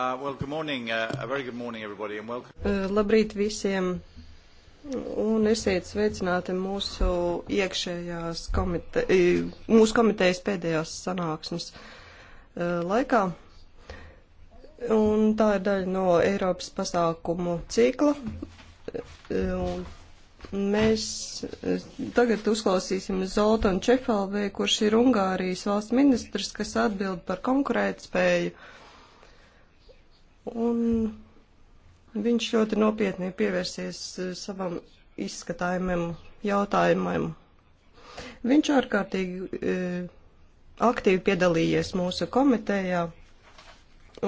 Uh, well, good morning, uh, a very good morning everybody and welcome. Uh, labrīt visiem un esiet sveicināti mūsu iekšējās komite, mūsu komitejas pēdējās sanāksmes uh, laikā. Un tā ir daļa no Eiropas pasākumu cikla. Uh, mēs tagad uzklausīsim Zoltanu Čefalvē, kurš ir Ungārijas valsts ministrs, kas atbild par konkurētspēju. spēju un viņš ļoti nopietni pievērsies e, savam izskatājumam jautājumam. Viņš ārkārtīgi e, aktīvi piedalījies mūsu komitejā,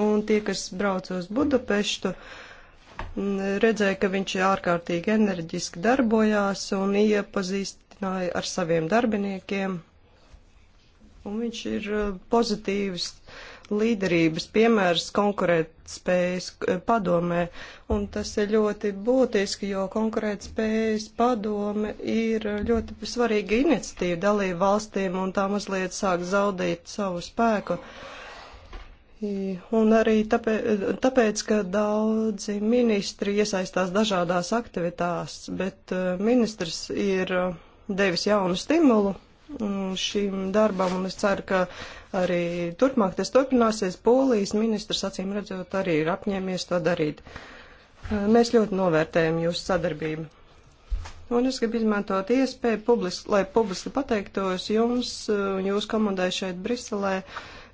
un tie, kas brauc uz Budapeštu, redzēja, ka viņš ārkārtīgi enerģiski darbojās un iepazīstināja ar saviem darbiniekiem. Un viņš ir e, pozitīvs. Uh, līderības piemērs konkurētspējas eh, padomē, un tas ir ļoti būtiski, jo konkurētspējas padome ir ļoti svarīga iniciatīva dalību valstīm, un tā mazliet sāk zaudēt savu spēku. Un arī tāpēc, tāpēc, ka daudzi ministri iesaistās dažādās aktivitās, bet eh, ministrs ir eh, devis jaunu stimulu Mm, šim darbam, un es ceru, ka arī turpmāk tas turpināsies. Polijas ministrs acīm redzot arī ir apņēmies to darīt. Mm, mēs ļoti novērtējam jūsu sadarbību. Un es gribu izmantot iespēju, publiski, lai publiski pateiktos jums mm, un jūsu komandai šeit Briselē,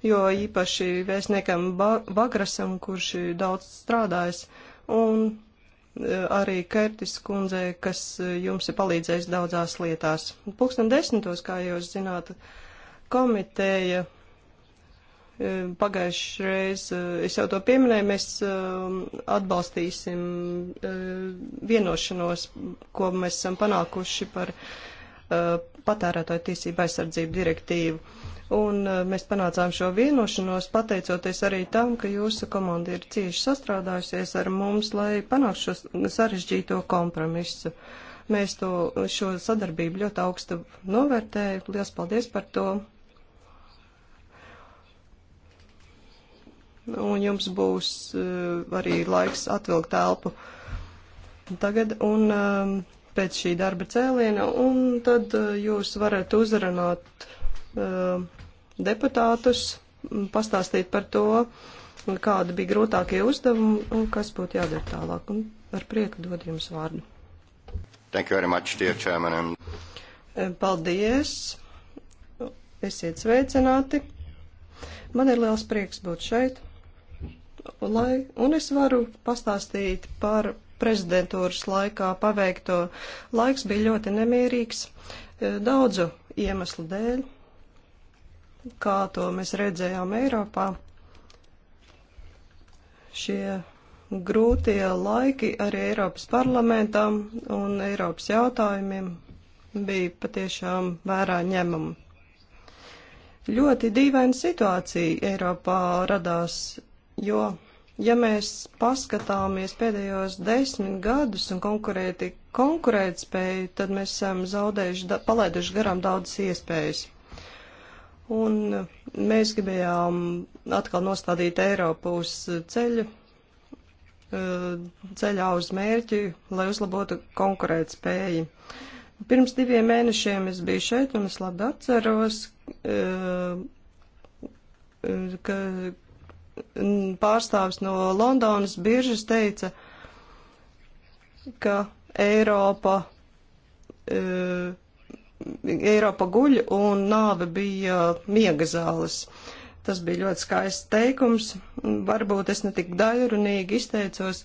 jo īpaši vēstniekam Bagrasam, kurš daudz strādājis. Un arī Kertis kundzei, kas eh, jums ir palīdzējis daudzās lietās. Pūkstens desmitos, kā jūs zināt, komiteja eh, pagājušajā reizē, eh, es jau to pieminēju, mēs atbalstīsim vienošanos, ko mēs esam panākuši par patērētāju tiesību aizsardzību direktīvu. Un e, mēs panācām šo vienošanos pateicoties arī tam, ka jūsu komanda ir cieši sastrādājusies ar mums, lai panāktu šo sarežģīto kompromisu. Mēs to, šo sadarbību ļoti augstu novērtējam. Lielas paldies par to. Un jums būs e, arī laiks atvilkt telpu tagad. Un, um, pēc šī darba cēliena, un tad jūs varat uzrunāt uh, deputātus, mm, pastāstīt par to, kādi bija grūtākie uzdevumi un kas būtu jādara tālāk. Un ar prieku dod jums vārdu. Thank you very much, dear chairman. And... E, paldies. Esiet sveicināti. Man ir liels prieks būt šeit. Lai, un es varu pastāstīt par prezidentūras laikā paveikto. Laiks bija ļoti nemierīgs e, daudzu iemeslu dēļ kā to mēs redzējām Eiropā. Šie grūtie laiki arī Eiropas parlamentam un Eiropas jautājumiem bija patiešām vērā ņemama. Ļoti dīvaina situācija Eiropā radās, jo, ja mēs paskatāmies pēdējos desmit gadus un konkurēti konkurētspēju, tad mēs esam zaudējuši, palaiduši garām daudzas iespējas. Un mēs gribējām atkal nostādīt Eiropu uz ceļu, eh, ceļā uz mērķi, lai uzlabotu konkurēt spēju. Pirms diviem mēnešiem es biju šeit, un es labi atceros, eh, ka pārstāvis no Londonas biržas teica, ka Eiropa eh, Eiropa guļ un nāve bija uh, miega zāles. Tas bija ļoti skaists teikums. Varbūt es netik daļrunīgi izteicos.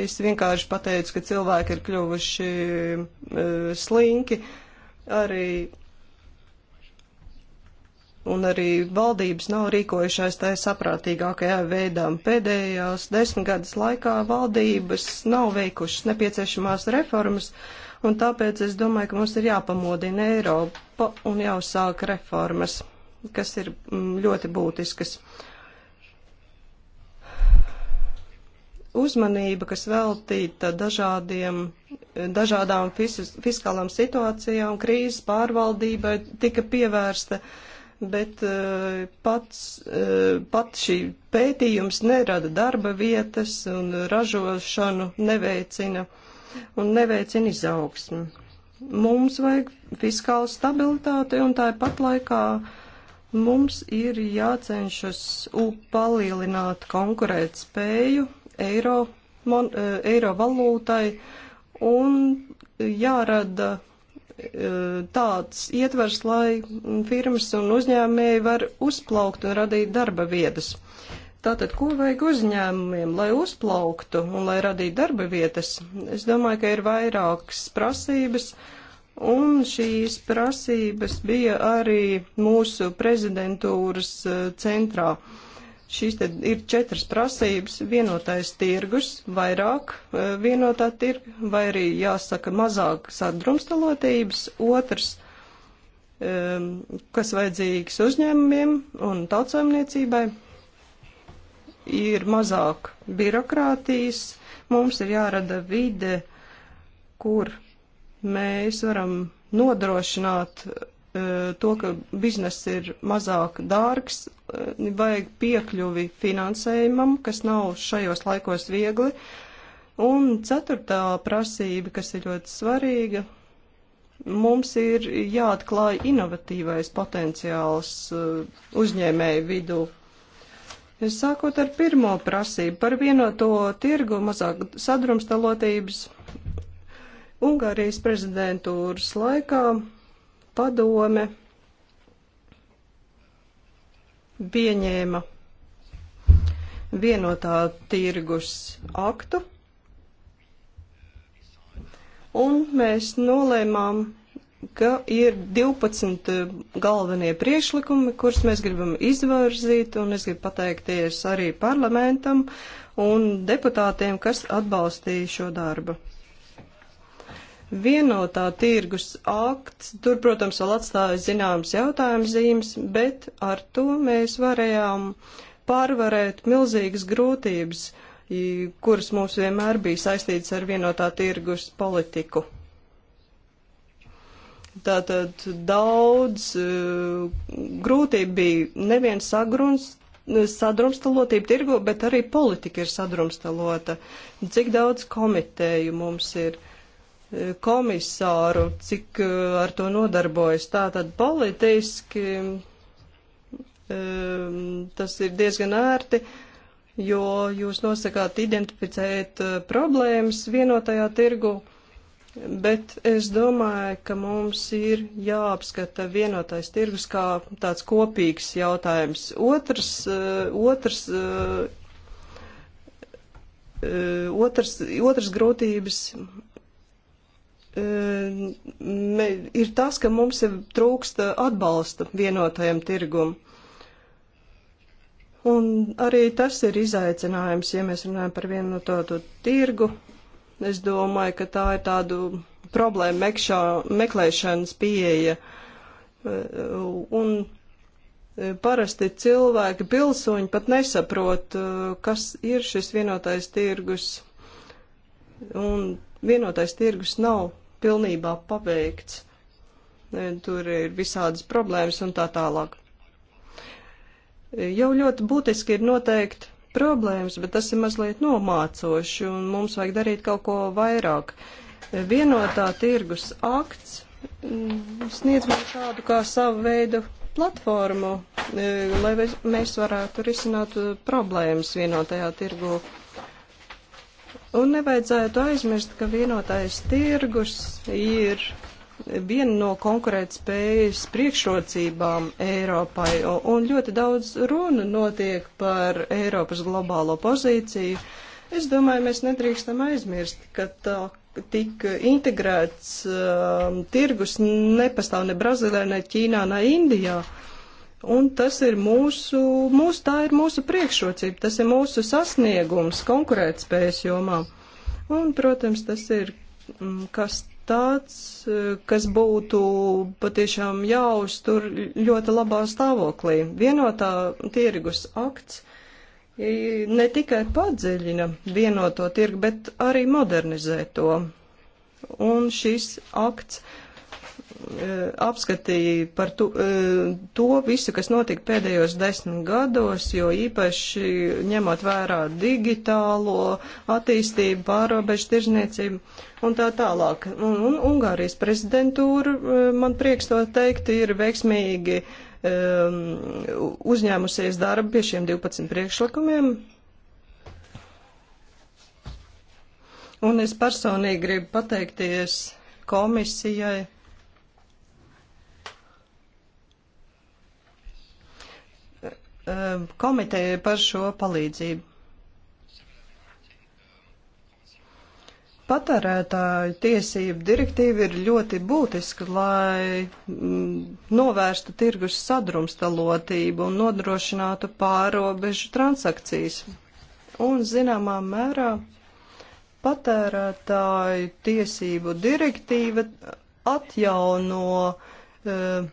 Es vienkārši pateicu, ka cilvēki ir kļuvuši e, slinki. Arī un arī valdības nav rīkojušās tā saprātīgākajā veidā. Pēdējās desmitgades laikā valdības nav veikušas nepieciešamās reformas, un tāpēc es domāju, ka mums ir jāpamodina Eiropa un jāuzsāk reformas, kas ir mm, ļoti būtiskas. Uzmanība, kas veltīta dažādiem, dažādām fiskālām situācijām, krīzes pārvaldībai, tika pievērsta uh, bet eh, pats, eh, pat šī pētījums nerada darba vietas un ražošanu neveicina un neveicina izaugsmi. Mums vajag fiskālu stabilitāti un tāpat laikā mums ir jācenšas palielināt konkurēt spēju eiro, mon, eh, eiro valūtai un jārada tāds ietvers, lai firmas un uzņēmēji var uzplaukt un radīt darba vietas. Tātad, ko vajag uzņēmumiem, lai uzplauktu un lai radītu darba vietas? Es domāju, ka ir vairākas prasības, un šīs prasības bija arī mūsu prezidentūras eh, centrā. Uh, Šīs te ir četras prasības - vienotais tirgus, vairāk e, vienotā tirga, vai arī jāsaka mazāk sadrumstalotības, otrs, e, kas vajadzīgs uzņēmumiem un tautsājumniecībai, ir mazāk birokrātijas, mums ir jārada vide, kur mēs varam nodrošināt Eh, to, ka bizness ir mazāk dārgs, eh, vajag piekļuvi finansējumam, kas nav šajos laikos viegli. Un ceturtā prasība, kas ir ļoti svarīga, mums ir jāatklāj inovatīvais potenciāls eh, uzņēmēju vidū. Sākot ar pirmo prasību par vienoto tirgu mazāk sadrumstalotības, Ungārijas prezidentūras laikā padome pieņēma vienotā tirgus aktu, un mēs nolēmām, ka ir 12 galvenie priešlikumi, kurus mēs gribam izvērzīt, un es gribu pateikties arī parlamentam un deputātiem, kas atbalstīja šo darbu. Vienotā tirgus akts, tur, protams, vēl atstāja zināmas jautājumas zīmes, bet ar to mēs varējām pārvarēt milzīgas grūtības, kuras mums vienmēr bija saistītas ar vienotā tirgus politiku. Tātad daudz uh, e, grūtību bija nevien sagruns, e, sadrumstalotība tirgo, bet arī politika ir sadrumstalota. Cik daudz komiteju mums ir, komisāru, cik eh, ar to nodarbojas. Tātad politiski eh, tas ir diezgan ērti, jo jūs nosakāt identificēt eh, problēmas vienotajā tirgu, bet es domāju, ka mums ir jāapskata vienotais tirgus kā tāds kopīgs jautājums. Otrs, otrs otrs, otrs grūtības Ehm, ir tas, ka mums ir trūksta atbalsta vienotajam tirgum. Un arī tas ir izaicinājums, ja mēs runājam par vienototu tirgu. Es domāju, ka tā ir tādu problēmu mekšā, meklēšanas pieeja. Ehm, un e, parasti cilvēki, pilsoņi pat nesaprot, e, kas ir šis vienotais tirgus. Un vienotais tirgus nav pilnībā paveikts. E, tur ir visādas problēmas un tā tālāk. Jau ļoti būtiski ir noteikti problēmas, bet tas ir mazliet nomācoši un mums vajag darīt kaut ko vairāk. E, vienotā tirgus akts mm, sniedz mums tādu kā savu veidu platformu, e, lai mēs varētu risināt problēmas vienotajā tirgu. Un nevajadzētu aizmirst, ka vienotais tirgus ir viena no konkurētspējas priekšrocībām Eiropai, un ļoti daudz runa notiek par Eiropas globālo pozīciju. Es domāju, mēs nedrīkstam aizmirst, ka tā tik integrēts um, tirgus nepastāv ne Brazīlē, ne Ķīnā, ne Indijā. Uh, Un tas ir mūsu, mūsu, tā ir mūsu priekšrocība, tas ir mūsu sasniegums konkurētspējas jomā. Un, protams, tas ir mm, kas tāds, kas būtu patiešām jāuztur ļoti labā stāvoklī. Vienotā tirgus akts ne tikai padziļina vienoto tirgu, bet arī modernizē to. Un šis akts Eh, apskatīja par tu, eh, to visu, kas notika pēdējos desmit gados, jo īpaši ņemot vērā digitālo attīstību, pārobežu tirzniecību un tā tālāk. Un, un Ungārijas prezidentūra, eh, man prieks to teikt, ir veiksmīgi um, uzņēmusies darbu pie šiem 12 priekšlikumiem. Un es personīgi gribu pateikties komisijai Um, komitejai par šo palīdzību. Patērētāju tiesību direktīva ir ļoti būtiska, lai mm, novērstu tirgus sadrumstalotību un nodrošinātu pārobežu transakcijas. Un zināmā mērā patērētāju tiesību direktīva atjauno uh,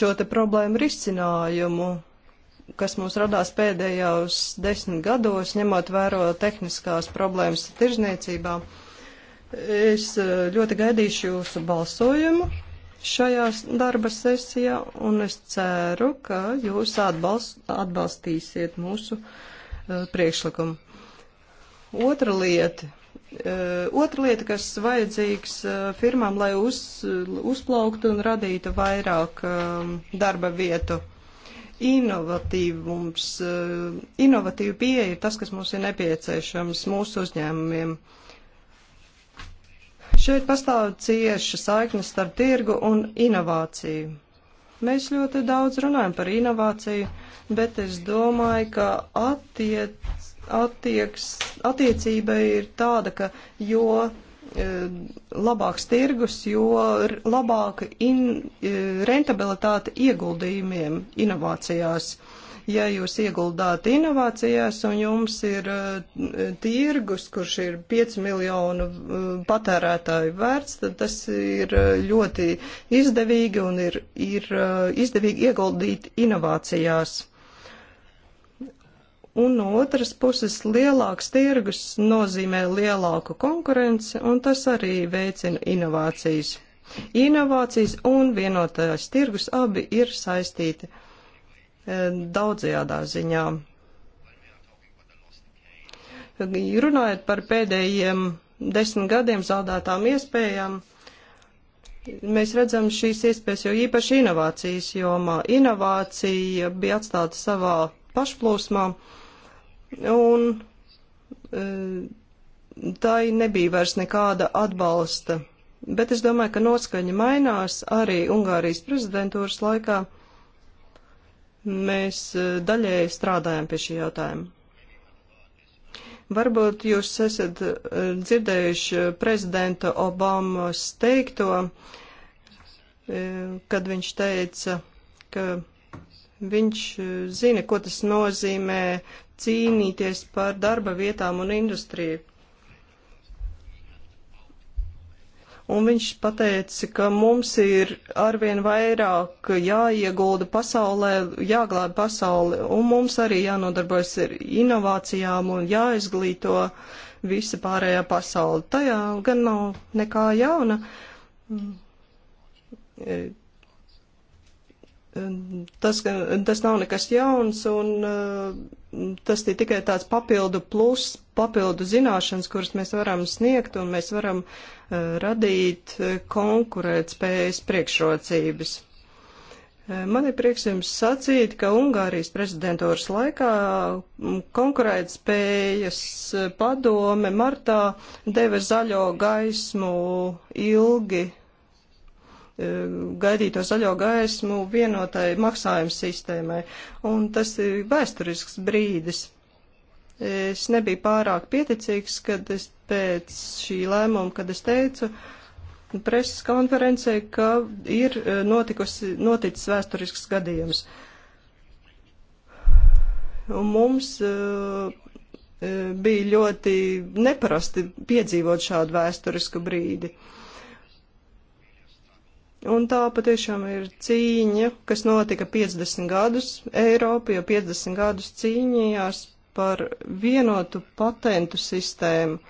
šo te problēmu risinājumu kas mums radās pēdējos desmit gados, ņemot vēro tehniskās problēmas tirzniecībā. Es e, ļoti gaidīšu jūsu balsojumu šajā darba sesijā, un es ceru, ka jūs atbalst, atbalstīsiet mūsu uh, priekšlikumu. Otra lieta. Uh, otra lieta, kas vajadzīgs uh, firmām, lai uz, uzplauktu un radītu vairāk darba vietu Inovatīvums, eh, inovatīva pieeja ir tas, kas mums ir nepieciešams mūsu uzņēmumiem. Šeit pastāv cieša saikne starp tirgu un inovāciju. Mēs ļoti daudz runājam par inovāciju, bet es domāju, ka attiec, attieks, attiecība ir tāda, ka jo E, labāks tirgus, jo labāka in, e, rentabilitāte ieguldījumiem inovācijās. Ja jūs ieguldāt inovācijās un jums ir e, tirgus, kurš ir 5 miljonu patērētāju vērts, tad tas ir ļoti izdevīgi un ir, ir izdevīgi ieguldīt inovācijās un no otras puses lielāks tirgus nozīmē lielāku konkurenci, un tas arī veicina inovācijas. Inovācijas un vienotājs tirgus abi ir saistīti e, daudzajādā ziņā. Runājot par pēdējiem desmit gadiem zaudētām iespējām, mēs redzam šīs iespējas jau īpaši inovācijas jomā. Inovācija bija atstāta savā pašplūsmā. Uh, un e, tai nebija vairs nekāda atbalsta. Bet es domāju, ka noskaņa mainās arī Ungārijas prezidentūras laikā. Mēs e, daļēji strādājam pie šī jautājuma. Varbūt jūs esat e, dzirdējuši prezidenta Obamas teikto, kad viņš teica, ka viņš zina, ko tas nozīmē cīnīties par darba vietām un industriju. Un viņš pateica, ka mums ir arvien vairāk jāiegulda pasaulē, jāglāba pasauli, un mums arī jānodarbojas ar inovācijām un jāizglīto visa pārējā pasaule. Tajā gan nav nekā jauna tas, tas nav nekas jauns, un uh, tas ir tikai tāds papildu plus, papildu zināšanas, kuras mēs varam sniegt, un mēs varam uh, radīt uh, konkurēt spējas priekšrocības. Man ir prieks jums sacīt, ka Ungārijas prezidentūras laikā mm, konkurēt spējas padome martā deva zaļo gaismu ilgi gaidīto zaļo gaismu vienotai maksājuma sistēmai. Un tas ir vēsturisks brīdis. Es nebiju pārāk pieticīgs, kad es pēc šī lēmuma, kad es teicu preses konferencē, ka ir e, notikusi, noticis vēsturisks gadījums. Un mums uh, bija ļoti neparasti piedzīvot šādu vēsturisku brīdi. Uh, Un tā patiešām ir cīņa, kas notika 50 gadus. Eiropa jau 50 gadus cīnījās par vienotu patentu sistēmu.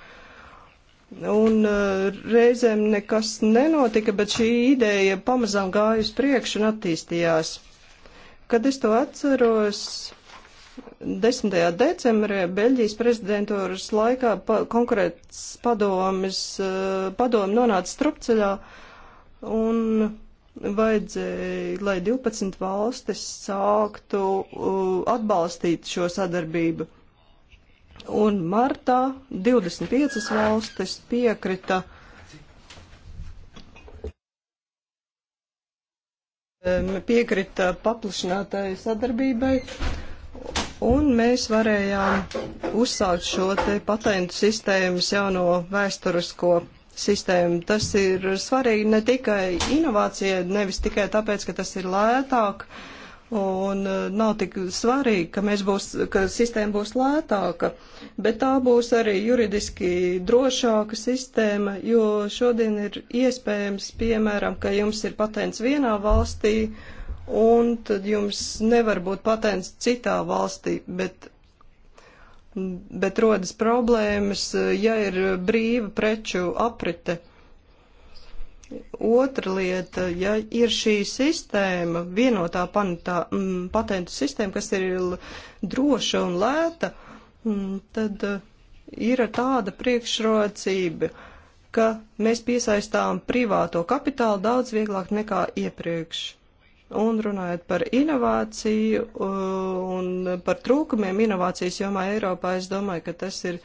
Un uh, reizēm nekas nenotika, bet šī ideja pamazām gāja uz priekšu un attīstījās. Kad es to atceros, 10. decembrī Beļģijas prezidentūras laikā pa, konkrēts padomis, uh, padomi nonāca strupceļā. Uh, un vajadzēja, lai 12 valstis sāktu atbalstīt šo sadarbību. Un martā 25 valstis piekrita piekrita paplašinātai sadarbībai, un mēs varējām uzsākt šo te patentu sistēmas jauno vēsturisko sistēmu. Tas ir svarīgi ne tikai inovācijai, nevis tikai tāpēc, ka tas ir lētāk. Un uh, nav tik svarīgi, ka, būs, ka sistēma būs lētāka, bet tā būs arī juridiski drošāka sistēma, jo šodien ir iespējams, piemēram, ka jums ir patents vienā valstī, un tad jums nevar būt patents citā valstī, bet bet rodas problēmas, ja ir brīva preču aprite. Otra lieta, ja ir šī sistēma, vienotā panitā, m, mm, patentu sistēma, kas ir droša un lēta, m, mm, tad eh, ir tāda priekšrocība, ka mēs piesaistām privāto kapitālu daudz vieglāk nekā iepriekš. Un runājot par inovāciju uh, un par trūkumiem inovācijas jomā Eiropā, es domāju, ka tas ir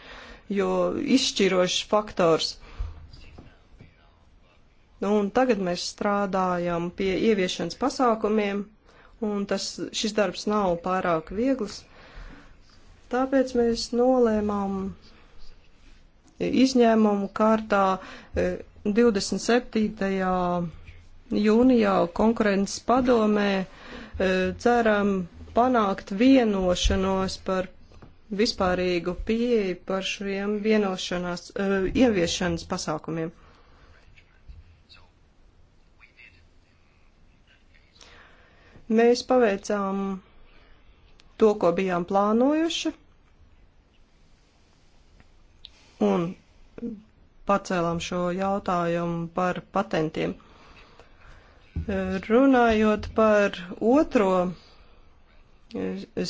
jo izšķirošs faktors. Un tagad mēs strādājam pie ieviešanas pasākumiem, un tas, šis darbs nav pārāk viegls. Tāpēc mēs nolēmām izņēmumu kārtā 27 eh, jūnijā konkurences padomē e, ceram panākt vienošanos par vispārīgu pieeju par šiem vienošanās, e, ieviešanas pasākumiem. Mēs paveicām to, ko bijām plānojuši, un pacēlām šo jautājumu par patentiem. Runājot par otro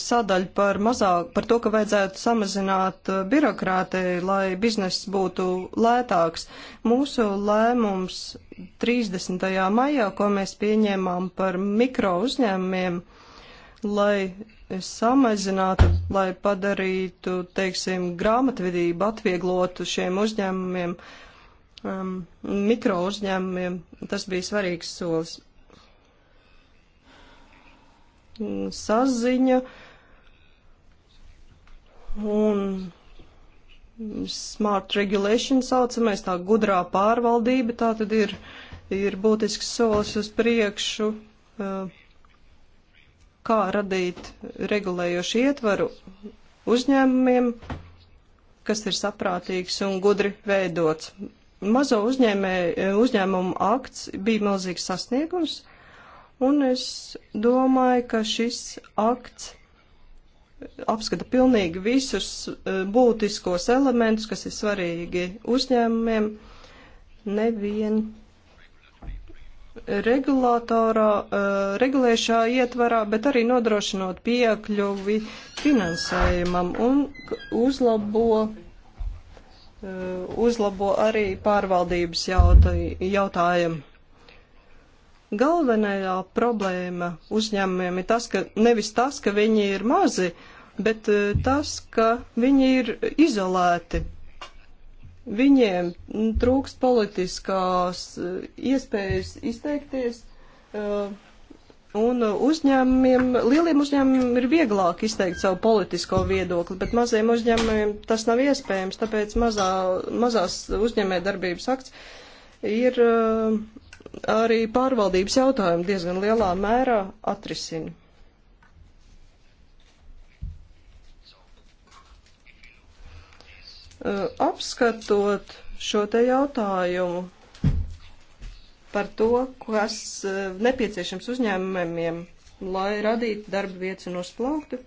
sadaļu par mazāk, par to, ka vajadzētu samazināt uh, birokrātiju, lai bizness būtu lētāks. Mūsu lēmums 30. maijā, ko mēs pieņēmām par mikro uzņēmumiem, lai samazinātu, lai padarītu, teiksim, grāmatvedību atvieglotu šiem uzņēmumiem, uh, um, mikro uzņēmumiem. Tas bija svarīgs solis. Saziņa un smart regulation saucamais, tā gudrā pārvaldība, tā tad ir, ir būtisks solis uz priekšu, uh, kā radīt regulējošu ietvaru uzņēmumiem, kas ir saprātīgs un gudri veidots mazo uzņēmē, uzņēmumu akts bija milzīgs sasniegums, un es domāju, ka šis akts apskata pilnīgi visus eh, būtiskos elementus, kas ir svarīgi uzņēmumiem, nevien regulātorā, eh, regulēšā ietvarā, bet arī nodrošinot piekļuvi finansējumam un uzlabo Uh, uzlabo arī pārvaldības jautājumu. Galvenajā problēma uzņēmumiem ir tas, ka nevis tas, ka viņi ir mazi, bet uh, tas, ka viņi ir izolēti. Viņiem trūkst politiskās uh, iespējas izteikties. Uh, Un uh, uzņēmumiem, lieliem uzņēmumiem ir vieglāk izteikt savu politisko viedokli, bet maziem uzņēmumiem tas nav iespējams, tāpēc mazā, mazās uzņēmē darbības akts ir uh, arī pārvaldības jautājumu diezgan lielā mērā atrisina. Uh, apskatot šo te jautājumu, par to, kas eh, nepieciešams uzņēmumiem, lai radītu darba vietas un uzplauktu.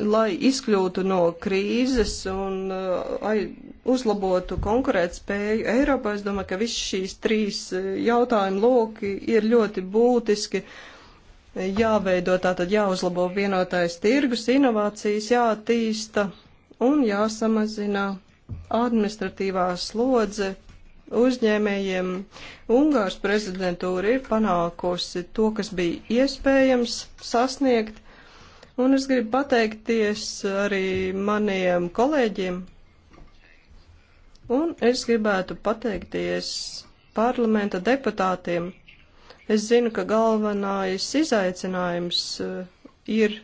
Lai izkļūtu no krīzes un uh, uzlabotu konkurētspēju Eiropā, es domāju, ka viss šīs trīs eh, jautājuma loki ir ļoti būtiski. Jāveido tātad jāuzlabo vienotais tirgus, inovācijas jātīsta un jāsamazina administratīvā slodze uzņēmējiem. Ungārs prezidentūra ir panākusi to, kas bija iespējams sasniegt, un es gribu pateikties arī maniem kolēģiem. Un es gribētu pateikties parlamenta deputātiem. Es zinu, ka galvenais izaicinājums uh, ir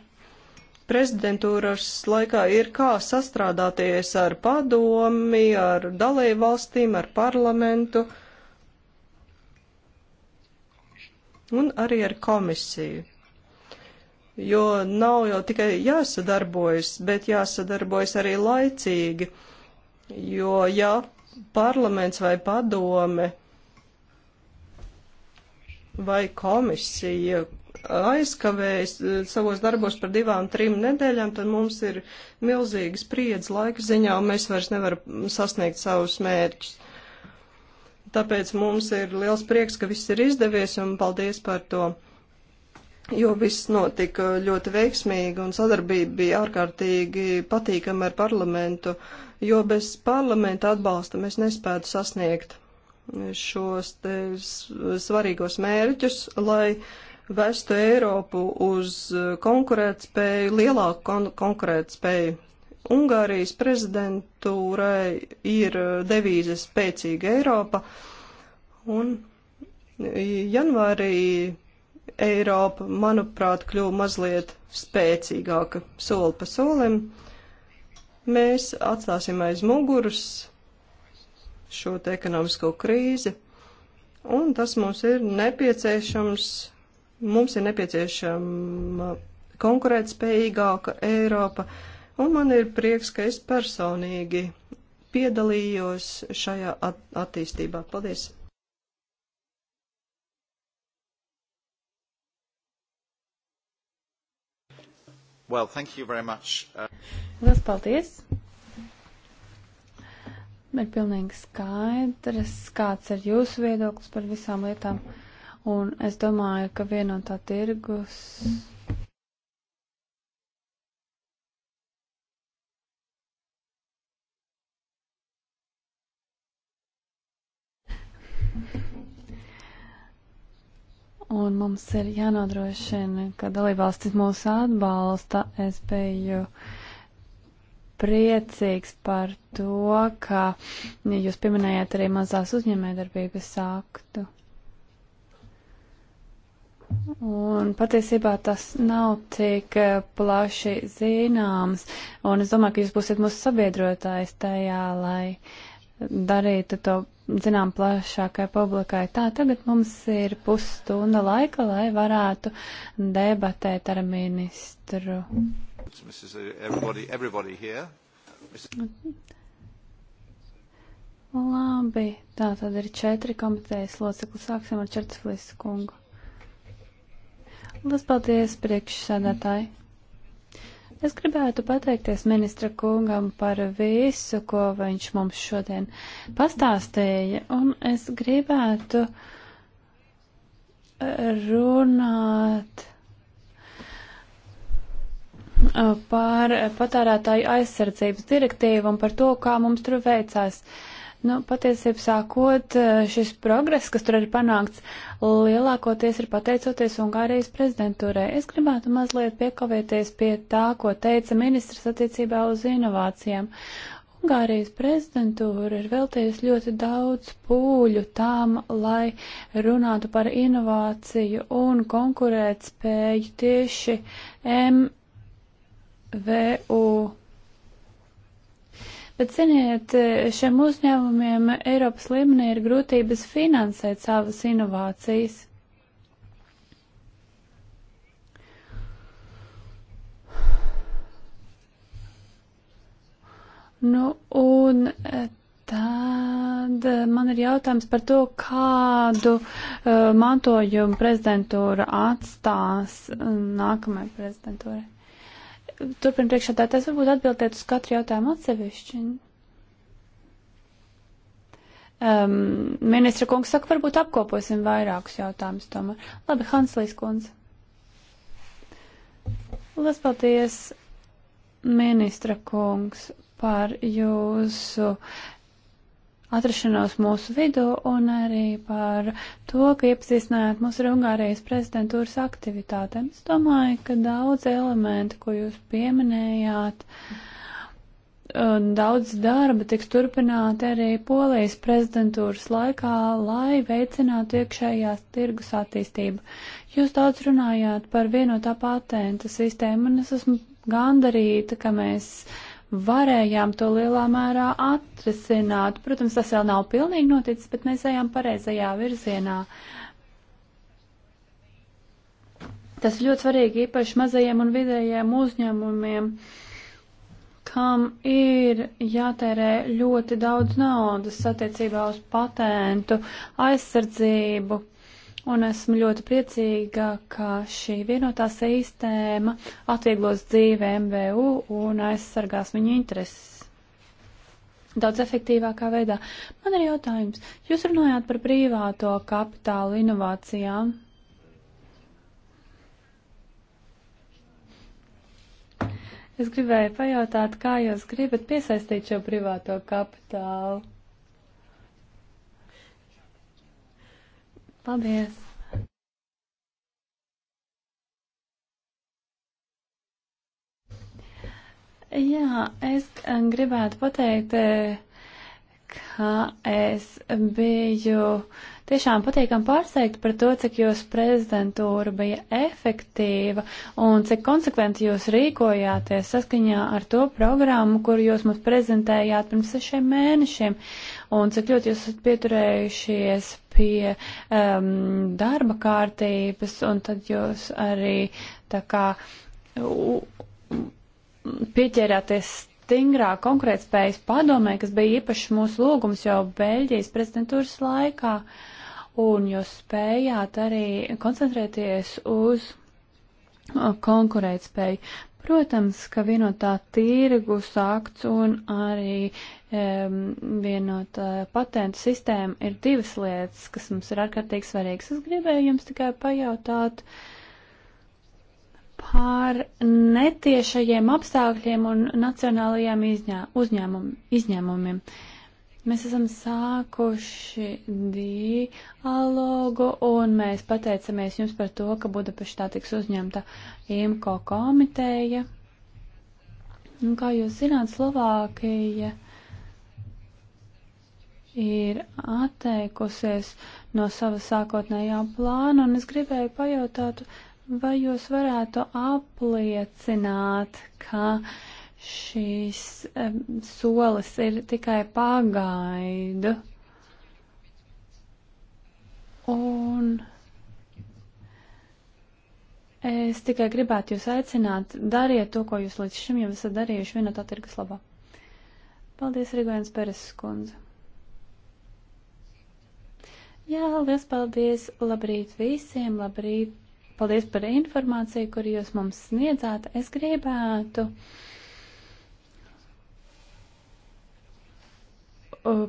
prezidentūras laikā ir kā sastrādāties ar padomi, ar dalību valstīm, ar parlamentu un arī ar komisiju. Jo nav jau tikai jāsadarbojas, bet jāsadarbojas arī laicīgi, jo ja parlaments vai padome vai komisija aizkavējas eh, savos darbos par divām, trim nedēļām, tad mums ir milzīgas priedz laika ziņā un mēs vairs nevaram sasniegt savus mērķus. Tāpēc mums ir liels prieks, ka viss ir izdevies un paldies par to, jo viss notika ļoti veiksmīgi un sadarbība bija ārkārtīgi patīkama ar parlamentu, jo bez parlamenta atbalsta mēs nespētu sasniegt šos svarīgos mērķus, lai uh, vestu Eiropu uz eh, konkurētspēju, lielāku kon konkurētspēju. Ungārijas prezidentūrai ir eh, devīze spēcīga Eiropa, un eh, janvārī Eiropa, manuprāt, kļuva mazliet spēcīgāka soli pa solim. Mēs atstāsim aiz muguras šo te ekonomisko krīzi, un tas mums ir nepieciešams Mums ir nepieciešama konkurētspējīgāka Eiropa, un man ir prieks, ka es personīgi piedalījos šajā at attīstībā. Paldies! Well, thank you very much. Uh... Lielas paldies! Ir pilnīgi skaidrs, kāds ir jūsu viedoklis par visām lietām. Uh, Un es domāju, ka vienotā tirgus. Un mums ir jānodrošina, ka dalībvalstis mūs atbalsta. Es biju priecīgs par to, ka jūs pieminējāt arī mazās uzņēmējdarbības aktu. Un patiesībā tas nav tik eh, plaši zināms, un es domāju, ka jūs būsiet mūsu sabiedrotājs tajā, lai darītu to zinām plašākai publikai. Tā, tagad mums ir pusstunda laika, lai varētu debatēt ar ministru. Everybody, everybody Labi, tā tad ir četri komitejas locekli. Sāksim ar Čertflis kungu. Lielas paldies, priekšsēdētāji! Es gribētu pateikties ministra kungam par visu, ko viņš mums šodien pastāstīja, un es gribētu eh, runāt eh, par patērētāju aizsardzības direktīvu un par to, kā mums tur veicās. Uh, Nu, patiesībā sākot, eh, šis progress, kas tur ir panākts, lielākoties ir pateicoties Ungārijas prezidentūrai. Es gribētu mazliet piekavēties pie tā, ko teica ministrs attiecībā uz inovācijām. Ungārijas prezidentūra ir veltījusi ļoti daudz pūļu tām, lai runātu par inovāciju un konkurētspēju tieši MVU Bet, ziniet, šiem uzņēmumiem Eiropas līmenī ir grūtības finansēt savas inovācijas. Nu, un eh, tad man ir jautājums par to, kādu uh, mantojumu prezidentūra atstās mm, nākamajai prezidentūrai. Turpin priekšādātājs varbūt atbildēt uz katru jautājumu atsevišķi. Um, ministra kungs saka, varbūt apkoposim vairākus jautājumus tomēr. Labi, Hanslīs kundze. Lielas paldies, ministra kungs, par jūsu atrašanos mūsu vidū un arī par to, ka iepazīstinājāt mūs ar Ungārijas prezidentūras aktivitātēm. Es domāju, ka daudz elementi, ko jūs pieminējāt, daudz darba tiks turpināti arī Polijas prezidentūras laikā, lai veicinātu iekšējās tirgus attīstību. Jūs daudz runājāt par vienotā patenta sistēmu, un es esmu gandarīta, ka mēs varējām to lielā mērā atrisināt. Protams, tas vēl nav pilnīgi noticis, bet mēs ejam pareizajā virzienā. Tas ļoti svarīgi īpaši mazajiem un vidējiem uzņēmumiem, kam ir jātērē ļoti daudz naudas attiecībā uz patentu, aizsardzību un esmu ļoti priecīga, ka šī vienotā sistēma atvieglos dzīvi MVU un aizsargās viņu intereses. Daudz efektīvākā veidā. Man ir jautājums. Jūs runājāt par privāto kapitālu inovācijām. Es gribēju pajautāt, kā jūs gribat piesaistīt šo privāto kapitālu. Paldies! Jā, es eh, gribētu pateikt, eh, ka es biju uh, Tiešām patīkam pārsteigt par to, cik jūsu prezidentūra bija efektīva un cik konsekventi jūs rīkojāties saskaņā ar to programmu, kuru jūs mums prezentējāt pirms sešiem mēnešiem, un cik ļoti jūs esat pieturējušies pie um, darba kārtības, un tad jūs arī tā kā pieķērāties stingrā konkrētspējas padomē, kas bija īpaši mūsu lūgums jau Beļģijas prezidentūras laikā. Uh, un jūs spējāt arī koncentrēties uz uh, konkurētspēju. Protams, ka vienotā tirgus akts un arī um, vienotā patentu sistēma ir divas lietas, kas mums ir ārkārtīgi svarīgas. Es gribēju jums tikai pajautāt par netiešajiem apstākļiem un nacionālajiem izņē, uzņēmum, izņēmumiem. Uh, Mēs esam sākuši dialogu un mēs pateicamies jums par to, ka Budapeštā tiks uzņemta IMCO komiteja. Un kā jūs zināt, Slovākija ir atteikusies no sava sākotnējā plāna, un es gribēju pajautāt, vai jūs varētu apliecināt, ka uh, šīs solis ir tikai pagaidu. Un es tikai gribētu jūs aicināt, dariet to, ko jūs līdz šim jau esat darījuši vienotā tirgus labā. Paldies, Rigojans Peres kundze. Jā, liels paldies! Labrīt visiem! Labrīt! Paldies par informāciju, kur jūs mums sniedzāt. Es gribētu Uh,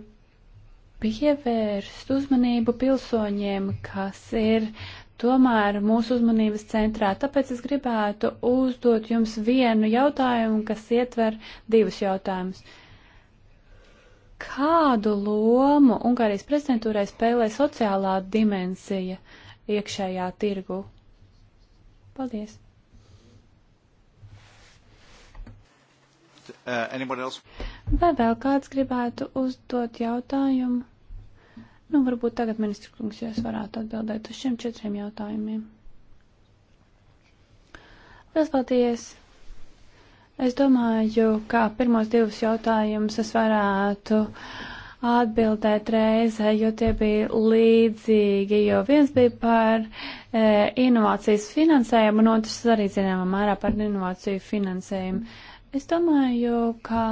pievērst uzmanību pilsoņiem, kas ir tomēr mūsu uzmanības centrā. Tāpēc es gribētu uzdot jums vienu jautājumu, kas ietver divus jautājumus. Kādu lomu Ungārijas prezidentūrai spēlē sociālā dimensija iekšējā tirgu? Paldies! Uh, Vai vēl kāds gribētu uzdot jautājumu? Nu, varbūt tagad, ministrs kungs, jūs varētu atbildēt uz šiem četriem jautājumiem. Liels paldies! Es domāju, ka pirmos divus jautājumus es varētu atbildēt reizē, jo tie bija līdzīgi, jo viens bija par e, inovācijas finansējumu, un otrs arī zināmā mērā par inovāciju finansējumu. Es domāju, ka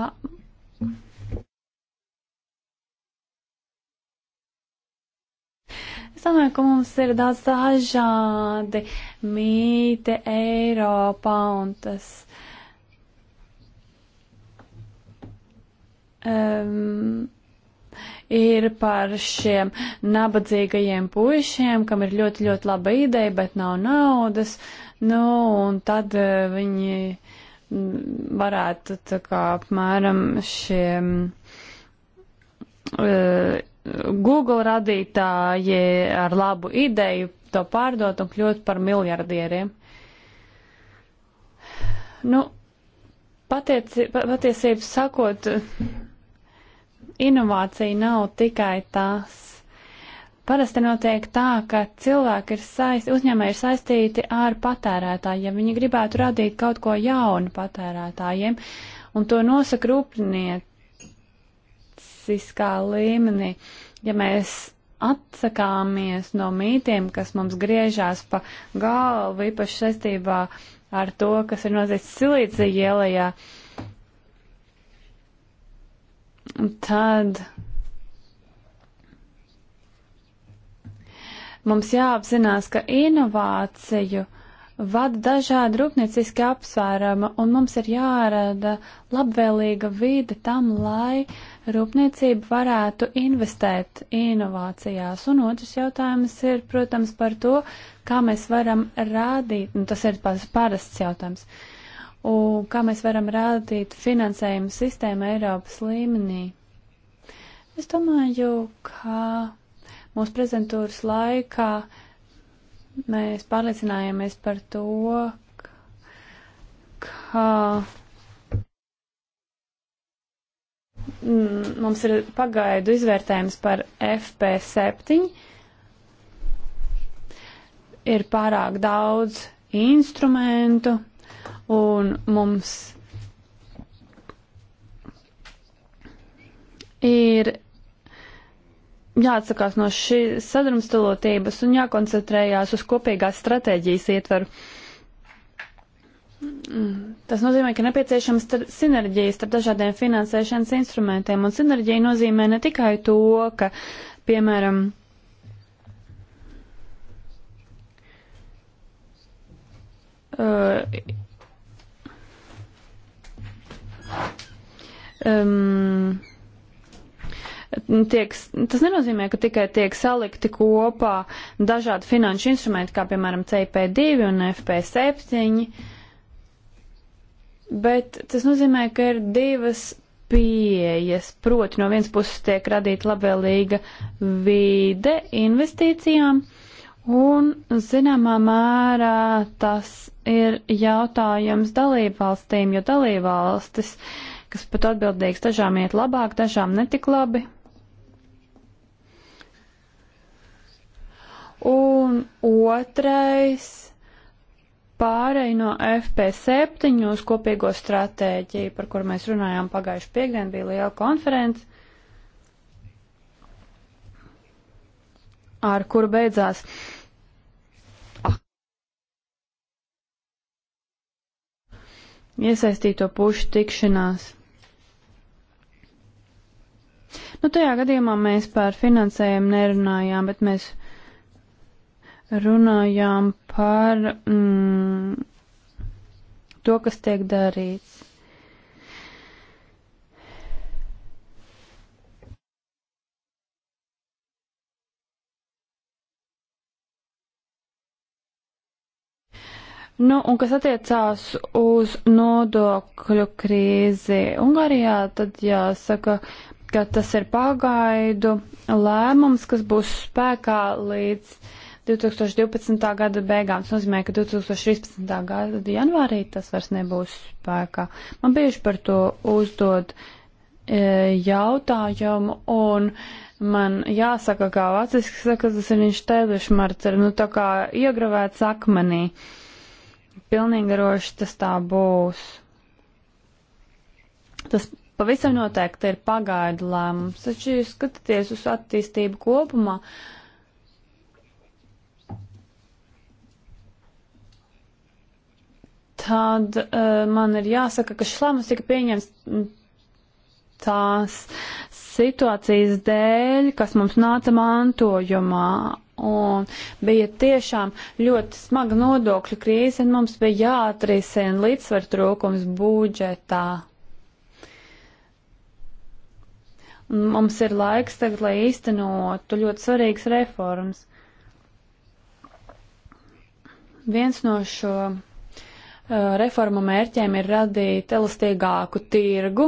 Es domāju, ka mums ir daudz dažādi mīti Eiropā un tas. Um, ir par šiem nabadzīgajiem puišiem, kam ir ļoti, ļoti laba ideja, bet nav naudas. Nu, un tad eh, viņi mm, varētu tā kā apmēram šiem. Uh, Google radītāji ar labu ideju to pārdot un kļūt par miljardieriem. Nu, patieci, patiesību sakot, inovācija nav tikai tās. Parasti notiek tā, ka cilvēki ir saistīti, uzņēmēji ir saistīti ar patērētājiem. Viņi gribētu radīt kaut ko jaunu patērētājiem, un to nosaka rūpniec, fiziskā līmenī. Ja mēs atsakāmies no mītiem, kas mums griežās pa galvu, īpaši saistībā ar to, kas ir noticis Silīcija ielajā, tad mums jāapzinās, ka inovāciju vada dažādi rūpnieciski apsvērama, un mums ir jārada labvēlīga vīde tam, lai uh, rūpniecība varētu investēt inovācijās. Un otrs jautājums ir, protams, par to, kā mēs varam rādīt, nu, tas ir parasts jautājums, un kā mēs varam rādīt finansējumu sistēmu Eiropas līmenī. Es domāju, ka mūsu prezentūras laikā mēs pārliecinājāmies par to, ka Mm, mums ir pagaidu izvērtējums par FP7. Ir pārāk daudz instrumentu, un mums ir jāatsakās no šīs sadrumstalotības un jākoncentrējās uz kopīgās stratēģijas ietveru. Tas nozīmē, ka nepieciešams sinerģijas starp dažādiem finansēšanas instrumentiem, un sinerģija nozīmē ne tikai to, ka, piemēram, uh, um, tiek, tas nenozīmē, ka tikai tiek salikti kopā dažādi finanšu instrumenti, kā piemēram CP2 un FP7, bet tas nozīmē, ka ir divas pieejas. Proti, no vienas puses tiek radīta labvēlīga vide investīcijām, un zināmā mērā tas ir jautājums dalībvalstīm, jo dalībvalstis, kas pat atbildīgs, dažām iet labāk, dažām netik labi. Un otrais pāreju no FP7 uz kopīgo stratēģiju, par kuru mēs runājām pagājuši piekdien, bija liela konference, ar kuru beidzās. Iesaistīto pušu tikšanās. Nu, tajā gadījumā mēs par finansējumu nerunājām, bet mēs runājām par mm, to, kas tiek darīts. Nu, un kas attiecās uz nodokļu krīzi Ungārijā, tad jāsaka, ka tas ir pagaidu lēmums, kas būs spēkā līdz uh, 2012. gada beigām. Tas nozīmē, ka 2013. gada janvārī tas vairs nebūs spēkā. Man bieži par to uzdod e, jautājumu, un man jāsaka, kā vāciski saka, tas ir viņš tēvišķi marcer, nu tā kā iegravēts akmenī. Pilnīgi roši tas tā būs. Tas pavisam noteikti ir pagaidu lēmums, taču jūs skatāties uz attīstību kopumā. Uh, tad uh, man ir jāsaka, ka šis lēmums tika pieņemts tās situācijas dēļ, kas mums nāca mantojumā. Un bija tiešām ļoti smaga nodokļu krīze, un mums bija jāatrisina līdzsvar trūkums budžetā. Un mums ir laiks tagad, lai īstenotu ļoti svarīgas reformas. Viens no šo Eh, reformu mērķiem ir radīt elastīgāku tirgu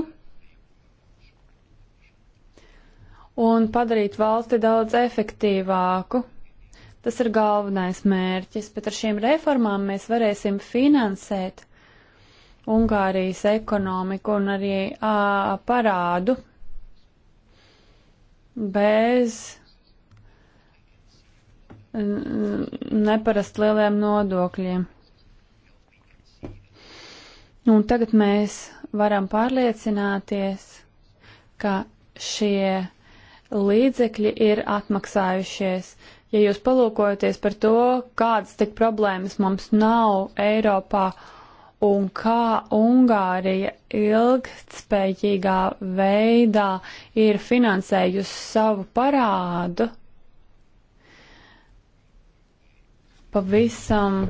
un padarīt valsti daudz efektīvāku. Tas ir galvenais mērķis, bet ar šīm reformām mēs varēsim finansēt Ungārijas ekonomiku un arī ā, parādu bez neparasti lieliem nodokļiem. Nu, un tagad mēs varam pārliecināties, ka šie līdzekļi ir atmaksājušies. Ja jūs palūkojaties par to, kādas tik problēmas mums nav Eiropā un kā Ungārija ilgtspējīgā veidā ir finansējusi savu parādu, pavisam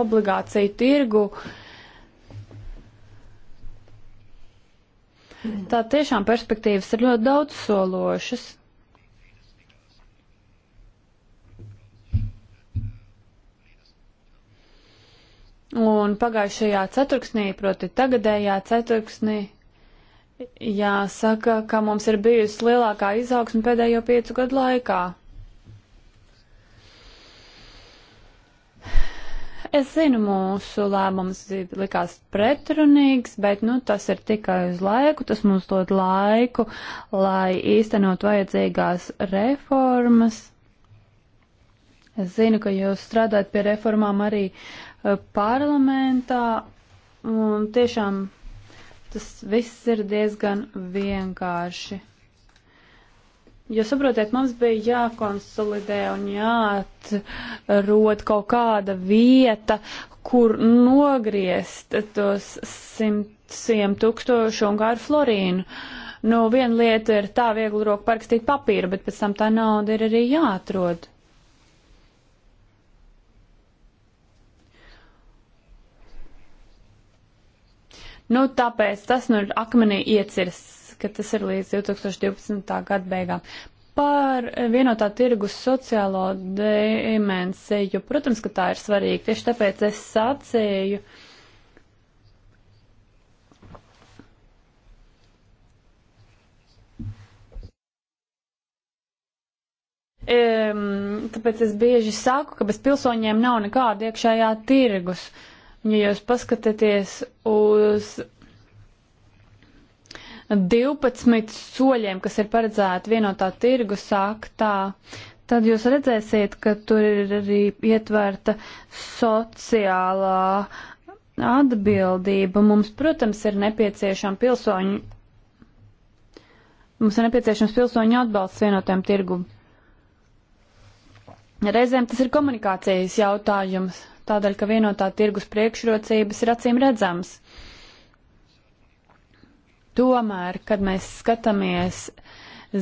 obligāciju tirgu. Tā tiešām perspektīvas ir ļoti daudz sološas. Un pagājušajā ceturksnī, proti tagadējā ceturksnī, jāsaka, ka mums ir bijusi lielākā izaugsme pēdējo piecu gadu laikā. Es zinu, mūsu lēmums likās pretrunīgs, bet nu, tas ir tikai uz laiku. Tas mums dod laiku, lai īstenot vajadzīgās reformas. Es zinu, ka jūs strādājat pie reformām arī eh, parlamentā. Un tiešām tas viss ir diezgan vienkārši. Jo, saprotiet, mums bija jākonsolidē un jāatrod kaut kāda vieta, kur nogriezt tos simtiem tūkstošu ungāru florīnu. Nu, viena lieta ir tā viegli roku parakstīt papīru, bet pēc tam tā nauda ir arī jāatrod. Nu, tāpēc tas nu ir akmenī iecirsts ka tas ir līdz 2012. gada beigām. Par vienotā tirgus sociālo dimensiju, protams, ka tā ir svarīga. Tieši tāpēc es sacīju, um, tāpēc es bieži saku, ka bez pilsoņiem nav nekāda iekšējā tirgus. Ja jūs paskatāties uz 12 soļiem, kas ir paredzēti vienotā tirgus aktā, tad jūs redzēsiet, ka tur ir arī ietverta sociālā atbildība. Mums, protams, ir nepieciešama pilsoņu. Mums ir nepieciešams pilsoņu atbalsts vienotajam tirgu. Reizēm tas ir komunikācijas jautājums, tādēļ, ka vienotā tirgus priekšrocības ir acīm redzamas. Uh, Tomēr, kad mēs skatāmies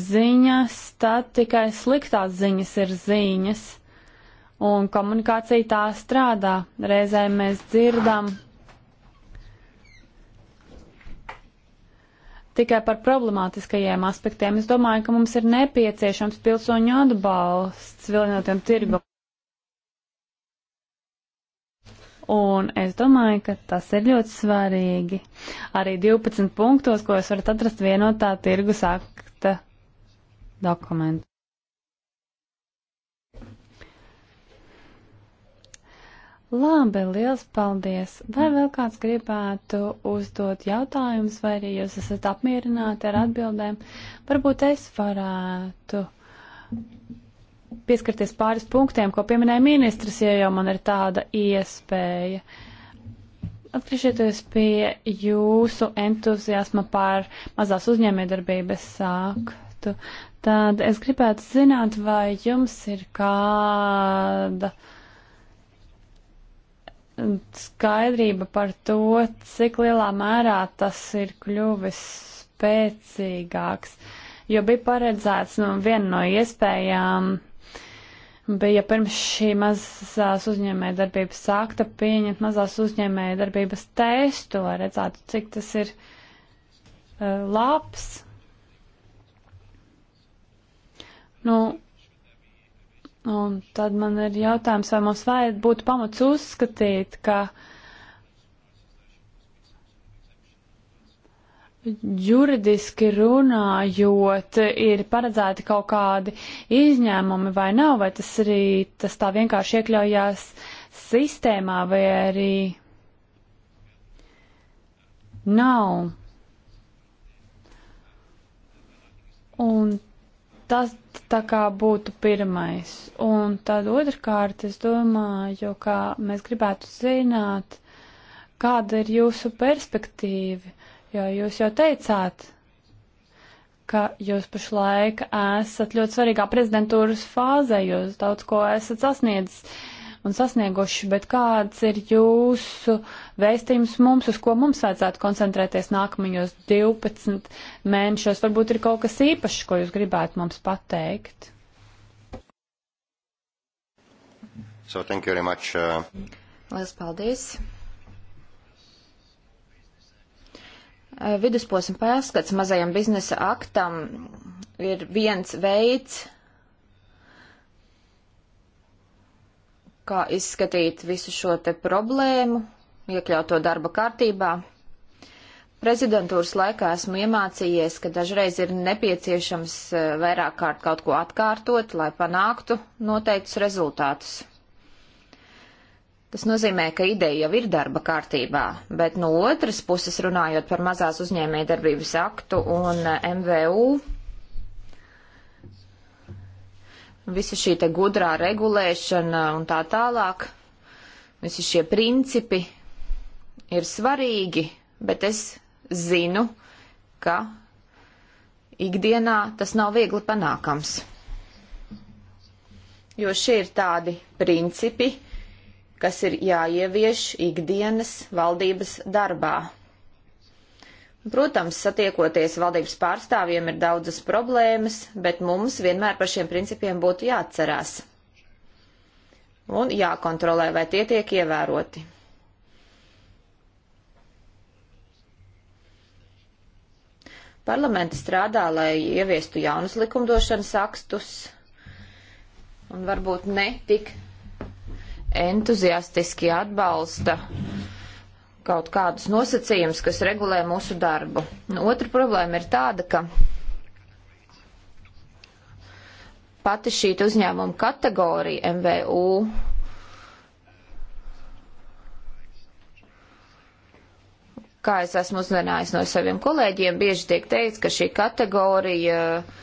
ziņas, tad tikai sliktās ziņas ir ziņas, un komunikācija tā strādā. Reizē mēs dzirdam tikai par problemātiskajiem aspektiem. Es domāju, ka mums ir nepieciešams pilsoņu atbalsts vilnotiem tirgumam. un es domāju, ka tas ir ļoti svarīgi. Arī 12 punktos, ko jūs varat atrast vienotā tirgus akta dokumentā. Labi, liels paldies! Vai vēl kāds gribētu uzdot jautājumus, vai arī jūs esat apmierināti ar atbildēm? Varbūt es varētu pieskarties pāris punktiem, ko pieminēja ministrs, ja jau man ir tāda iespēja. Atgriežoties pie jūsu entuziasma par mazās uzņēmējdarbības sāktu, tad es gribētu zināt, vai jums ir kāda skaidrība par to, cik lielā mērā tas ir kļuvis spēcīgāks, jo bija paredzēts nu, viena no iespējām bija pirms šī mazās uzņēmēja darbības sākta pieņemt mazās uzņēmēja darbības testu, lai redzētu, cik tas ir uh, labs. Nu, un tad man ir jautājums, vai mums vajag būtu pamats uzskatīt, ka uh, juridiski runājot, ir paredzēti kaut kādi izņēmumi vai nav, vai tas arī tas tā vienkārši iekļaujās sistēmā vai arī nav. Un tas tā kā būtu pirmais. Un tad otrkārt es domāju, ka mēs gribētu zināt, kāda ir jūsu perspektīva jo jūs jau teicāt, ka jūs pašlaik esat ļoti svarīgā prezidentūras fāzē, jūs daudz ko esat sasniedzis un sasnieguši, bet kāds ir jūsu vēstījums mums, uz ko mums vajadzētu koncentrēties nākamajos 12 mēnešos? Varbūt ir kaut kas īpašs, ko jūs gribētu mums pateikt. So, thank you very much. Uh... Lielas paldies. Eh, vidusposma pārskats mazajam biznesa aktam ir viens veids, kā izskatīt visu šo te problēmu, iekļaut to darba kārtībā. Prezidentūras laikā esmu iemācījies, ka dažreiz ir nepieciešams eh, vairāk kārt kaut ko atkārtot, lai panāktu noteiktus rezultātus. Tas nozīmē, ka ideja jau ir darba kārtībā, bet no otras puses runājot par mazās uzņēmējdarbības aktu un eh, MVU, visa šī te gudrā regulēšana un tā tālāk, visi šie principi ir svarīgi, bet es zinu, ka ikdienā tas nav viegli panākams. Jo šie ir tādi principi, kas ir jāievieš ikdienas valdības darbā. Protams, satiekoties valdības pārstāvjiem ir daudzas problēmas, bet mums vienmēr par šiem principiem būtu jāatcerās un jākontrolē, vai tie tiek ievēroti. Parlamenti strādā, lai ieviestu jaunus likumdošanas akstus un varbūt ne tik entuziastiski atbalsta kaut kādus nosacījumus, kas regulē mūsu darbu. Nu, otra problēma ir tāda, ka pati šī uzņēmuma kategorija MVU kā es esmu uzzinājis no saviem kolēģiem, bieži tiek teikts, ka šī kategorija uh,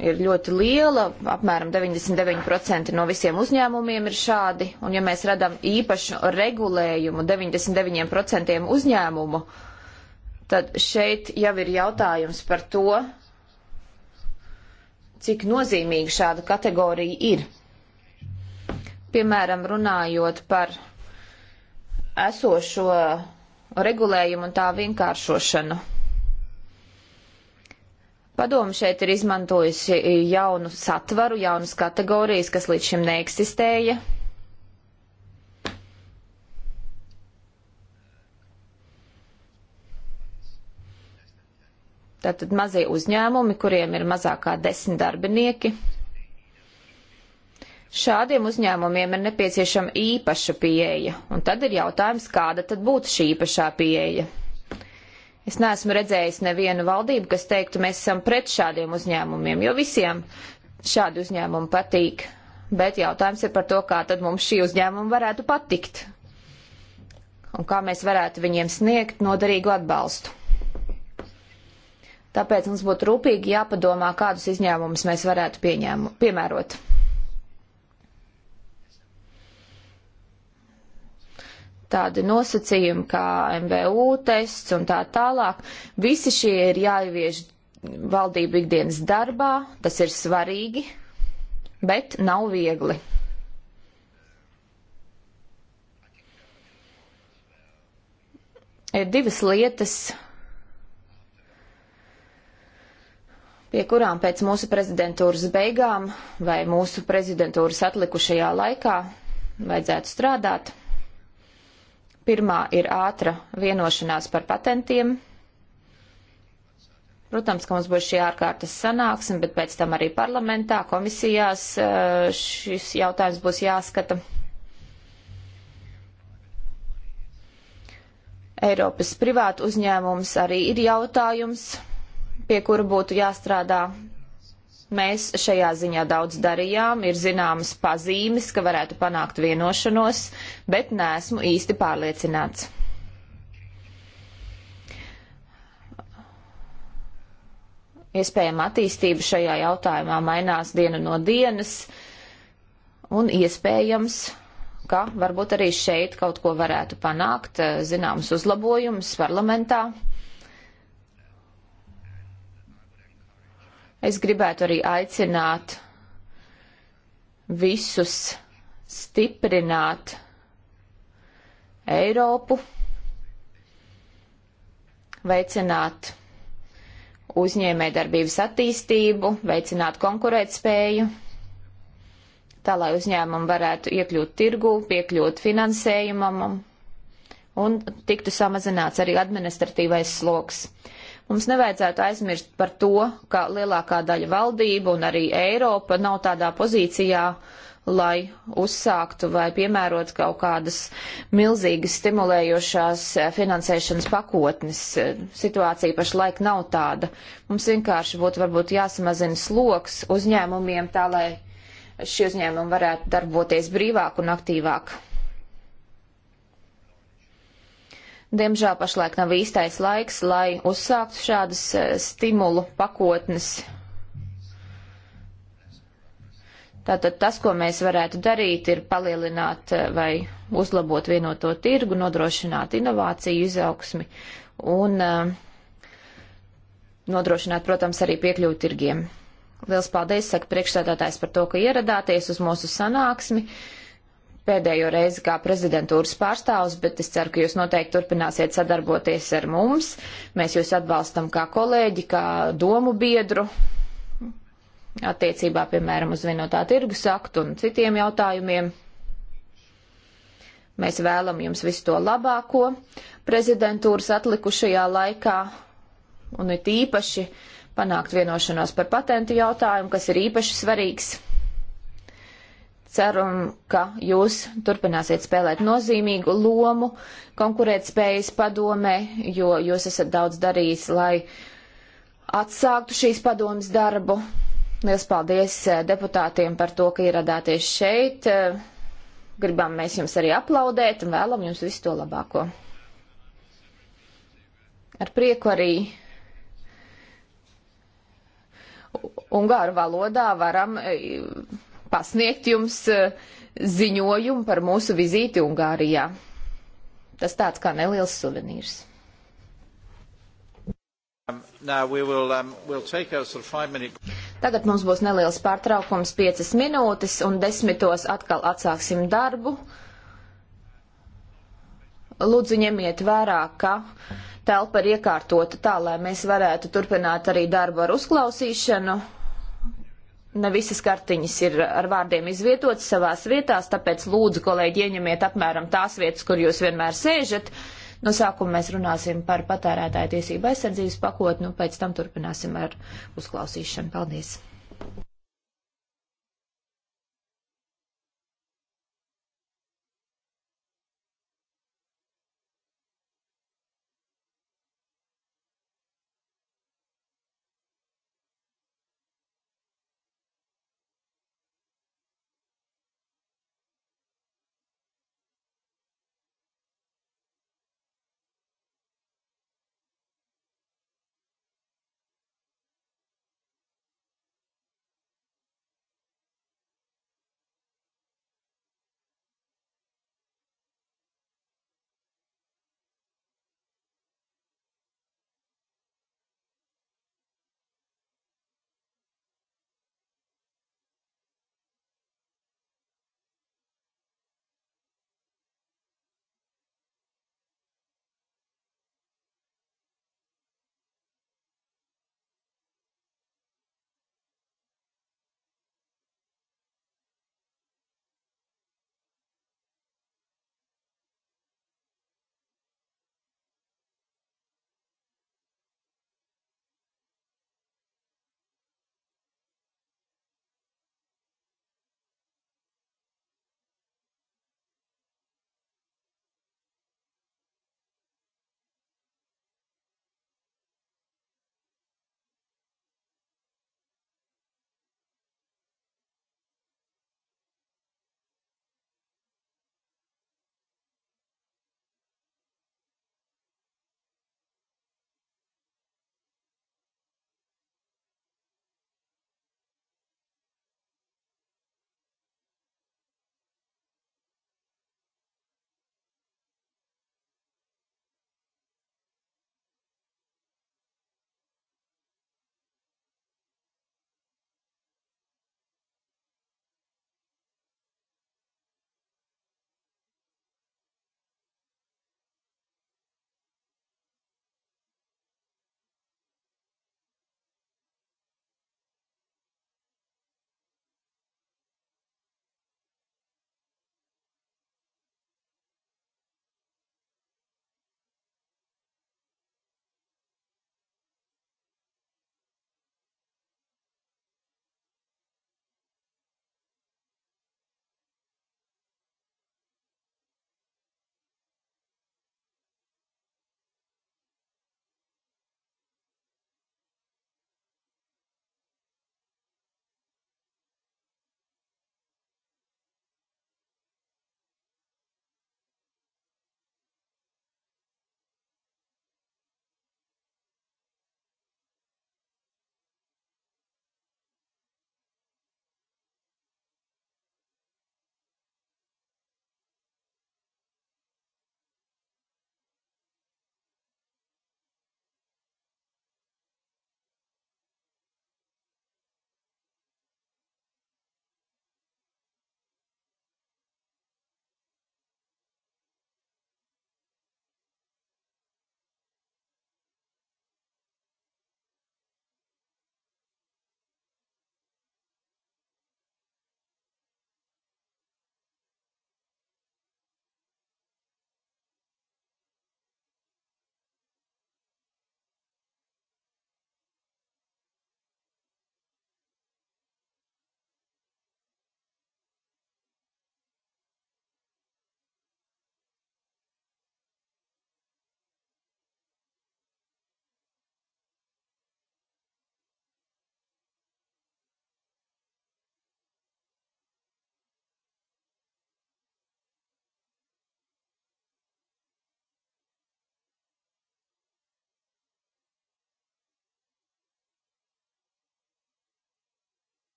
ir ļoti liela, apmēram 99% no visiem uzņēmumiem ir šādi, un ja mēs radām īpašu regulējumu 99% uzņēmumu, tad šeit jau ir jautājums par to, cik nozīmīga šāda kategorija ir. Piemēram, runājot par esošo regulējumu un tā vienkāršošanu Padomu šeit ir izmantojusi jaunu satvaru, jaunas kategorijas, kas līdz šim neeksistēja. Tātad mazie uzņēmumi, kuriem ir mazākā desmit darbinieki. Šādiem uzņēmumiem ir nepieciešama īpaša pieeja, un tad ir jautājums, kāda tad būtu šī īpašā pieeja. Es neesmu redzējis nevienu valdību, kas teiktu, mēs esam pret šādiem uzņēmumiem, jo visiem šādi uzņēmumi patīk. Bet jautājums ir par to, kā tad mums šī uzņēmuma varētu patikt un kā mēs varētu viņiem sniegt noderīgu atbalstu. Tāpēc mums būtu rūpīgi jāpadomā, kādus izņēmumus mēs varētu pieņēmu, piemērot. tādi nosacījumi kā MVU tests un tā tālāk. Visi šie ir jāievieš valdību ikdienas darbā, tas ir svarīgi, bet nav viegli. Ir divas lietas, pie kurām pēc mūsu prezidentūras beigām vai mūsu prezidentūras atlikušajā laikā vajadzētu strādāt. Pirmā ir ātra vienošanās par patentiem. Protams, ka mums būs šī ārkārtas sanāksme, bet pēc tam arī parlamentā, komisijās eh, šis jautājums būs jāskata. Eiropas privātu uzņēmums arī ir jautājums, pie kura būtu jāstrādā Mēs šajā ziņā daudz darījām, ir zināmas pazīmes, ka varētu panākt vienošanos, bet neesmu īsti pārliecināts. Iespējama attīstība šajā jautājumā mainās dienu no dienas, un iespējams, ka varbūt arī šeit kaut ko varētu panākt, eh, zināmas uzlabojumus parlamentā. Es gribētu arī aicināt visus stiprināt Eiropu, veicināt uzņēmējdarbības attīstību, veicināt konkurētspēju, tā lai uzņēmumi varētu iekļūt tirgū, piekļūt finansējumam un tiktu samazināts arī administratīvais sloks. Mums nevajadzētu aizmirst par to, ka lielākā daļa valdību un arī Eiropa nav tādā pozīcijā, lai uzsāktu vai piemērot kaut kādas milzīgas stimulējošās eh, finansēšanas pakotnes. Situācija pašlaik nav tāda. Mums vienkārši būtu varbūt jāsamazina sloks uzņēmumiem tā, lai šie uzņēmumi varētu darboties brīvāk un aktīvāk. Diemžēl pašlaik nav īstais laiks, lai uzsāktu šādas eh, stimulu pakotnes. Tātad tas, ko mēs varētu darīt, ir palielināt eh, vai uzlabot vienoto tirgu, nodrošināt inovāciju izaugsmi un eh, nodrošināt, protams, arī piekļuvu tirgiem. Liels paldies, saka priekšstādātājs par to, ka ieradāties uz mūsu sanāksmi pēdējo reizi kā prezidentūras pārstāvs, bet es ceru, ka jūs noteikti turpināsiet sadarboties ar mums. Mēs jūs atbalstam kā kolēģi, kā domu biedru attiecībā, piemēram, uz vienotā tirgus aktu un citiem jautājumiem. Mēs vēlam jums visu to labāko prezidentūras atlikušajā laikā un it īpaši panākt vienošanos par patentu jautājumu, kas ir īpaši svarīgs Ceram, ka jūs turpināsiet spēlēt nozīmīgu lomu konkurētspējas padomē, jo jūs esat daudz darījis, lai atsāktu šīs padomas darbu. Liels paldies eh, deputātiem par to, ka ieradāties šeit. Eh, Gribam mēs jums arī aplaudēt un vēlam jums visu to labāko. Ar prieku arī ungāru valodā varam eh, pasniegt jums eh, ziņojumu par mūsu vizīti Ungārijā. Tas tāds kā neliels suvenīrs. Um, will, um, we'll Tagad mums būs neliels pārtraukums, 5 minūtes, un desmitos atkal atsāksim darbu. Lūdzu, ņemiet vērā, ka telpa ir iekārtota tā, lai mēs varētu turpināt arī darbu ar uzklausīšanu ne visas kartiņas ir ar vārdiem izvietotas savās vietās, tāpēc lūdzu, kolēģi, ieņemiet apmēram tās vietas, kur jūs vienmēr sēžat. No sākuma mēs runāsim par patērētāju tiesību aizsardzības pakotni, nu pēc tam turpināsim ar uzklausīšanu. Paldies!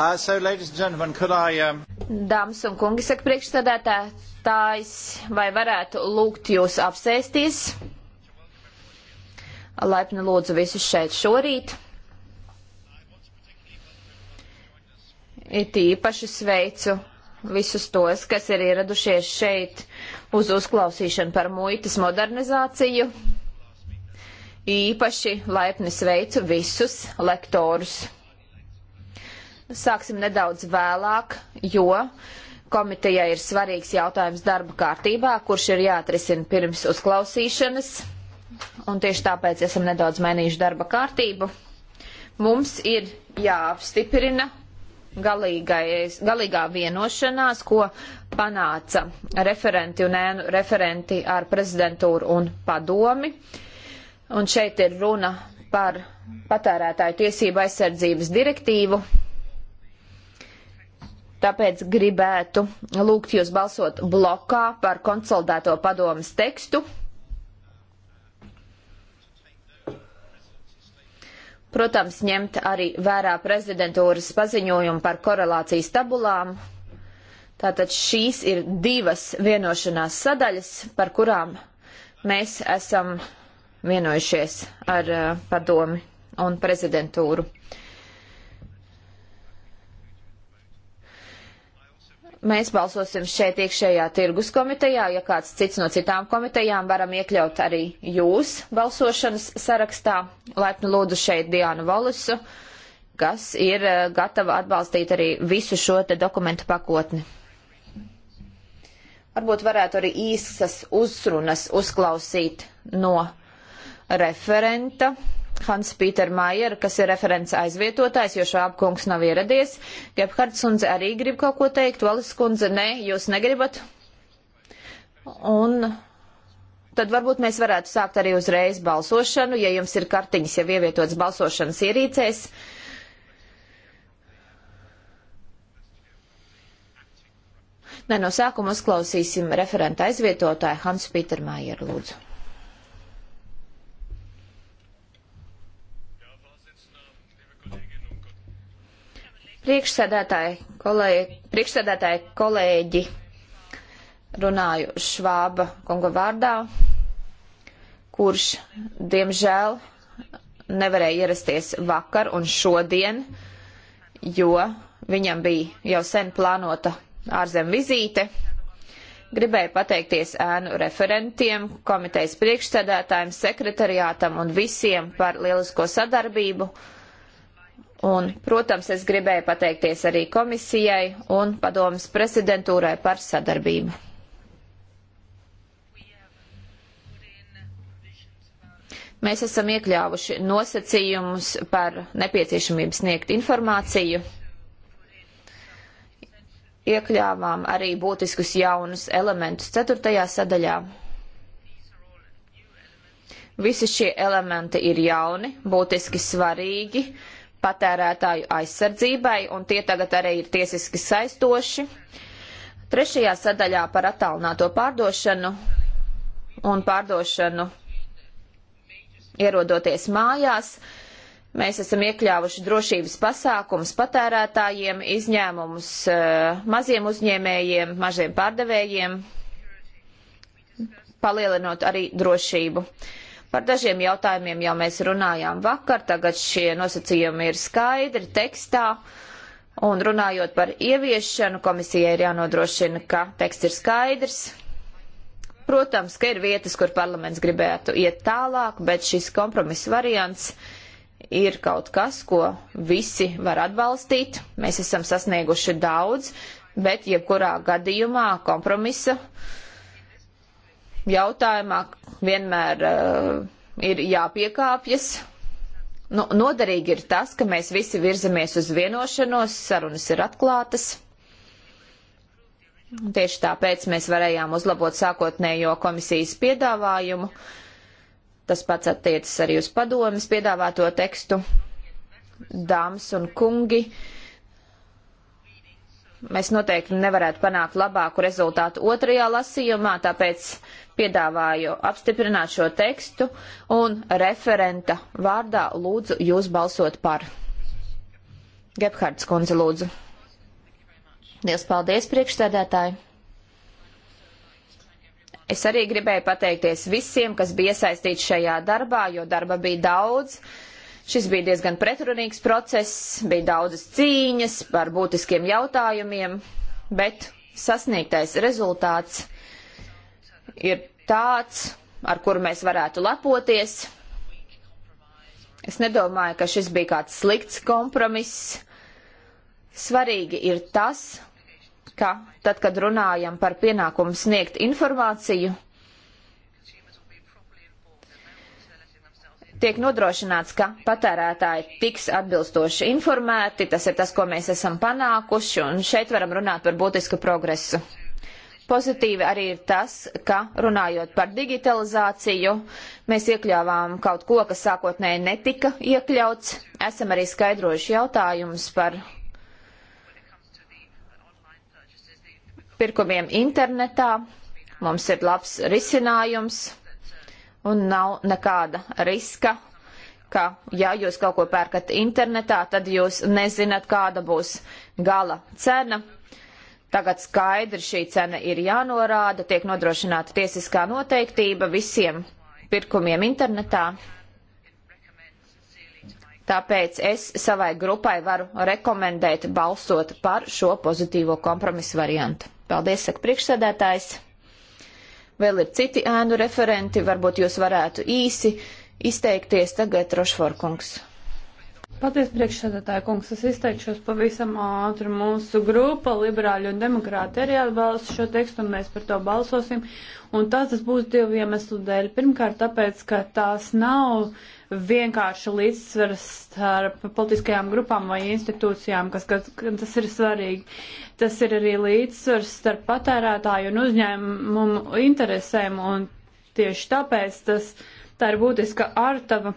Uh, so, I, um... Dāmas un kungi, saka priekšstādātājs, vai varētu lūgt jūs apsēsties? Laipni lūdzu visus šeit šorīt. It īpaši sveicu visus tos, kas ir ieradušies šeit uz uzklausīšanu par muitas modernizāciju. Īpaši laipni sveicu visus lektorus sāksim nedaudz vēlāk, jo komitejai ir svarīgs jautājums darba kārtībā, kurš ir jāatrisina pirms uzklausīšanas, un tieši tāpēc esam nedaudz mainījuši darba kārtību. Mums ir jāapstiprina galīgais, galīgā vienošanās, ko panāca referenti un ēnu referenti ar prezidentūru un padomi. Un šeit ir runa par patērētāju tiesību aizsardzības direktīvu, Tāpēc gribētu lūgt jūs balsot blokā par konsolidēto padomas tekstu. Protams, ņemt arī vērā prezidentūras paziņojumu par korelācijas tabulām. Tātad šīs ir divas vienošanās sadaļas, par kurām mēs esam vienojušies ar uh, padomi un prezidentūru. Uh, Mēs balsosim šeit iekšējā tirgus komitejā, ja kāds cits no citām komitejām varam iekļaut arī jūs balsošanas sarakstā. Laipni lūdzu šeit Diānu Volusu, kas ir eh, gatava atbalstīt arī visu šo te dokumentu pakotni. Varbūt varētu arī īsas uzrunas uzklausīt no referenta Hans Pīter Maier, kas ir referents aizvietotājs, jo šāp kungs nav ieradies. Gebhards kundze arī grib kaut ko teikt, Valis kundze, nē, ne, jūs negribat. Un tad varbūt mēs varētu sākt arī uzreiz balsošanu, ja jums ir kartiņas jau ievietotas balsošanas ierīcēs. Nē, no sākuma uzklausīsim referenta aizvietotāju Hansu Pītermājeru, lūdzu. Priekšsēdētāji, kolēģi, priekšsēdētāji kolēģi runāju Švāba kunga vārdā, kurš, diemžēl, nevarēja ierasties vakar un šodien, jo viņam bija jau sen plānota ārzem vizīte. Gribēju pateikties ēnu referentiem, komitejas priekšsēdētājiem, sekretariātam un visiem par lielisko sadarbību Un, protams, es gribēju pateikties arī komisijai un padomas prezidentūrai par sadarbību. Mēs esam iekļāvuši nosacījumus par nepieciešamību sniegt informāciju. Iekļāvām arī būtiskus jaunus elementus ceturtajā sadaļā. Visi šie elementi ir jauni, būtiski svarīgi patērētāju aizsardzībai, un tie tagad arī ir tiesiski saistoši. Trešajā sadaļā par attālināto pārdošanu un pārdošanu ierodoties mājās. Mēs esam iekļāvuši drošības pasākums patērētājiem, izņēmumus eh, maziem uzņēmējiem, mažiem pārdevējiem, palielinot arī drošību. Uh, Par dažiem jautājumiem jau mēs runājām vakar, tagad šie nosacījumi ir skaidri tekstā. Un runājot par ieviešanu, komisijai ir jānodrošina, ka teksts ir skaidrs. Protams, ka ir vietas, kur parlaments gribētu iet tālāk, bet šis kompromiss variants ir kaut kas, ko visi var atbalstīt. Mēs esam sasnieguši daudz, bet jebkurā gadījumā kompromisa uh, jautājumā vienmēr uh, ir jāpiekāpjas. Nu, noderīgi ir tas, ka mēs visi virzamies uz vienošanos, sarunas ir atklātas. Tieši tāpēc mēs varējām uzlabot sākotnējo komisijas piedāvājumu. Tas pats attiecas arī uz padomis piedāvāto tekstu. Dāmas un kungi, uh, mēs noteikti nevarētu panākt labāku rezultātu otrajā lasījumā, tāpēc piedāvāju apstiprināt šo tekstu un referenta vārdā lūdzu jūs balsot par. Gebhards kundze lūdzu. Liels paldies, priekšstādētāji! Es arī gribēju pateikties visiem, kas bija iesaistīti šajā darbā, jo darba bija daudz. Uh, Šis bija diezgan pretrunīgs process, bija daudzas cīņas par būtiskiem jautājumiem, bet sasniegtais rezultāts ir tāds, ar kuru mēs varētu lepoties. Es nedomāju, ka šis bija kāds slikts kompromiss. Svarīgi ir tas, ka tad, kad runājam par pienākumu sniegt informāciju, tiek nodrošināts, ka patērētāji tiks atbilstoši informēti. Tas ir tas, ko mēs esam panākuši, un šeit varam runāt par būtisku progresu. Pozitīvi arī ir tas, ka runājot par digitalizāciju, mēs iekļāvām kaut ko, kas sākotnēji netika iekļauts. Esam arī skaidrojuši jautājumus par pirkumiem internetā. Mums ir labs risinājums un nav nekāda riska, ka ja jūs kaut ko pērkat internetā, tad jūs nezināt, kāda būs gala cena. Tagad skaidri šī cena ir jānorāda, tiek nodrošināta tiesiskā noteiktība visiem pirkumiem internetā. Tāpēc es savai grupai varu rekomendēt balsot par šo pozitīvo kompromisu variantu. Paldies, saka priekšsēdētājs. Vēl ir citi ēnu referenti, varbūt jūs varētu īsi izteikties tagad, Rošforkungs. Paldies, priekšsēdētāja kungs, es izteikšos pavisam ātri. Mūsu grupa, liberāļi un demokrāti arī atbalsta šo tekstu, un mēs par to balsosim. Un tas, tas būs divu iemeslu dēļ. Pirmkārt, tāpēc, ka tās nav vienkārši līdzsvars starp politiskajām grupām vai institūcijām, kas, kas tas ir svarīgi. Tas ir arī līdzsvars starp patērētāju un uzņēmumu interesēm, un tieši tāpēc tas tā ir būtiska ārtava.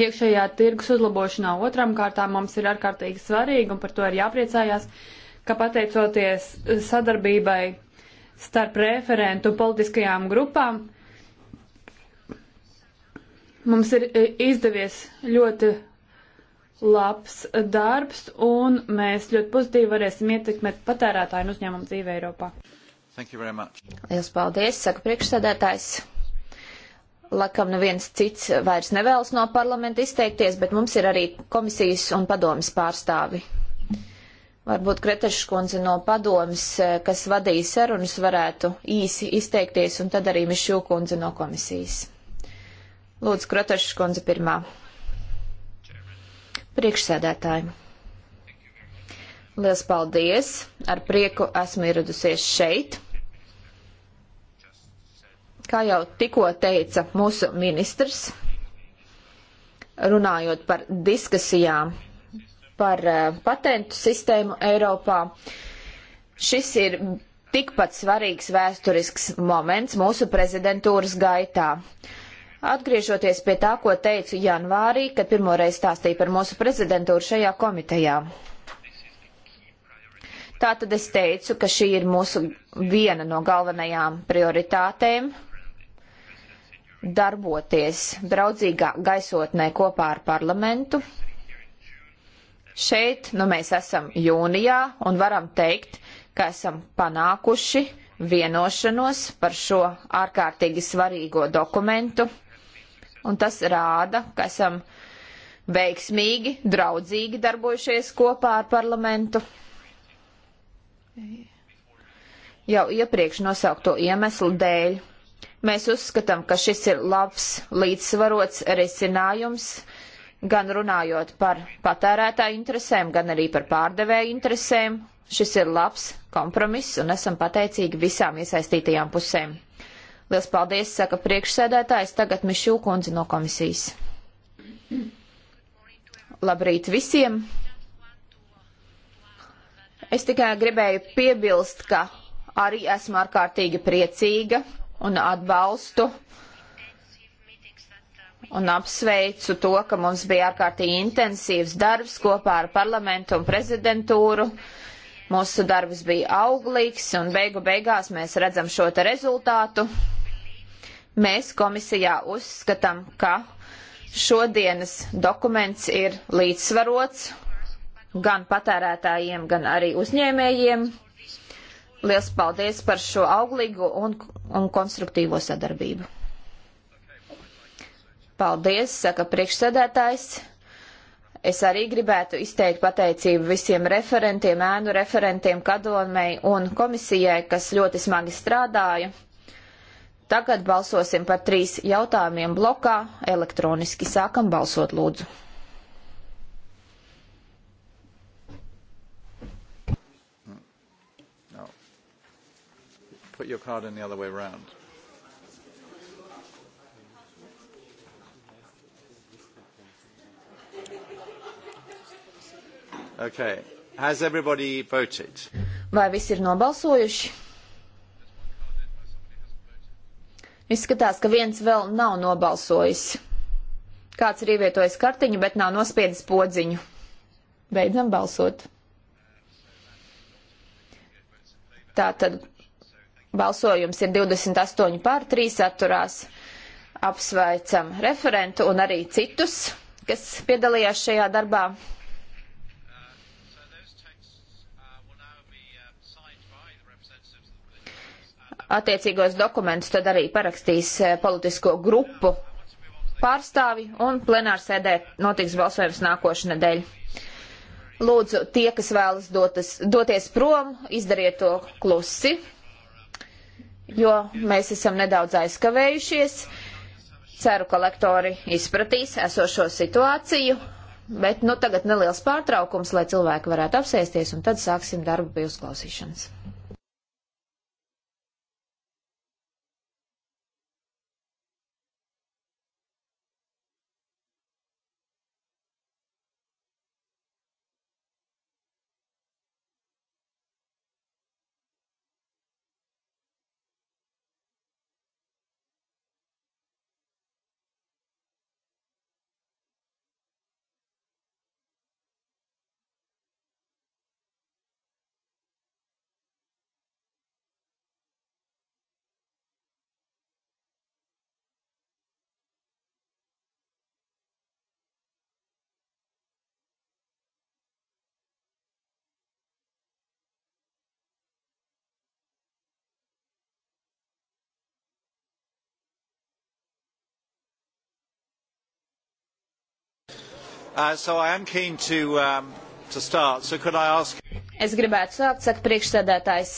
Iekšējā tirgus uzlabošanā otram kārtām mums ir ārkārtīgi svarīgi, un par to ir jāpriecājās, ka pateicoties sadarbībai starp referentu politiskajām grupām, uh, Mums ir e, izdevies ļoti labs darbs, un mēs ļoti pozitīvi varēsim ietekmēt patērētāju un uzņēmumu dzīvi Eiropā. Lielas paldies, saka priekšsēdētājs. Lakam neviens cits vairs nevēlas no parlamenta izteikties, bet mums ir arī komisijas un padomas pārstāvi. Varbūt Kretešs kundze no padomas, e, kas vadīja sarunas, varētu īsi izteikties, un tad arī Mišū kundze no komisijas. Lūdzu, Krotašs kundze pirmā. Priekšsēdētāji. Liels paldies! Ar prieku esmu ieradusies šeit. Kā jau tikko teica mūsu ministrs, runājot par diskusijām par eh, patentu sistēmu Eiropā, šis ir tikpat svarīgs vēsturisks moments mūsu prezidentūras gaitā. Atgriežoties pie tā, ko teicu janvārī, kad pirmoreiz stāstīju par mūsu prezidentūru šajā komitejā. Tātad es teicu, ka šī ir mūsu viena no galvenajām prioritātēm darboties draudzīgā gaisotnē kopā ar parlamentu. Šeit nu, mēs esam jūnijā un varam teikt, ka esam panākuši vienošanos par šo ārkārtīgi svarīgo dokumentu un tas rāda, ka esam veiksmīgi, draudzīgi darbojušies kopā ar parlamentu. Jau iepriekš nosaukto iemeslu dēļ mēs uzskatām, ka šis ir labs, līdzsvarots risinājums, gan runājot par patērētāju interesēm, gan arī par pārdevēju interesēm. Šis ir labs kompromiss un esam pateicīgi visām iesaistītajām pusēm. Liels paldies, saka priekšsēdētājs, tagad Mišu kundze no komisijas. Labrīt visiem! Es tikai gribēju piebilst, ka arī esmu ārkārtīgi priecīga un atbalstu un apsveicu to, ka mums bija ārkārtīgi intensīvs darbs kopā ar parlamentu un prezidentūru. Mūsu darbs bija auglīgs un beigu beigās mēs redzam šo te rezultātu. Mēs komisijā uzskatām, ka šodienas dokuments ir līdzsvarots gan patērētājiem, gan arī uzņēmējiem. Liels paldies par šo auglīgu un, un konstruktīvo sadarbību. Paldies, saka priekšsēdētājs. Es arī gribētu izteikt pateicību visiem referentiem, ēnu referentiem, kadonmei un komisijai, kas ļoti smagi strādāja. Tagad balsosim par trīs jautājumiem blokā. Elektroniski sākam balsot lūdzu. No. Put your card in the other way around. Okay. Has everybody voted? Vai visi ir nobalsojuši? Izskatās, ka viens vēl nav nobalsojis. Kāds ir ievietojis kartiņu, bet nav nospiedis podziņu. Beidzam balsot. Tātad balsojums ir 28 pār 3 atturās. Apsveicam referentu un arī citus, kas piedalījās šajā darbā. attiecīgos dokumentus tad arī parakstīs eh, politisko grupu pārstāvi un plenārsēdē notiks balsojums nākošu nedēļu. Lūdzu, tie, kas vēlas dotas, doties prom, izdariet to klusi, jo mēs esam nedaudz aizkavējušies. Ceru, ka lektori izpratīs esošo situāciju, bet nu tagad neliels pārtraukums, lai cilvēki varētu apsēsties un tad sāksim darbu pie uzklausīšanas. Uh, so to, um, to start. So could I ask... Es gribētu sākt, saka priekšsēdētājs.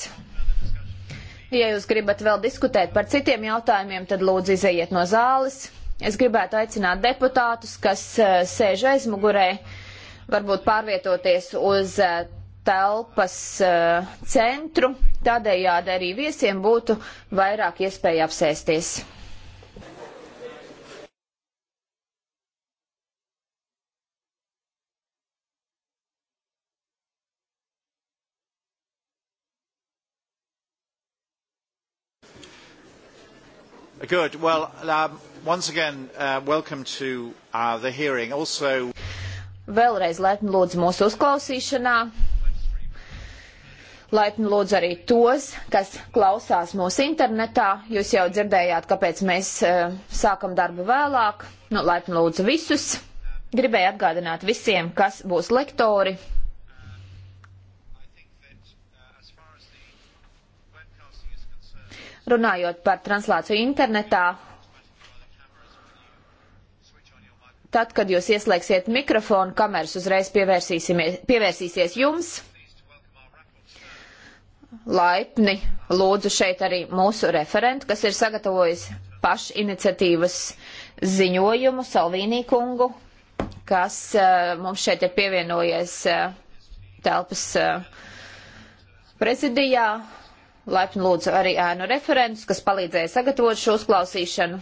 Ja jūs gribat vēl diskutēt par citiem jautājumiem, tad lūdzu izejiet no zāles. Es gribētu aicināt deputātus, kas uh, sēž aizmugurē, varbūt pārvietoties uz uh, telpas uh, centru. Tādējādi arī viesiem būtu vairāk iespēja apsēsties. Good. Well, um, once again, uh, welcome to uh, the hearing. Also... Vēlreiz laipni lūdzu mūsu uzklausīšanā. Laipni lūdzu arī tos, kas klausās mūsu internetā. Jūs jau dzirdējāt, kāpēc mēs uh, sākam darbu vēlāk. Nu, laipni lūdzu visus. Gribēju atgādināt visiem, kas būs lektori runājot par translāciju internetā, tad, kad jūs ieslēgsiet mikrofonu, kameras uzreiz pievērsīsies jums. Laipni lūdzu šeit arī mūsu referentu, kas ir sagatavojis pašiniciatīvas ziņojumu Salvīnī kungu, kas uh, mums šeit ir pievienojies uh, telpas uh, eh, prezidijā. Laipni lūdzu arī ēnu referents, kas palīdzēja sagatavot šo uzklausīšanu.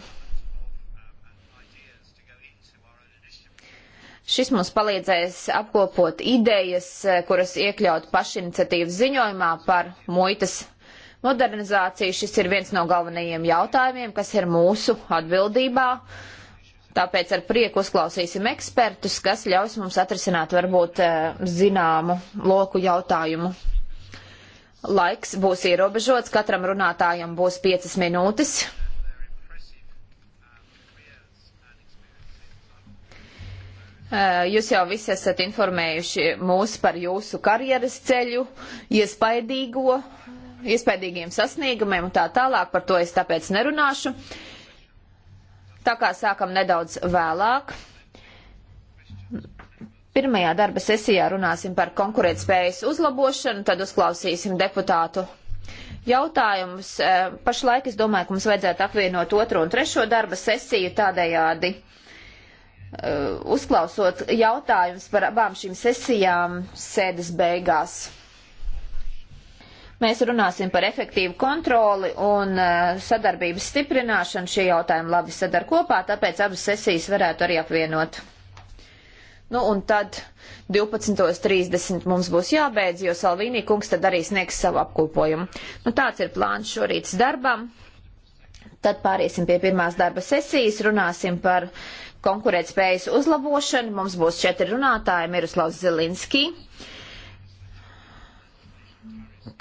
Šis mums palīdzēs apkopot idejas, eh, kuras iekļaut pašiniciatīvas ziņojumā par muitas modernizāciju. Šis ir viens no galvenajiem jautājumiem, kas ir mūsu atbildībā. Tāpēc ar prieku uzklausīsim ekspertus, kas ļaus mums atrisināt varbūt eh, zināmu loku jautājumu. Laiks būs ierobežots, katram runātājam būs piecas minūtes. Jūs jau visi esat informējuši mūs par jūsu karjeras ceļu, iespaidīgo, iespaidīgiem sasniegumiem un tā tālāk, par to es tāpēc nerunāšu. Tā kā sākam nedaudz vēlāk. Pirmajā darba sesijā runāsim par konkurētspējas uzlabošanu, tad uzklausīsim deputātu jautājumus. E, pašlaik es domāju, ka mums vajadzētu apvienot otro un trešo darba sesiju tādējādi. E, uzklausot jautājumus par abām šīm sesijām sēdes beigās. Mēs runāsim par efektīvu kontroli un e, sadarbības stiprināšanu. Šie jautājumi labi sadar kopā, tāpēc abas sesijas varētu arī apvienot. Nu, un tad 12.30 mums būs jābeidz, jo Salvīnī kungs tad arī sniegs savu apkopojumu. Nu, tāds ir plāns šorītas darbam. Tad pāriesim pie pirmās darba sesijas, runāsim par konkurētspējas uzlabošanu. Mums būs četri runātāji - Miruslavs Zilinski,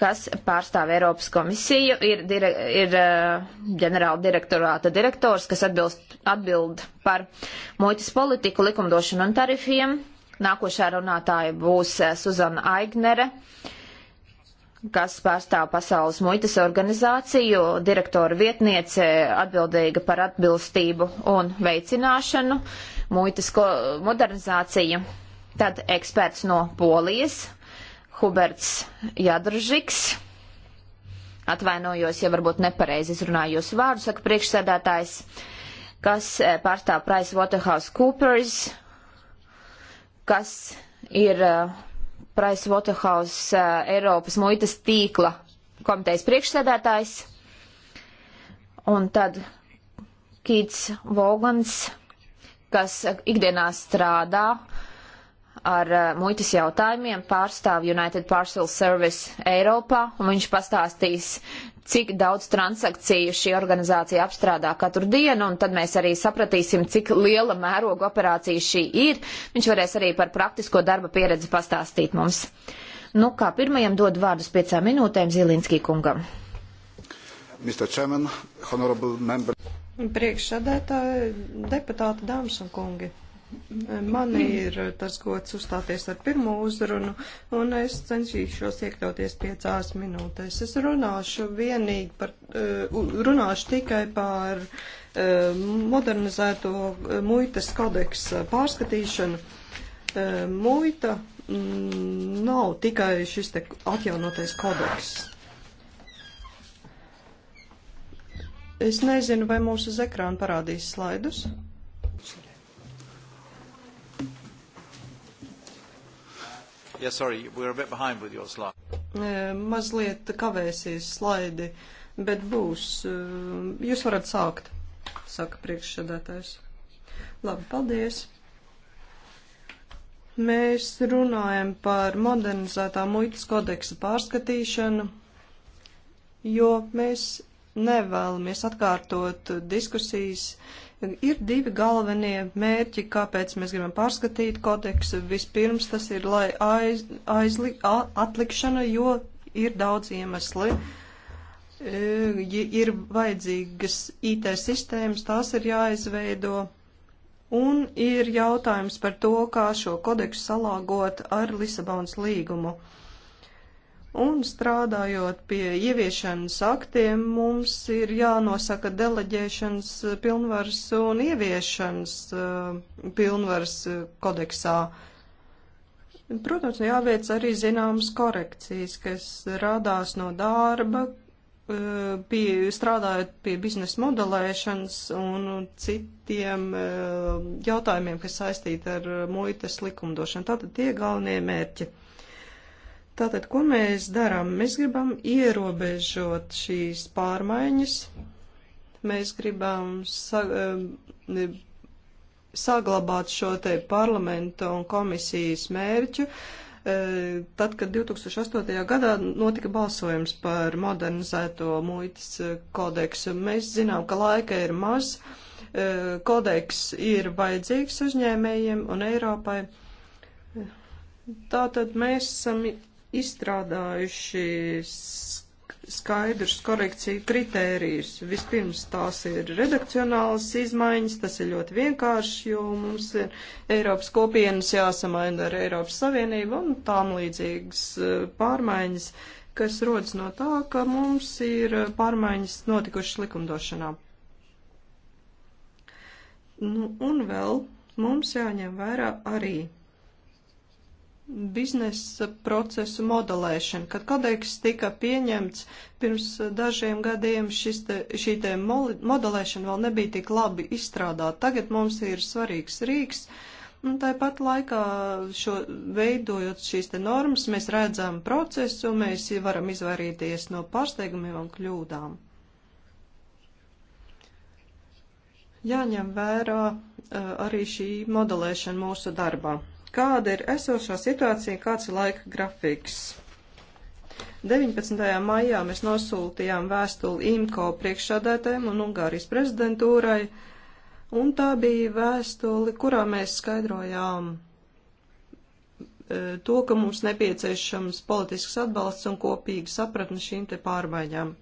kas pārstāv Eiropas komisiju, ir, dire, ir eh, ģenerāla direktorāta direktors, kas atbilst, atbild par muitas politiku, likumdošanu un tarifiem. Nākošā runātāja būs eh, Suzana Aignere, kas pārstāv Pasaules muitas organizāciju, direktora vietniece atbildīga par atbilstību un veicināšanu, muitas modernizāciju. Tad eksperts no Polijas, Huberts Jadržiks. Atvainojos, ja varbūt nepareizi izrunāju jūsu vārdu, saka priekšsēdētājs, kas e, pārstāv Price Waterhouse Coopers, kas ir e, Price Waterhouse e, Eiropas muitas tīkla komitejas priekšsēdētājs. Un tad Kīts Vogans, kas ikdienā strādā uh, ar uh, muitas jautājumiem pārstāv United Parcel Service Eiropā, un viņš pastāstīs, cik daudz transakciju šī organizācija apstrādā katru dienu, un tad mēs arī sapratīsim, cik liela mēroga operācija šī ir. Viņš varēs arī par praktisko darba pieredzi pastāstīt mums. Nu kā, pirmajam dod vārdus piecām minūtēm Zilinskī kungam. Mr. Chairman, honorable member. Priekšsēdētāji, deputāti, dāmas un kungi. Man ir eh, tas gods uzstāties ar pirmo uzrunu, un es cenšīšos iekļauties piecās minūtēs. Es runāšu vienīgi par, eh, runāšu tikai par eh, modernizēto muitas kodeksa pārskatīšanu. Muita mm, nav tikai šis te atjaunotais kodeks. Es nezinu, vai mums uz ekrāna parādīs slaidus. Yeah, sorry, we're a bit behind with your slide. Mazliet kavēsies slaidi, bet būs. Eh, jūs varat sākt, saka priekšsēdētājs. Labi, paldies. Mēs runājam par modernizētā muitas kodeksa pārskatīšanu, jo mēs nevēlamies atkārtot diskusijas uh, Ir divi galvenie mērķi, kāpēc mēs gribam pārskatīt kodeksu. Vispirms tas ir, lai aiz, aizli, atlikšana, jo ir daudz iemesli. E, ir vajadzīgas IT sistēmas, tās ir jāizveido. Un ir jautājums par to, kā šo kodeksu salāgot ar Lisabonas līgumu. Uh, Un strādājot pie ieviešanas aktiem, mums ir jānosaka deleģēšanas pilnvars un ieviešanas eh, pilnvars eh, kodeksā. Protams, jāveic arī zināmas korekcijas, kas radās no darba, eh, pie, strādājot pie biznesa modelēšanas un citiem jautājumiem, kas saistīti ar muitas likumdošanu. Tātad tie galvenie mērķi. Tātad, ko mēs darām? Mēs gribam ierobežot šīs pārmaiņas, mēs gribam sa eh, saglabāt šo te parlamentu un komisijas mērķu. Eh, tad, kad 2008. gadā notika balsojums par modernizēto muitas eh, kodeksu, mēs zinām, ka laika ir maz, kodeks ir vajadzīgs uzņēmējiem un Eiropai. Tātad mēs esam izstrādājuši skaidrus korekciju kritērijus. Vispirms tās ir redakcionālas izmaiņas, tas ir ļoti vienkārši, jo mums ir Eiropas kopienas jāsamaina ar Eiropas Savienību un tām līdzīgas e, pārmaiņas, kas rodas no tā, ka mums ir pārmaiņas notikušas likumdošanā. Nu, un vēl mums jāņem vērā arī biznesa procesu modelēšana. Kad kodeks tika pieņemts pirms dažiem gadiem, te, šī te modelēšana vēl nebija tik labi izstrādāta. Tagad mums ir svarīgs rīks, un tāpat laikā šo, veidojot šīs te normas, mēs redzam procesu, mēs varam izvairīties no pārsteigumiem un kļūdām. Jāņem vērā eh, arī šī modelēšana mūsu darbā. Kāda ir esošā situācija, kāds ir laika grafiks? 19. maijā mēs nosūtījām vēstuli IMCO priekšsādētājiem un Ungārijas prezidentūrai, un tā bija vēstuli, kurā mēs skaidrojām e, to, ka mums nepieciešams politisks atbalsts un kopīga sapratne šīm te pārmaiņām. E,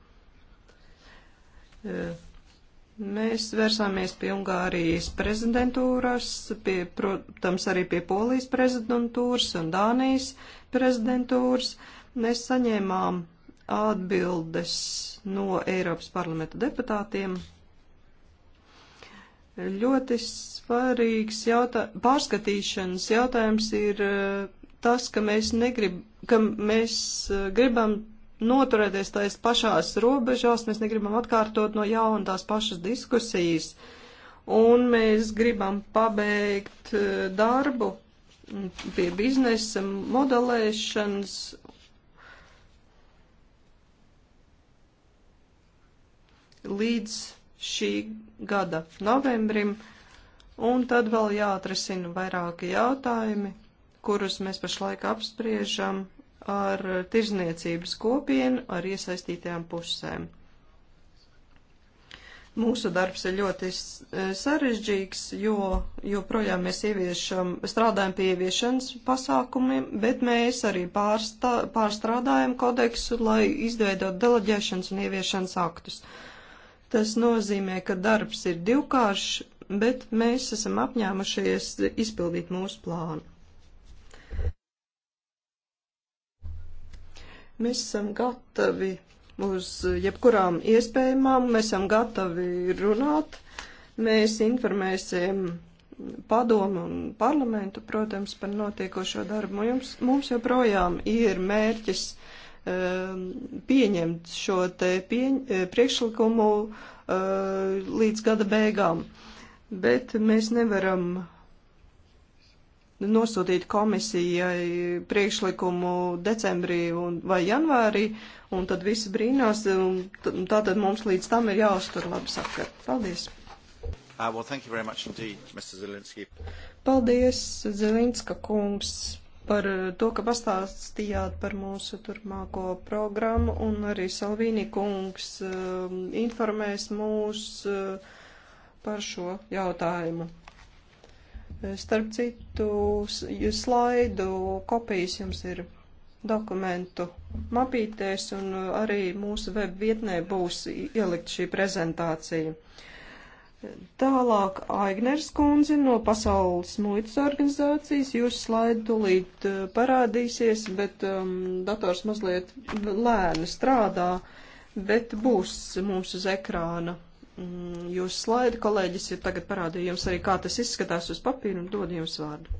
Mēs vērsāmies pie Ungārijas prezidentūras, pie, protams, arī pie Polijas prezidentūras un Dānijas prezidentūras. Mēs saņēmām atbildes no Eiropas parlamenta deputātiem. Ļoti svarīgs jautā, pārskatīšanas jautājums ir eh, tas, ka mēs, negrib, ka mēs eh, gribam noturēties tais pašās robežās, mēs negribam atkārtot no jauna tās pašas diskusijas, un mēs gribam pabeigt eh, darbu pie biznesa modelēšanas. Līdz šī gada novembrim, un tad vēl jāatrisina vairāki jautājumi, kurus mēs pašlaik apspriežam ar tirzniecības kopienu, ar iesaistītajām pusēm. Mūsu darbs ir ļoti e, sarežģīgs, jo joprojām mēs ieviešam, strādājam pie ieviešanas pasākumiem, bet mēs arī pārstā, pārstrādājam kodeksu, lai izveidot deleģēšanas un ieviešanas aktus. Tas nozīmē, ka darbs ir divkāršs, bet mēs esam apņēmušies izpildīt mūsu plānu. Mēs esam gatavi uz jebkurām iespējamām, mēs esam gatavi runāt, mēs informēsim padomu un parlamentu, protams, par notiekošo darbu. Mums, mums joprojām ir mērķis um, pieņemt šo te pieņ, e, priekšlikumu uh, līdz gada beigām, bet mēs nevaram nosūtīt komisijai priekšlikumu decembrī un, vai janvārī, un tad visi brīnās, un tātad mums līdz tam ir jāuztur labi sakari. Paldies! Uh, well, thank you very much indeed, Mr. Zelinsky. Paldies, Zelinska kungs, par eh, to, ka pastāstījāt par mūsu turpmāko programmu, un arī Salvīni kungs uh, informēs mūs uh, par šo jautājumu. Starp citu, jūs slaidu kopijas jums ir dokumentu mapītēs un uh, arī mūsu web vietnē būs ielikt šī prezentācija. Tālāk Aigners kundze no Pasaules muitas organizācijas. Jūs slaidu tulīt uh, parādīsies, bet um, dators mazliet lēni strādā, bet būs mums uz ekrāna. Mm, jūsu slaidi kolēģis ir tagad parādīja jums arī, kā tas izskatās uz papīra un dod jums vārdu.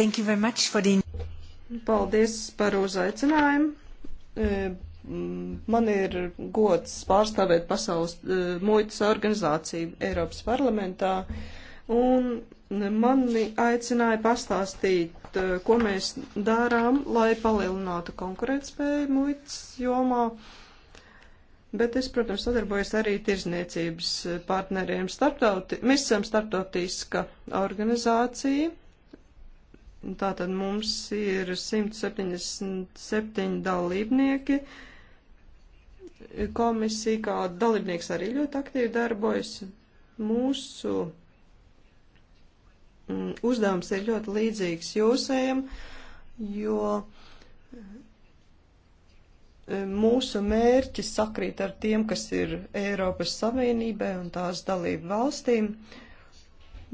Thank you very much for the... Paldies par uzaicinājumu. E, mm, man ir gods pārstāvēt pasaules e, muitas organizāciju Eiropas parlamentā, un mani aicināja pastāstīt, e, ko mēs darām, lai palielinātu konkurētspēju muitas jomā. Uh, bet es, protams, sadarbojos arī tirzniecības partneriem. Starptauti, mēs esam starptautiska organizācija, tātad mums ir 177 dalībnieki. Komisija kā dalībnieks arī ļoti aktīvi darbojas. Mūsu mm, uzdevums ir ļoti līdzīgs jūsējiem, jo E, mūsu mērķi sakrīt ar tiem, kas ir Eiropas Savienībai un tās dalību valstīm.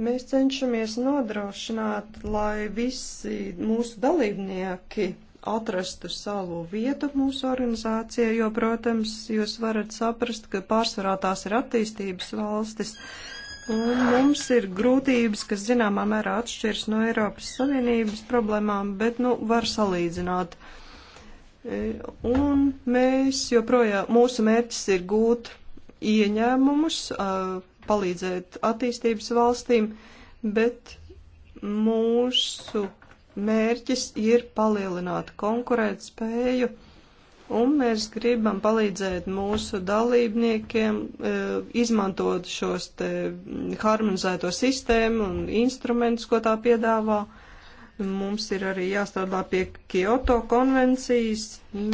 Mēs cenšamies nodrošināt, lai visi mūsu dalībnieki atrastu savu vietu mūsu organizācijā, jo, protams, jūs varat saprast, ka pārsvarā tās ir attīstības valstis, un mums ir grūtības, kas zināmā mērā atšķiras no Eiropas Savienības problēmām, bet, nu, var salīdzināt. Uh, E, un mēs joprojām, mūsu mērķis ir gūt ieņēmumus, palīdzēt attīstības valstīm, bet mūsu mērķis ir palielināt konkurēt spēju, un mēs gribam palīdzēt mūsu dalībniekiem e, izmantot šos te harmonizēto sistēmu un instrumentus, ko tā piedāvā. Mums ir arī jāstrādā pie Kyoto konvencijas.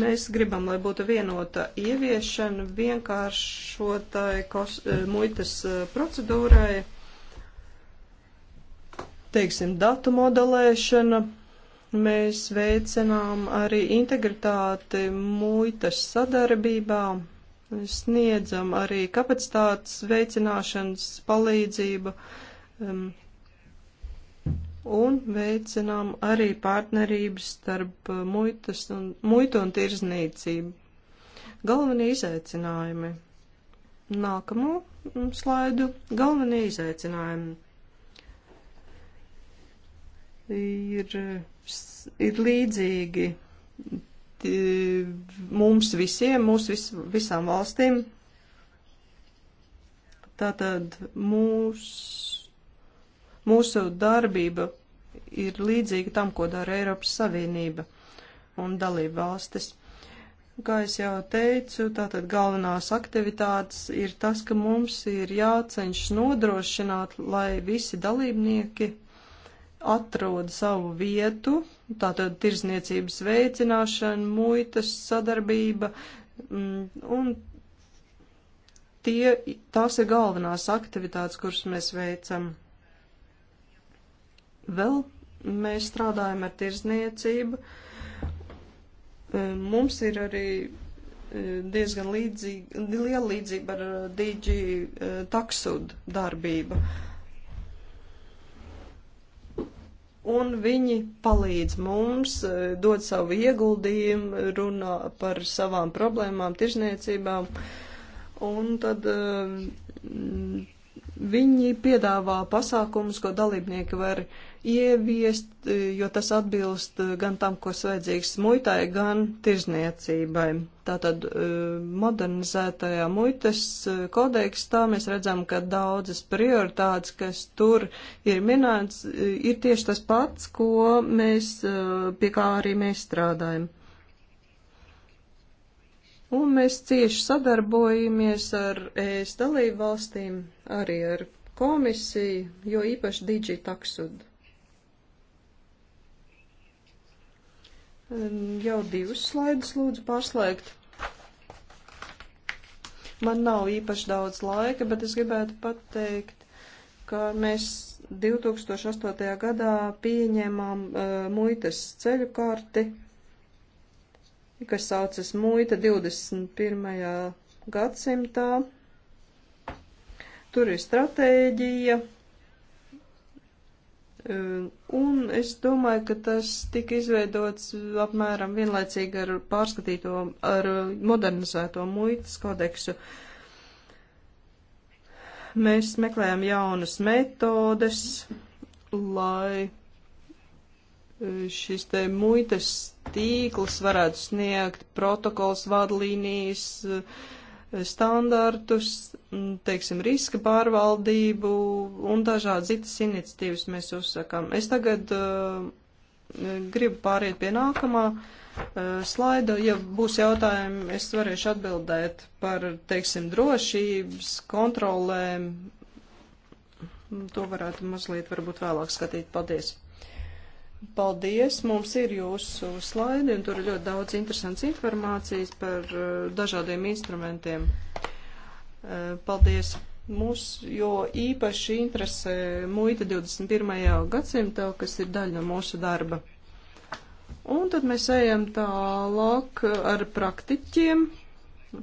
Mēs gribam, lai būtu vienota ieviešana vienkāršotai kos, eh, muitas eh, procedūrai, teiksim, datu modelēšana. Mēs veicinām arī integritāti muitas sadarbībā, sniedzam arī kapacitātes veicināšanas palīdzību. Um, un veicinām arī partnerības starp uh, muitas un, muitu un tirzniecību. Galvenie izaicinājumi. Nākamo mm, slaidu. Galvenie izaicinājumi ir, ir līdzīgi mums visiem, mūsu vis, visām valstīm. Tātad mūs, mūsu darbība ir līdzīga tam, ko dara Eiropas Savienība un dalība valstis. Kā es jau teicu, tātad galvenās aktivitātes ir tas, ka mums ir jāceņš nodrošināt, lai visi dalībnieki atrod savu vietu, tātad tirzniecības veicināšana, muitas sadarbība, mm, un tie, tās ir galvenās aktivitātes, kuras mēs veicam. Vēl mēs strādājam ar tirzniecību. E, mums ir arī e, diezgan līdzīga, liela līdzība ar e, DG taksud darbību. Un viņi palīdz mums, dod savu ieguldījumu, runā par savām problēmām, tirzniecībām. Un tad Viņi piedāvā pasākumus, ko dalībnieki var ieviest, jo tas atbilst gan tam, kas vajadzīgs muitai, gan tirzniecībai. Tātad e, modernizētajā muitas e, kodekstā mēs redzam, ka daudzas prioritātes, kas tur ir minēts, e, ir tieši tas pats, ko mēs, pie kā arī mēs strādājam un mēs cieši sadarbojamies ar ES dalību valstīm, arī ar komisiju, jo īpaši Digitaxud. Jau divus slaidus lūdzu pārslēgt. Man nav īpaši daudz laika, bet es gribētu pateikt, ka mēs 2008. gadā pieņēmām uh, muitas ceļu karti kas saucas muita 21. gadsimtā. Tur ir stratēģija, un es domāju, ka tas tika izveidots apmēram vienlaicīgi ar pārskatīto, ar modernizēto muitas kodeksu. Mēs meklējam jaunas metodes, lai šis te muitas tīkls varētu sniegt protokols vadlīnijas, standartus, teiksim, riska pārvaldību un dažādas citas iniciatīvas mēs uzsakām. Es tagad uh, gribu pāriet pie nākamā uh, slaida. Ja būs jautājumi, es varēšu atbildēt par, teiksim, drošības kontrolēm. To varētu mazliet varbūt vēlāk skatīt. Paldies! Paldies! Mums ir jūsu slaidi, un tur ir ļoti daudz interesants informācijas par eh, dažādiem instrumentiem. Eh, paldies! Mūs jo īpaši interesē muita 21. gadsimtā, kas ir daļa no mūsu darba. Un tad mēs ejam tālāk ar praktiķiem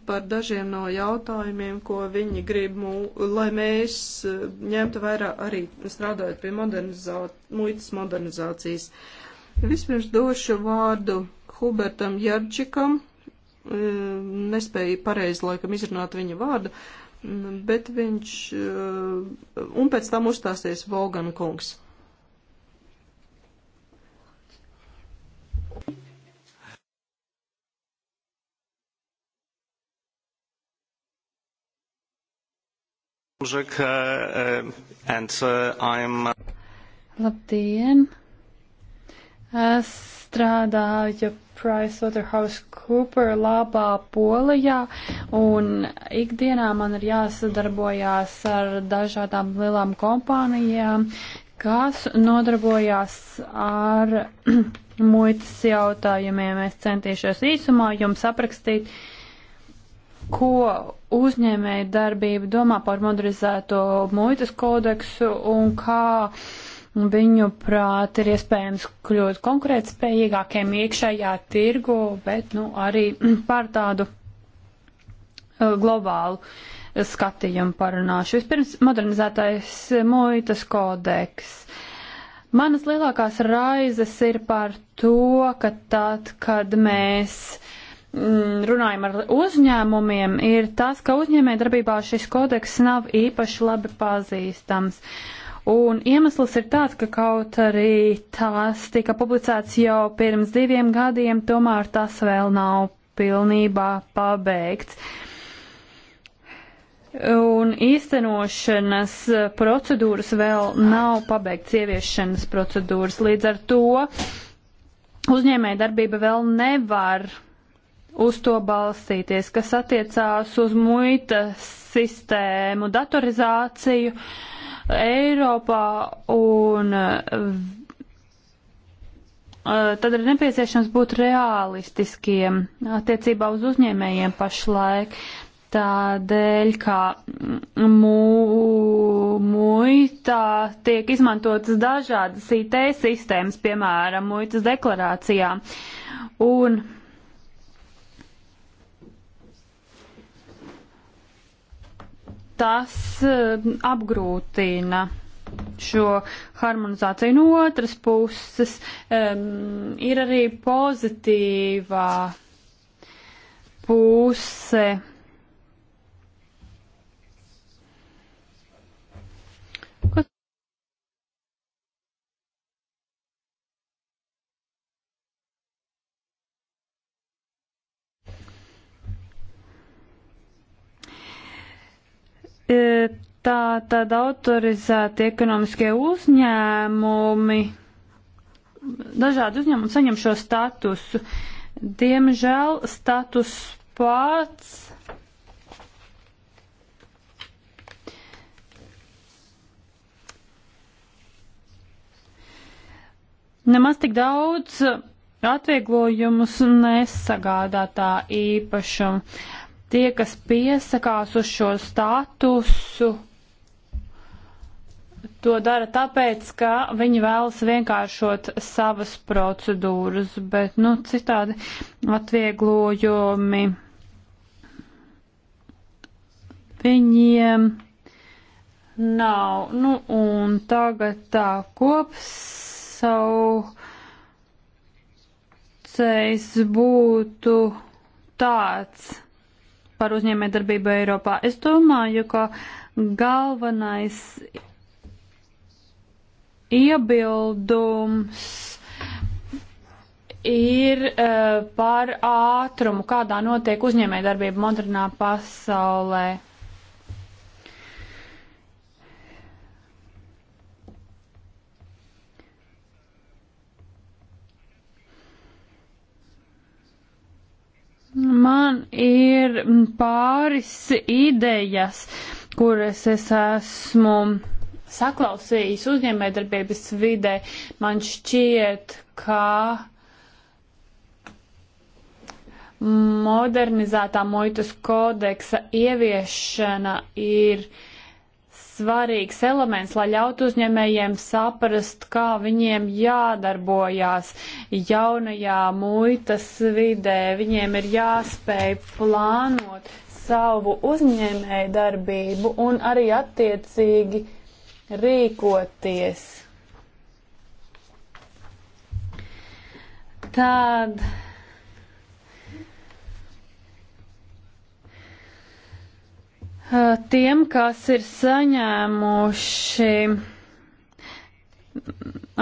par dažiem no jautājumiem, ko viņi grib, mū, lai mēs eh, ņemtu vairāk arī strādājot pie modernizā, muitas modernizācijas. Vispirms došu vārdu Hubertam Jardžikam, eh, nespēju pareizi laikam izrunāt viņa vārdu, bet viņš, eh, un pēc tam uzstāsies Volgan kungs. Žek, uh, uh, and uh, I'm. Uh, Labdien! Es strādāju PricewaterhouseCooper labā Polijā, un ikdienā man ir jāsadarbojās ar dažādām lielām kompānijām, kas nodarbojās ar muitas jautājumiem. Es centīšos īsumā jums aprakstīt uh, ko uzņēmēja darbība domā par modernizēto muitas kodeksu un kā viņu prāt ir iespējams kļūt konkurētspējīgākiem iekšējā tirgu, bet nu, arī par tādu uh, globālu skatījumu parunāšu. Vispirms modernizētais muitas kodeks. Manas lielākās raizes ir par to, ka tad, kad mēs uh, Mm, runājam ar uzņēmumiem, ir tas, ka uzņēmē darbībā šis kodeks nav īpaši labi pazīstams. Un iemesls ir tāds, ka kaut arī tās tika publicēts jau pirms diviem gadiem, tomēr tas vēl nav pilnībā pabeigts. Un īstenošanas procedūras vēl nav pabeigts, ieviešanas procedūras. Līdz ar to uzņēmē darbība vēl nevar uz to balstīties, kas attiecās uz muitas sistēmu, datorizāciju Eiropā un eh, tad ir nepieciešams būt realistiskiem attiecībā uz uzņēmējiem pašlaik. Tādēļ, kā mu, muitā tiek izmantotas dažādas IT sistēmas, piemēram, muitas deklarācijām. Un tas eh, apgrūtina šo harmonizāciju. No otras puses, um, ir arī pozitīvā puse. Kas E, tā tad autorizēti ekonomiskie uzņēmumi, dažādi uzņēmumi saņem šo statusu. Diemžēl status pats nemaz tik daudz atvieglojumus nesagādā tā īpašumu tie, kas piesakās uz šo statusu, to dara tāpēc, ka viņi vēlas vienkāršot savas procedūras, bet, nu, citādi atvieglojumi viņiem nav. Nu, un tagad tā kopsaucējs būtu tāds par uzņēmējdarbību Eiropā. Es domāju, ka galvenais iebildums ir uh, par ātrumu, kādā notiek uzņēmējdarbība modernā pasaulē. Man ir pāris idejas, kuras es esmu saklausījis uzņēmējdarbības vidē. Man šķiet, ka modernizētā muitas kodeksa ieviešana ir uh, svarīgs elements, lai ļautu uzņēmējiem saprast, kā viņiem jādarbojās jaunajā muitas vidē. Viņiem ir jāspēj plānot savu uzņēmēju darbību un arī attiecīgi rīkoties. Tad tiem, kas ir saņēmuši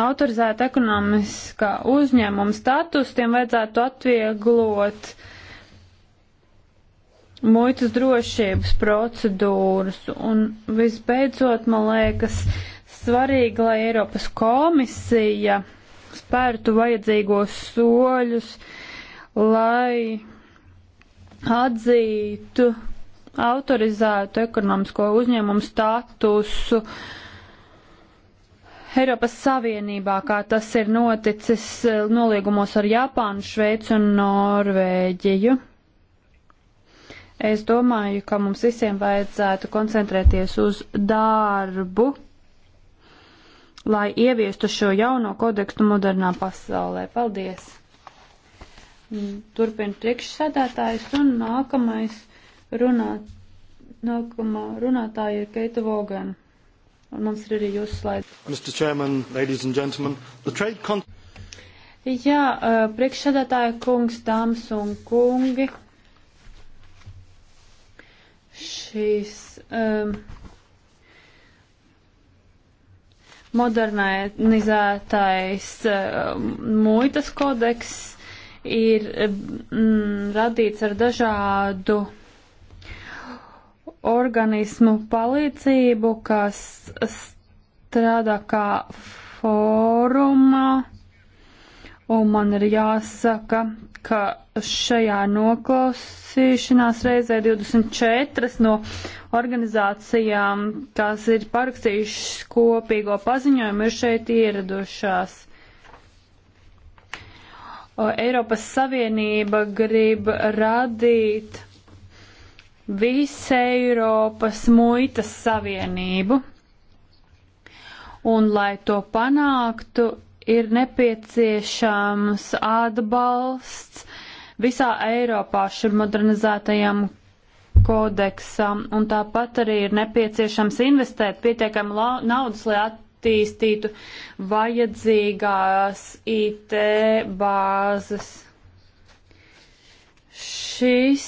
autorizēta ekonomiskā uzņēmuma status, tiem vajadzētu atvieglot muitas drošības procedūras. Un visbeidzot, man liekas, svarīgi, lai Eiropas komisija spērtu vajadzīgos soļus, lai atzītu autorizētu ekonomisko uzņēmumu statusu Eiropas Savienībā, kā tas ir noticis eh, noliegumos ar Japānu, Šveici un Norvēģiju. Es domāju, ka mums visiem vajadzētu koncentrēties uz darbu, lai ieviestu šo jauno kodekstu modernā pasaulē. Paldies! Turpin priekšsēdētājs un nākamais runāt. Nākamā runātāja ir Keita Vogana. Un mums ir arī jūsu slaidi. Mr. Chairman, ladies and gentlemen, the trade con... Jā, uh, priekšsēdētāja kungs, dāmas un kungi. Šīs um, modernizētais um, muitas kodeks ir mm, radīts ar dažādu organismu palīdzību, kas strādā kā fórumā, un man ir jāsaka, ka šajā noklausīšanās reizē 24 no organizācijām, kas ir parakstījušas kopīgo paziņojumu, ir šeit ieradušās. Eiropas Savienība grib radīt visu Eiropas muitas savienību. Un, lai to panāktu, ir nepieciešams atbalsts visā Eiropā šim modernizētajam kodeksam, un tāpat arī ir nepieciešams investēt pietiekami naudas, lai attīstītu vajadzīgās IT bāzes. Šis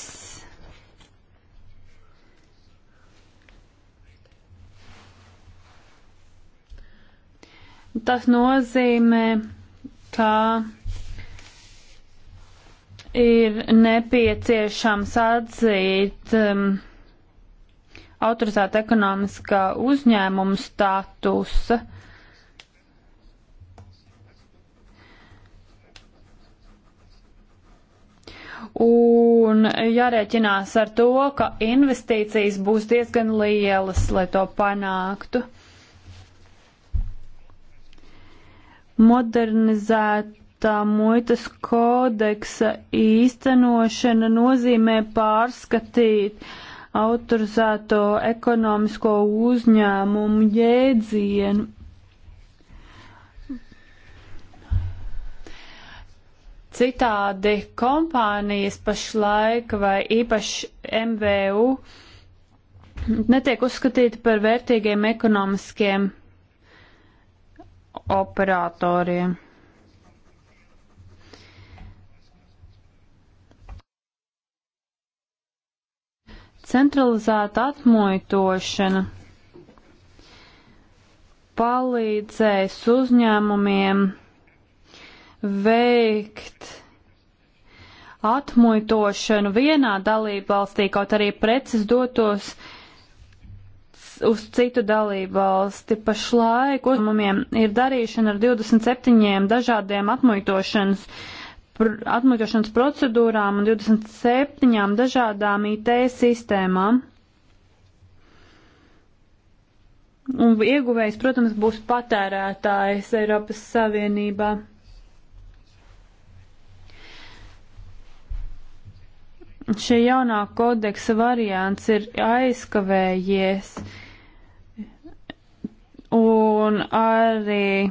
Tas nozīmē, ka ir nepieciešams atzīt um, autorizēta ekonomiskā uzņēmuma statusa. Un jārēķinās ar to, ka investīcijas būs diezgan lielas, lai to panāktu. modernizētā muitas kodeksa īstenošana nozīmē pārskatīt autorizēto ekonomisko uzņēmumu jēdzienu. Citādi kompānijas pašlaik vai īpaši MVU netiek uzskatīti par vērtīgiem ekonomiskiem operatoriem. Centralizēta atmoitošana palīdzēs uzņēmumiem veikt atmuitošanu vienā dalībvalstī, kaut arī preces dotos uh, uz citu dalību valsti. Pašlaik uzņēmumiem ir darīšana ar 27 dažādiem atmuitošanas, pr atmuitošanas procedūrām un 27 dažādām IT sistēmām. Un ieguvējs, protams, būs patērētājs Eiropas Savienībā. šī jaunā kodeksa variants ir aizkavējies. Uh, Un arī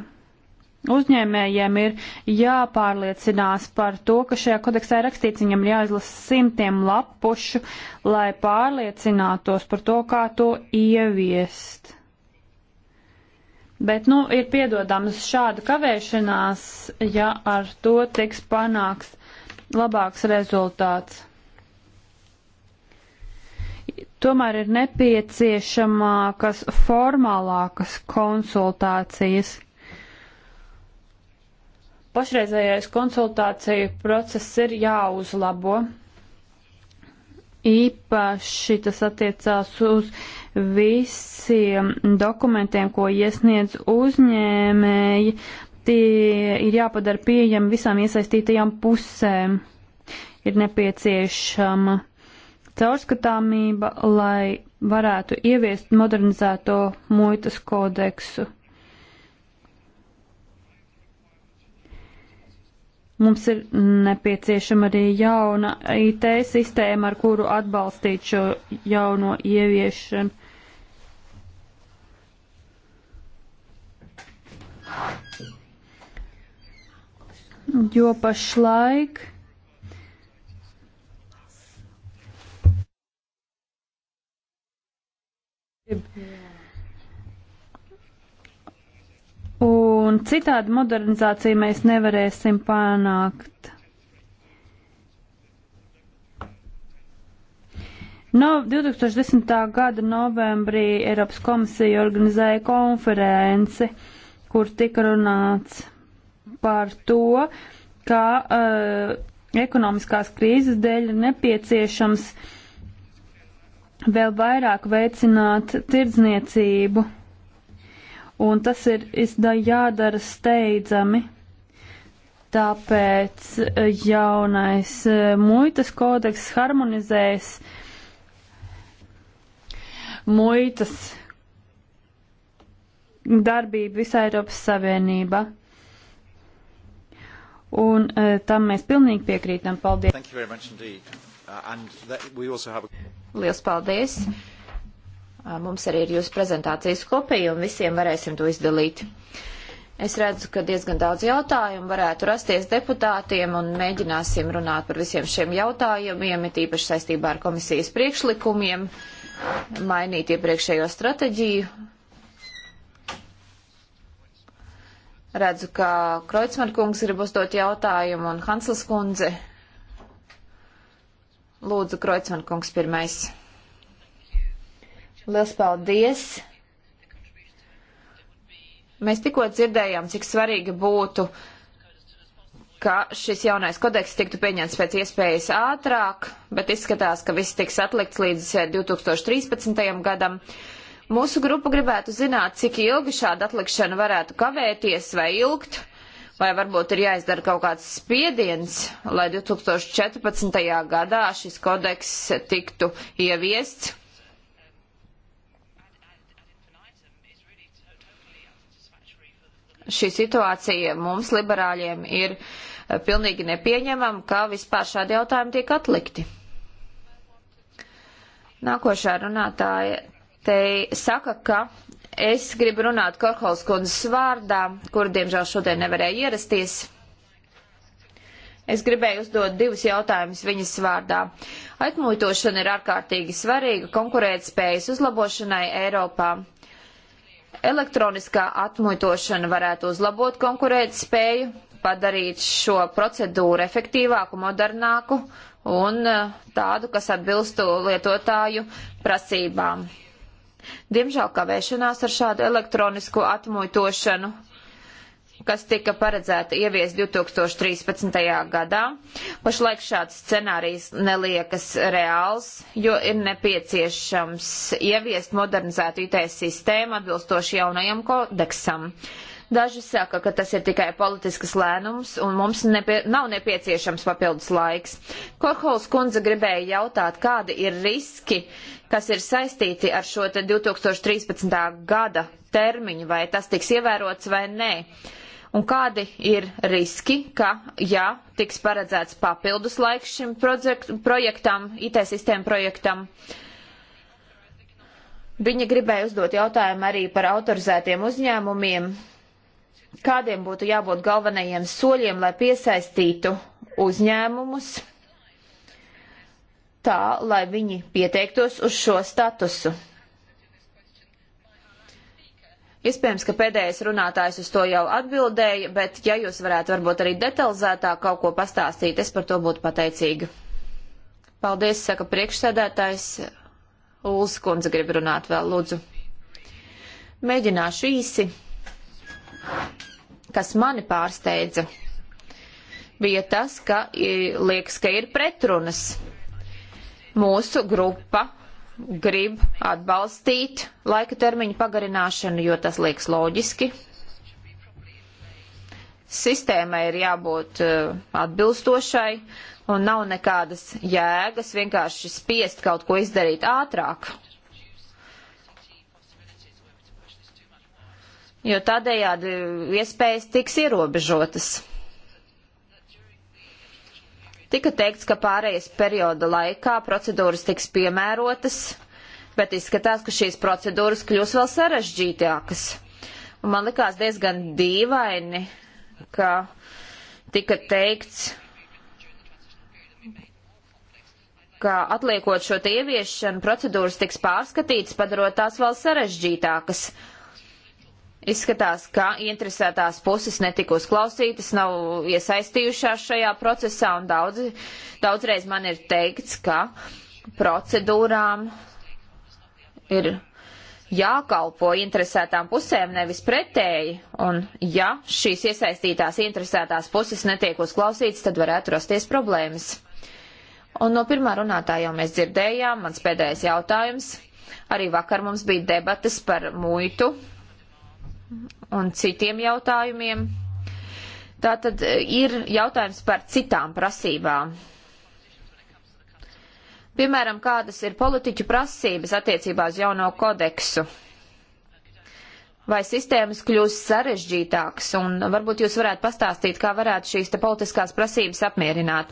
uzņēmējiem ir jāpārliecinās par to, ka šajā kodeksā ir rakstīts, viņam ir jāizlasa simtiem lapušu, lai pārliecinātos par to, kā to ieviest. Bet, nu, ir piedodams šāda kavēšanās, ja ar to tiks panāks labāks rezultāts. Tomēr ir nepieciešamākas formālākas konsultācijas. Pašreizējais konsultāciju process ir jāuzlabo. Īpaši tas attiecās uz visiem dokumentiem, ko iesniedz uzņēmēji. Tie ir jāpadara pieejami visām iesaistītajām pusēm. Ir nepieciešama caurskatāmība, lai varētu ieviest modernizēto muitas kodeksu. Mums ir nepieciešama arī jauna IT sistēma, ar kuru atbalstīt šo jauno ieviešanu. Jo pašlaik Un citādi modernizāciju mēs nevarēsim panākt. No 2010. gada novembrī Eiropas komisija organizēja konferenci, kur tika runāts par to, ka uh, ekonomiskās krīzes dēļ nepieciešams uh, vēl vairāk veicināt tirdzniecību, un tas ir jādara steidzami. Tāpēc eh, jaunais eh, muitas kodeks harmonizēs muitas darbību visā Eiropas Savienībā. Un eh, tam mēs pilnīgi piekrītam. Paldies! Uh, Lielas paldies! Uh, mums arī ir jūsu prezentācijas kopija un visiem varēsim to izdalīt. Es redzu, ka diezgan daudz jautājumu varētu rasties deputātiem un mēģināsim runāt par visiem šiem jautājumiem, it īpaši saistībā ar komisijas priekšlikumiem, mainīt iepriekšējo stratēģiju. Redzu, ka Kreutzmann kungs grib uzdot jautājumu un Hansels kundze Lūdzu, Kreutzmankungs pirmais. Liels paldies! Mēs tikko dzirdējām, cik svarīgi būtu, ka šis jaunais kodeks tiktu pieņemts pēc iespējas ātrāk, bet izskatās, ka viss tiks atlikts līdz 2013. gadam. Mūsu grupa gribētu zināt, cik ilgi šāda atlikšana varētu kavēties vai ilgt vai varbūt ir jāizdara kaut kāds spiediens, lai 2014. gadā šis kodeks tiktu ieviests. Šī situācija mums, liberāļiem, ir eh, pilnīgi nepieņemama, ka vispār šādi jautājumi tiek atlikti. Nākošā runātāja te saka, ka Es gribu runāt Korholas kundzes vārdā, kur diemžēl šodien nevarēja ierasties. Es gribēju uzdot divus jautājumus viņas vārdā. Atmūtošana ir ārkārtīgi svarīga konkurētspējas uzlabošanai Eiropā. Elektroniskā atmūtošana varētu uzlabot konkurētspēju, padarīt šo procedūru efektīvāku, modernāku un eh, tādu, kas atbilstu lietotāju prasībām. Diemžēl kavēšanās ar šādu elektronisko atmuitošanu, kas tika paredzēta ieviest 2013. gadā, pašlaik šāds scenārijs neliekas reāls, jo ir nepieciešams ieviest modernizētu IT sistēmu atbilstoši jaunajam kodeksam. Uh, Daži saka, ka tas ir tikai politisks lēmums un mums nepie, nav nepieciešams papildus laiks. Korhols kundze gribēja jautāt, kādi ir riski, kas ir saistīti ar šo 2013. gada termiņu, vai tas tiks ievērots vai nē. Un kādi ir riski, ka, ja tiks paredzēts papildus laiks šim projektam, IT sistēmu projektam, viņa gribēja uzdot jautājumu arī par autorizētiem uzņēmumiem, kādiem būtu jābūt galvenajiem soļiem, lai piesaistītu uzņēmumus tā, lai viņi pieteiktos uz šo statusu. Iespējams, ka pēdējais runātājs uz to jau atbildēja, bet ja jūs varētu varbūt arī detalizētāk kaut ko pastāstīt, es par to būtu pateicīga. Paldies, saka priekšsēdētājs. Ulskundze grib runāt vēl, lūdzu. Mēģināšu īsi kas mani pārsteidza, bija tas, ka liekas, ka ir pretrunas. Mūsu grupa grib atbalstīt laika termiņu pagarināšanu, jo tas liekas loģiski. Sistēmai ir jābūt e, atbilstošai un nav nekādas jēgas vienkārši spiest kaut ko izdarīt ātrāk, jo tādējādi iespējas tiks ierobežotas. Tika teikts, ka pārējais perioda laikā procedūras tiks piemērotas, bet izskatās, ka šīs procedūras kļūs vēl sarežģītākas. Un man likās diezgan dīvaini, ka tika teikts, ka atliekot šo ieviešanu, procedūras tiks pārskatītas, padarot tās vēl sarežģītākas. Izskatās, ka interesētās puses netika uzklausītas, nav iesaistījušās šajā procesā, un daudz, daudzreiz man ir teikts, ka procedūrām ir jākalpo interesētām pusēm, nevis pretēji, un ja šīs iesaistītās interesētās puses netiek uzklausītas, tad varētu rasties problēmas. Un no pirmā runātāja jau mēs dzirdējām, mans pēdējais jautājums. Arī vakar mums bija debates par muitu un citiem jautājumiem. Tā tad e, ir jautājums par citām prasībām. Piemēram, kādas ir politiķu prasības attiecībā uz jauno kodeksu? Vai sistēmas kļūs sarežģītākas, un varbūt jūs varētu pastāstīt, kā varētu šīs te politiskās prasības apmierināt?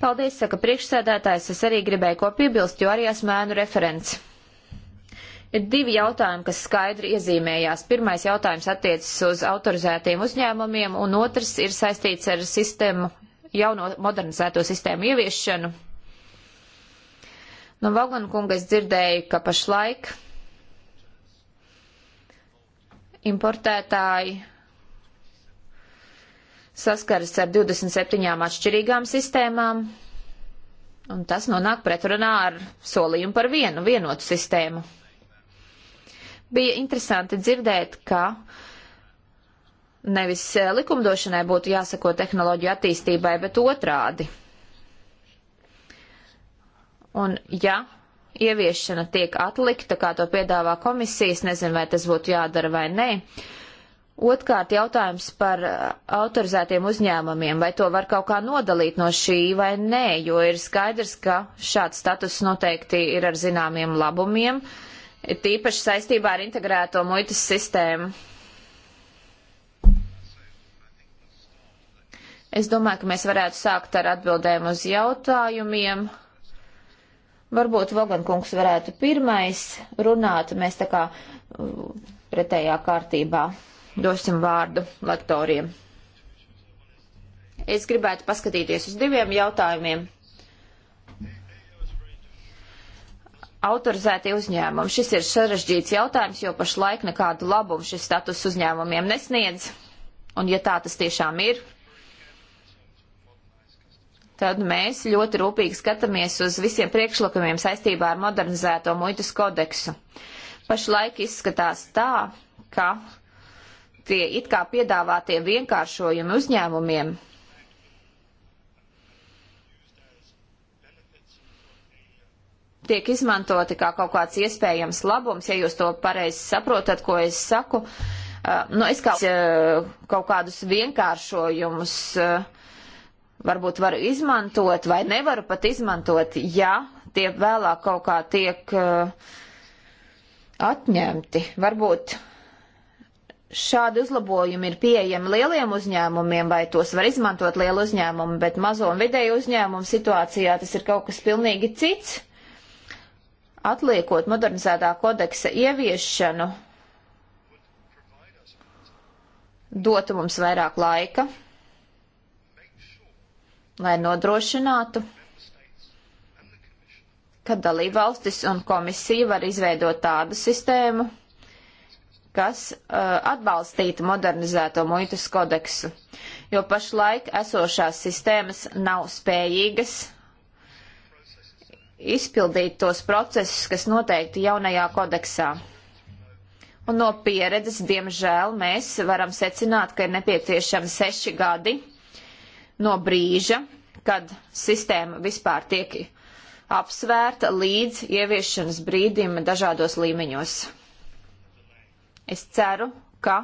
Paldies, saka priekšsēdētājs, es arī gribēju ko piebilst, jo arī esmu ēnu referents. Ir divi jautājumi, kas skaidri iezīmējās. Pirmais jautājums attiecas uz autorizētiem uzņēmumiem, un otrs ir saistīts ar sistēmu, jauno modernizēto sistēmu ieviešanu. No nu, Vaugana kunga es dzirdēju, ka pašlaik importētāji saskaras ar 27 atšķirīgām sistēmām, un tas nonāk pretrunā ar solījumu par vienu vienotu sistēmu. Bija interesanti dzirdēt, ka nevis eh, likumdošanai būtu jāsako tehnoloģiju attīstībai, bet otrādi. Un ja ieviešana tiek atlikta, kā to piedāvā komisijas, nezinu, vai tas būtu jādara vai nē. Otkārt jautājums par eh, autorizētiem uzņēmumiem, vai to var kaut kā nodalīt no šī vai nē, jo ir skaidrs, ka šāds status noteikti ir ar zināmiem labumiem, uh, tīpaši saistībā ar integrēto muitas sistēmu. Es domāju, ka mēs varētu sākt ar atbildēm uz jautājumiem. Varbūt Vogankungs varētu pirmais runāt, mēs tā kā uh, pretējā kārtībā dosim vārdu lektoriem. Es gribētu paskatīties uz diviem jautājumiem. autorizētie uzņēmumi. Šis ir sarežģīts jautājums, jo pašlaik nekādu labumu šis status uzņēmumiem nesniedz. Un ja tā tas tiešām ir, tad mēs ļoti rūpīgi skatāmies uz visiem priekšlikumiem saistībā ar modernizēto muitas kodeksu. Pašlaik izskatās tā, ka tie it kā piedāvātie vienkāršojumi uzņēmumiem tiek izmantoti kā kaut kāds iespējams labums, ja jūs to pareizi saprotat, ko es saku. Uh, nu, es kā uh, kaut kādus vienkāršojumus uh, varbūt varu izmantot vai nevaru pat izmantot, ja tie vēlāk kaut kā tiek atņemti. Varbūt šādi uzlabojumi ir pieejami lieliem uzņēmumiem, vai tos var izmantot lielu uzņēmumu, bet mazo un vidēju uzņēmumu situācijā tas ir kaut kas pilnīgi cits atliekot modernizētā kodeksa ieviešanu, dotu mums vairāk laika, lai nodrošinātu, ka dalībvalstis un komisija var izveidot tādu sistēmu, kas uh, atbalstītu modernizēto muitas kodeksu, jo pašlaik esošās sistēmas nav spējīgas izpildīt tos procesus, kas noteikti jaunajā kodeksā. Un no pieredzes, diemžēl, mēs varam secināt, ka ir nepieciešami seši gadi no brīža, kad sistēma vispār tiek apsvērta līdz ieviešanas brīdim dažādos līmeņos. Es ceru, ka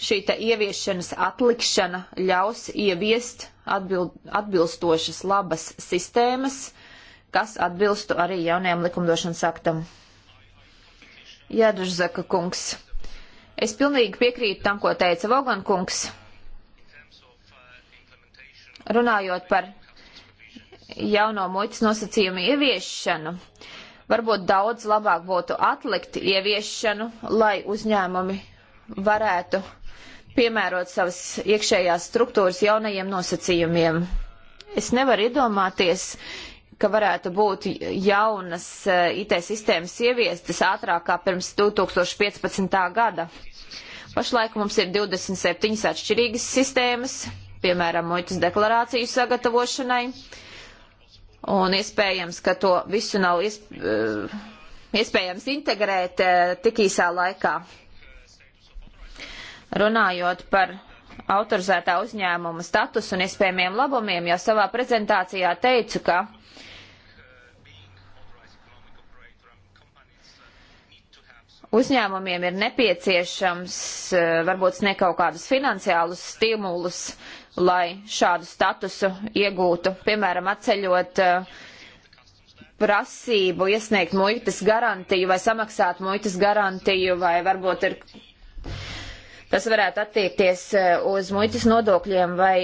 šī ieviešanas atlikšana ļaus ieviest atbild, atbilstošas labas sistēmas, kas atbilstu arī jaunajam likumdošanas aktam. Jēdušzaka kungs. Es pilnīgi piekrītu tam, ko teica Vogan kungs. Runājot par jauno muitas nosacījumu ieviešanu, varbūt daudz labāk būtu atlikt ieviešanu, lai uzņēmumi varētu piemērot savas iekšējās struktūras jaunajiem nosacījumiem. Es nevaru iedomāties, ka varētu būt jaunas eh, IT sistēmas ieviestas ātrākā pirms 2015. gada. Pašlaik mums ir 27 atšķirīgas sistēmas, piemēram, muitas deklarāciju sagatavošanai, un iespējams, ka to visu nav iesp eh, iespējams integrēt eh, tik īsā laikā. Runājot par autorizētā uzņēmuma statusu un iespējamiem labumiem, jau savā prezentācijā teicu, ka uzņēmumiem ir nepieciešams eh, varbūt ne kaut kādus finansiālus stimulus, lai šādu statusu iegūtu, piemēram, atceļot eh, prasību iesniegt muitas garantiju vai samaksāt muitas garantiju, vai varbūt ir, tas varētu attiekties eh, uz muitas nodokļiem vai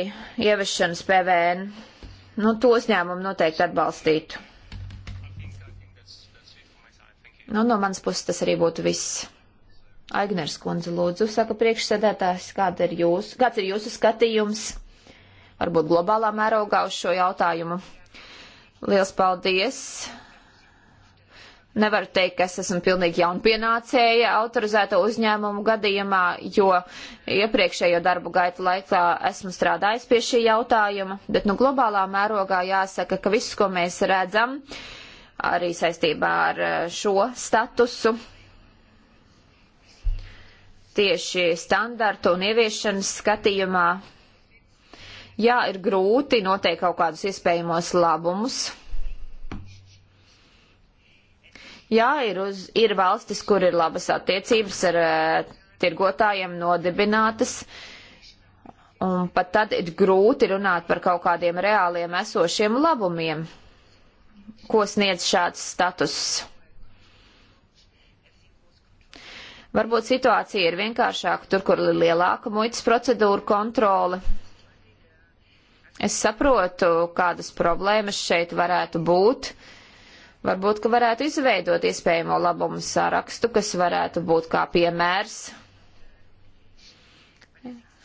ieviešanas PVN. Nu, to uzņēmumu noteikti atbalstītu. Nu, no manas puses tas arī būtu viss. Aigners kundze, lūdzu, saka priekšsēdētājs, kāda ir jūs, kāds ir jūsu skatījums, varbūt globālā mērogā uz šo jautājumu. Liels paldies! Nevaru teikt, ka es esmu pilnīgi jaunpienācēja autorizēto uzņēmumu gadījumā, jo iepriekšējo darbu gaitu laikā esmu strādājis pie šī jautājuma, bet nu globālā mērogā jāsaka, ka viss, ko mēs redzam, uh, arī saistībā ar eh, šo statusu. Tieši standartu un ieviešanas skatījumā, jā, ir grūti noteikt kaut kādus iespējamos labumus. Jā, ir, uz, ir valstis, kur ir labas attiecības ar uh, tirgotājiem nodibinātas, un pat tad ir grūti runāt par kaut kādiem reāliem esošiem labumiem ko sniedz šāds status. Varbūt situācija ir vienkāršāka tur, kur ir lielāka muitas procedūra kontrole. Es saprotu, kādas problēmas šeit varētu būt. Varbūt, ka varētu izveidot iespējamo labumu sarakstu, kas varētu būt kā piemērs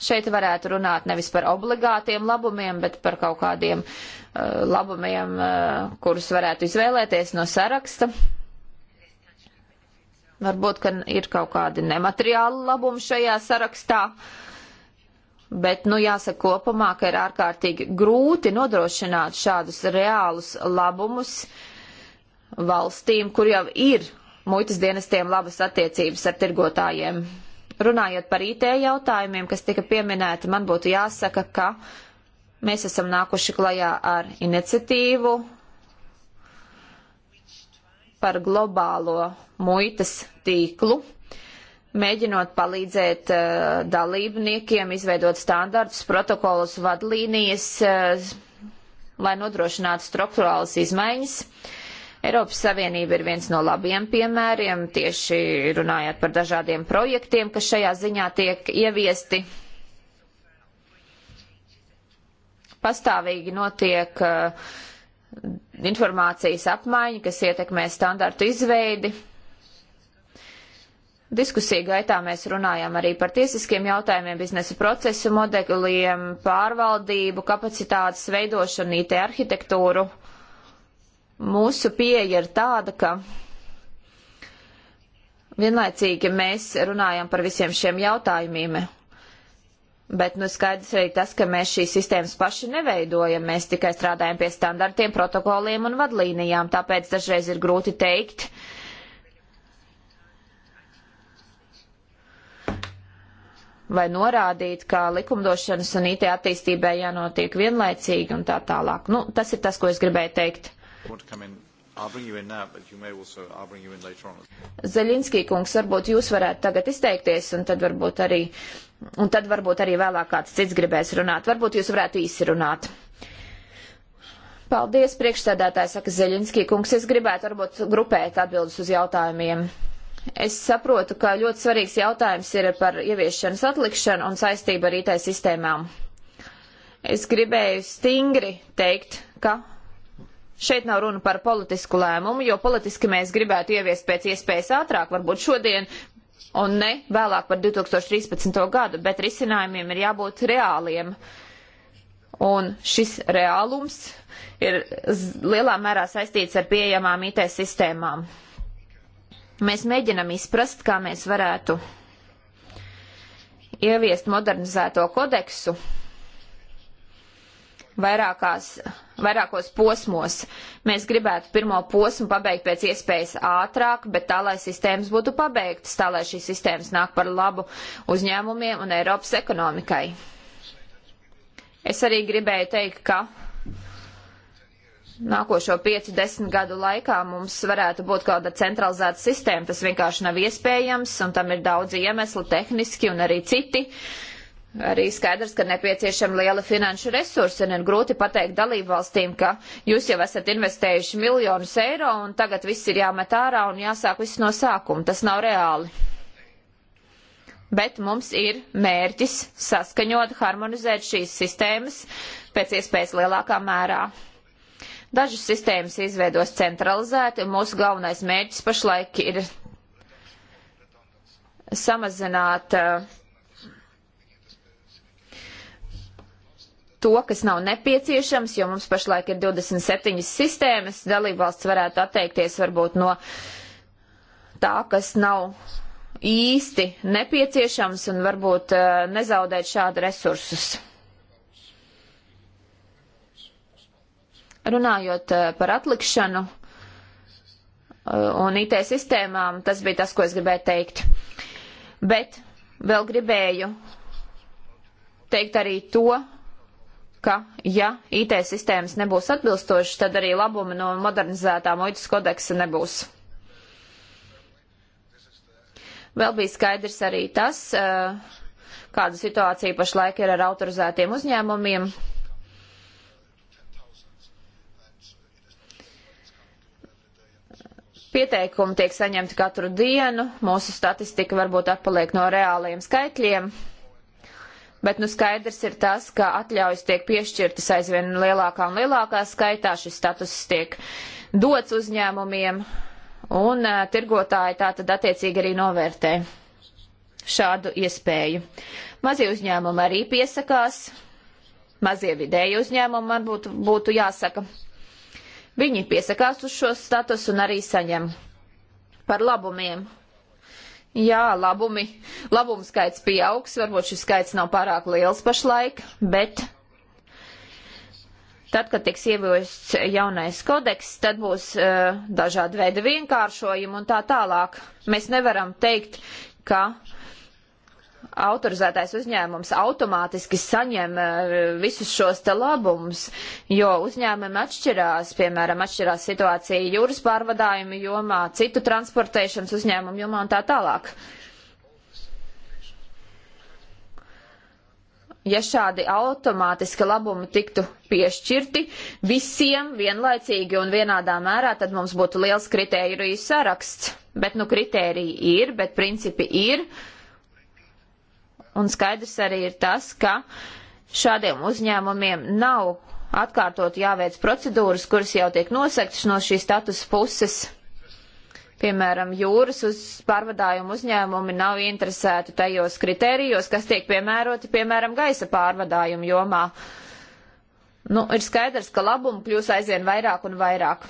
Šeit varētu runāt nevis par obligātiem labumiem, bet par kaut kādiem uh, labumiem, uh, kurus varētu izvēlēties no saraksta. Varbūt, ka ir kaut kādi nemateriāli labumi šajā sarakstā. Bet, nu, jāsaka kopumā, ka ir ārkārtīgi grūti nodrošināt šādus reālus labumus valstīm, kur jau ir muitas dienestiem labas attiecības ar tirgotājiem. Runājot par IT jautājumiem, kas tika pieminēti, man būtu jāsaka, ka mēs esam nākuši klajā ar iniciatīvu par globālo muitas tīklu, mēģinot palīdzēt uh, dalībniekiem izveidot standartus, protokolus, vadlīnijas, uh, lai nodrošinātu struktūrālas izmaiņas. Uh, Eiropas Savienība ir viens no labiem piemēriem, tieši runājot par dažādiem projektiem, kas šajā ziņā tiek ieviesti. Pastāvīgi notiek uh, informācijas apmaiņa, kas ietekmē standartu izveidi. Diskusiju gaitā mēs runājām arī par tiesiskiem jautājumiem, biznesa procesu modeļiem, pārvaldību, kapacitātes veidošanu, IT arhitektūru. Mūsu pieeja ir tāda, ka vienlaicīgi mēs runājam par visiem šiem jautājumiem, Bet nu, skaidrs arī tas, ka mēs šīs sistēmas paši neveidojam. Mēs tikai strādājam pie standartiem, protokoliem un vadlīnijām. Tāpēc dažreiz ir grūti teikt. Vai norādīt, ka likumdošanas un IT attīstībai jānotiek vienlaicīgi un tā tālāk. Nu, tas ir tas, ko es gribēju teikt. Zaļinskī kungs, varbūt jūs varētu tagad izteikties, un tad varbūt arī, un tad varbūt arī vēlāk kāds cits gribēs runāt. Varbūt jūs varētu īsi runāt. Paldies, priekšstādātāji, saka Zaļinskī kungs. Es gribētu varbūt grupēt atbildus uz jautājumiem. Es saprotu, ka ļoti svarīgs jautājums ir par ieviešanas atlikšanu un saistību ar IT sistēmām. Es gribēju stingri teikt, ka Šeit nav runa par politisku lēmumu, jo politiski mēs gribētu ieviest pēc iespējas ātrāk, varbūt šodien, un ne vēlāk par 2013. gadu, bet risinājumiem ir jābūt reāliem. Un šis reālums ir lielā mērā saistīts ar pieejamām IT sistēmām. Mēs mēģinam izprast, kā mēs varētu ieviest modernizēto kodeksu vairākās, vairākos posmos. Mēs gribētu pirmo posmu pabeigt pēc iespējas ātrāk, bet tā, lai sistēmas būtu pabeigtas, tā, lai šīs sistēmas nāk par labu uzņēmumiem un Eiropas ekonomikai. Es arī gribēju teikt, ka nākošo 5-10 gadu laikā mums varētu būt kāda centralizēta sistēma. Tas vienkārši nav iespējams, un tam ir daudz iemesli, tehniski un arī citi. Uh, Arī skaidrs, ka nepieciešama liela finanšu resursa un ir grūti pateikt dalībvalstīm, ka jūs jau esat investējuši miljonus eiro un tagad viss ir jāmet ārā un jāsāk viss no sākuma. Tas nav reāli. Bet mums ir mērķis saskaņot, harmonizēt šīs sistēmas pēc iespējas lielākā mērā. Dažas sistēmas izveidos centralizēti un mūsu galvenais mērķis pašlaik ir samazināt uh, to, kas nav nepieciešams, jo mums pašlaik ir 27 sistēmas, dalībvalsts varētu atteikties varbūt no tā, kas nav īsti nepieciešams un varbūt uh, nezaudēt šādu resursus. Runājot uh, par atlikšanu uh, un IT sistēmām, tas bija tas, ko es gribēju teikt. Bet vēl gribēju teikt arī to, ka, ja IT sistēmas nebūs atbilstošas, tad arī labumi no modernizētā muitas kodeksa nebūs. Vēl bija skaidrs arī tas, kāda situācija pašlaik ir ar autorizētiem uzņēmumiem. Pieteikumi tiek saņemti katru dienu, mūsu statistika varbūt atpaliek no reāliem skaitļiem. Bet nu skaidrs ir tas, ka atļaujas tiek piešķirtas aizvien lielākā un lielākā skaitā, šis status tiek dots uzņēmumiem, un uh, tirgotāji tā tad attiecīgi arī novērtē šādu iespēju. Mazie uzņēmumi arī piesakās, mazie vidēji uzņēmumi man būtu, būtu jāsaka. Viņi piesakās uz šo statusu un arī saņem par labumiem Jā, labumi, labumu skaits pieaugs, varbūt šis skaits nav pārāk liels pašlaik, bet tad, kad tiks ieviests jaunais kodeks, tad būs uh, dažādi veidi vienkāršojumi un tā tālāk. Mēs nevaram teikt, ka uh, autorizētais uzņēmums automātiski saņem e, visus šos te labumus, jo uzņēmumi atšķirās, piemēram, atšķirās situācija jūras pārvadājuma jomā, citu transportēšanas uzņēmumu jomā un tā tālāk. ja šādi automātiski labumi tiktu piešķirti visiem vienlaicīgi un vienādā mērā, tad mums būtu liels kritēriju saraksts. Bet, nu, kritēriji ir, bet principi ir. Uh, Un skaidrs arī ir tas, ka šādiem uzņēmumiem nav atkārtot jāveic procedūras, kuras jau tiek nosaktas no šīs status puses. Piemēram, jūras uz pārvadājumu uzņēmumi nav interesēti tajos kritērijos, kas tiek piemēroti, piemēram, gaisa pārvadājumu jomā. Nu, ir skaidrs, ka labumu kļūs aizvien vairāk un vairāk.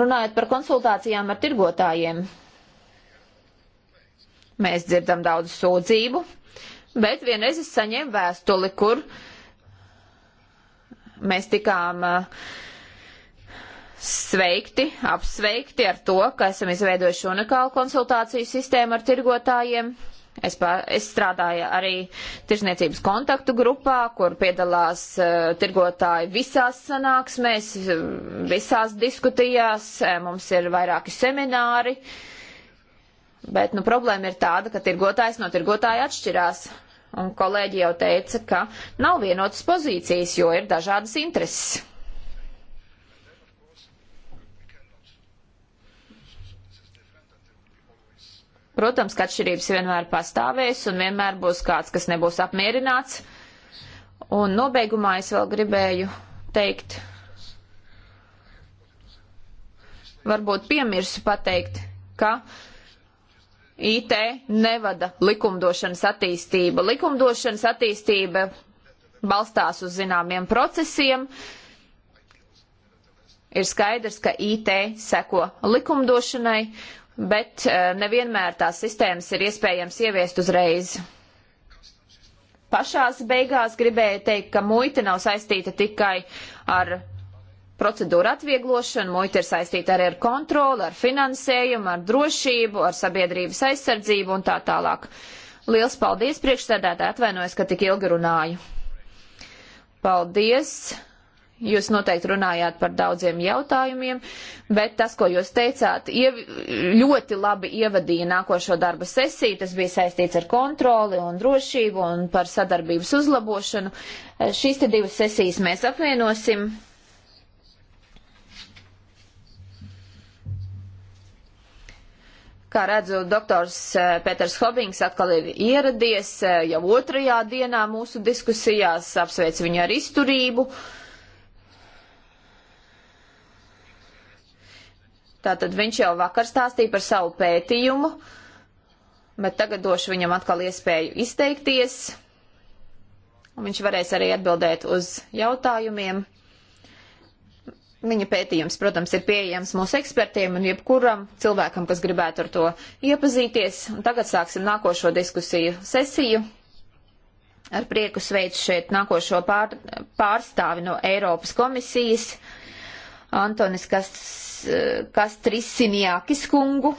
Runājot par konsultācijām ar tirgotājiem, mēs dzirdam daudz sūdzību, bet vienreiz es saņēmu vēstuli, kur mēs tikām sveikti, apsveikti ar to, ka esam izveidojuši unikālu konsultāciju sistēmu ar tirgotājiem. Es, pār, es strādāju arī tirzniecības kontaktu grupā, kur piedalās uh, tirgotāji visās sanāksmēs, visās diskutijās, mums ir vairāki semināri, bet nu, problēma ir tāda, ka tirgotājs no tirgotāja atšķirās un kolēģi jau teica, ka nav vienotas pozīcijas, jo ir dažādas intereses. Protams, ka atšķirības vienmēr pastāvēs un vienmēr būs kāds, kas nebūs apmierināts. Un nobeigumā es vēl gribēju teikt, varbūt piemirsu pateikt, ka uh, IT nevada likumdošanas attīstība. Likumdošanas attīstība balstās uz zināmiem procesiem. Ir skaidrs, ka IT seko likumdošanai, bet eh, nevienmēr tās sistēmas ir iespējams ieviest uzreiz. Pašās beigās gribēju teikt, ka muita nav saistīta tikai ar procedūra atvieglošana, muita ir saistīta arī ar kontroli, ar finansējumu, ar drošību, ar sabiedrības aizsardzību un tā tālāk. Liels paldies priekšsēdētāji, atvainojos, ka tik ilgi runāju. Paldies! Jūs noteikti runājāt par daudziem jautājumiem, bet tas, ko jūs teicāt, iev, ļoti labi ievadīja nākošo darba sesiju. Tas bija saistīts ar kontroli un drošību un par sadarbības uzlabošanu. Šīs te divas sesijas mēs apvienosim. Kā redzu, doktors eh, Pēters Hobings atkal ir ieradies eh, jau otrajā dienā mūsu diskusijās, apsveic viņu ar izturību. Tātad viņš jau vakar stāstīja par savu pētījumu, bet tagad došu viņam atkal iespēju izteikties. Un viņš varēs arī atbildēt uz jautājumiem. Viņa pētījums, protams, ir pieejams mūsu ekspertiem un jebkuram cilvēkam, kas gribētu ar to iepazīties. Un tagad sāksim nākošo diskusiju sesiju. Ar prieku sveicu šeit nākošo pār, pārstāvi no Eiropas komisijas, Antonis Kastrisinjākis kungu,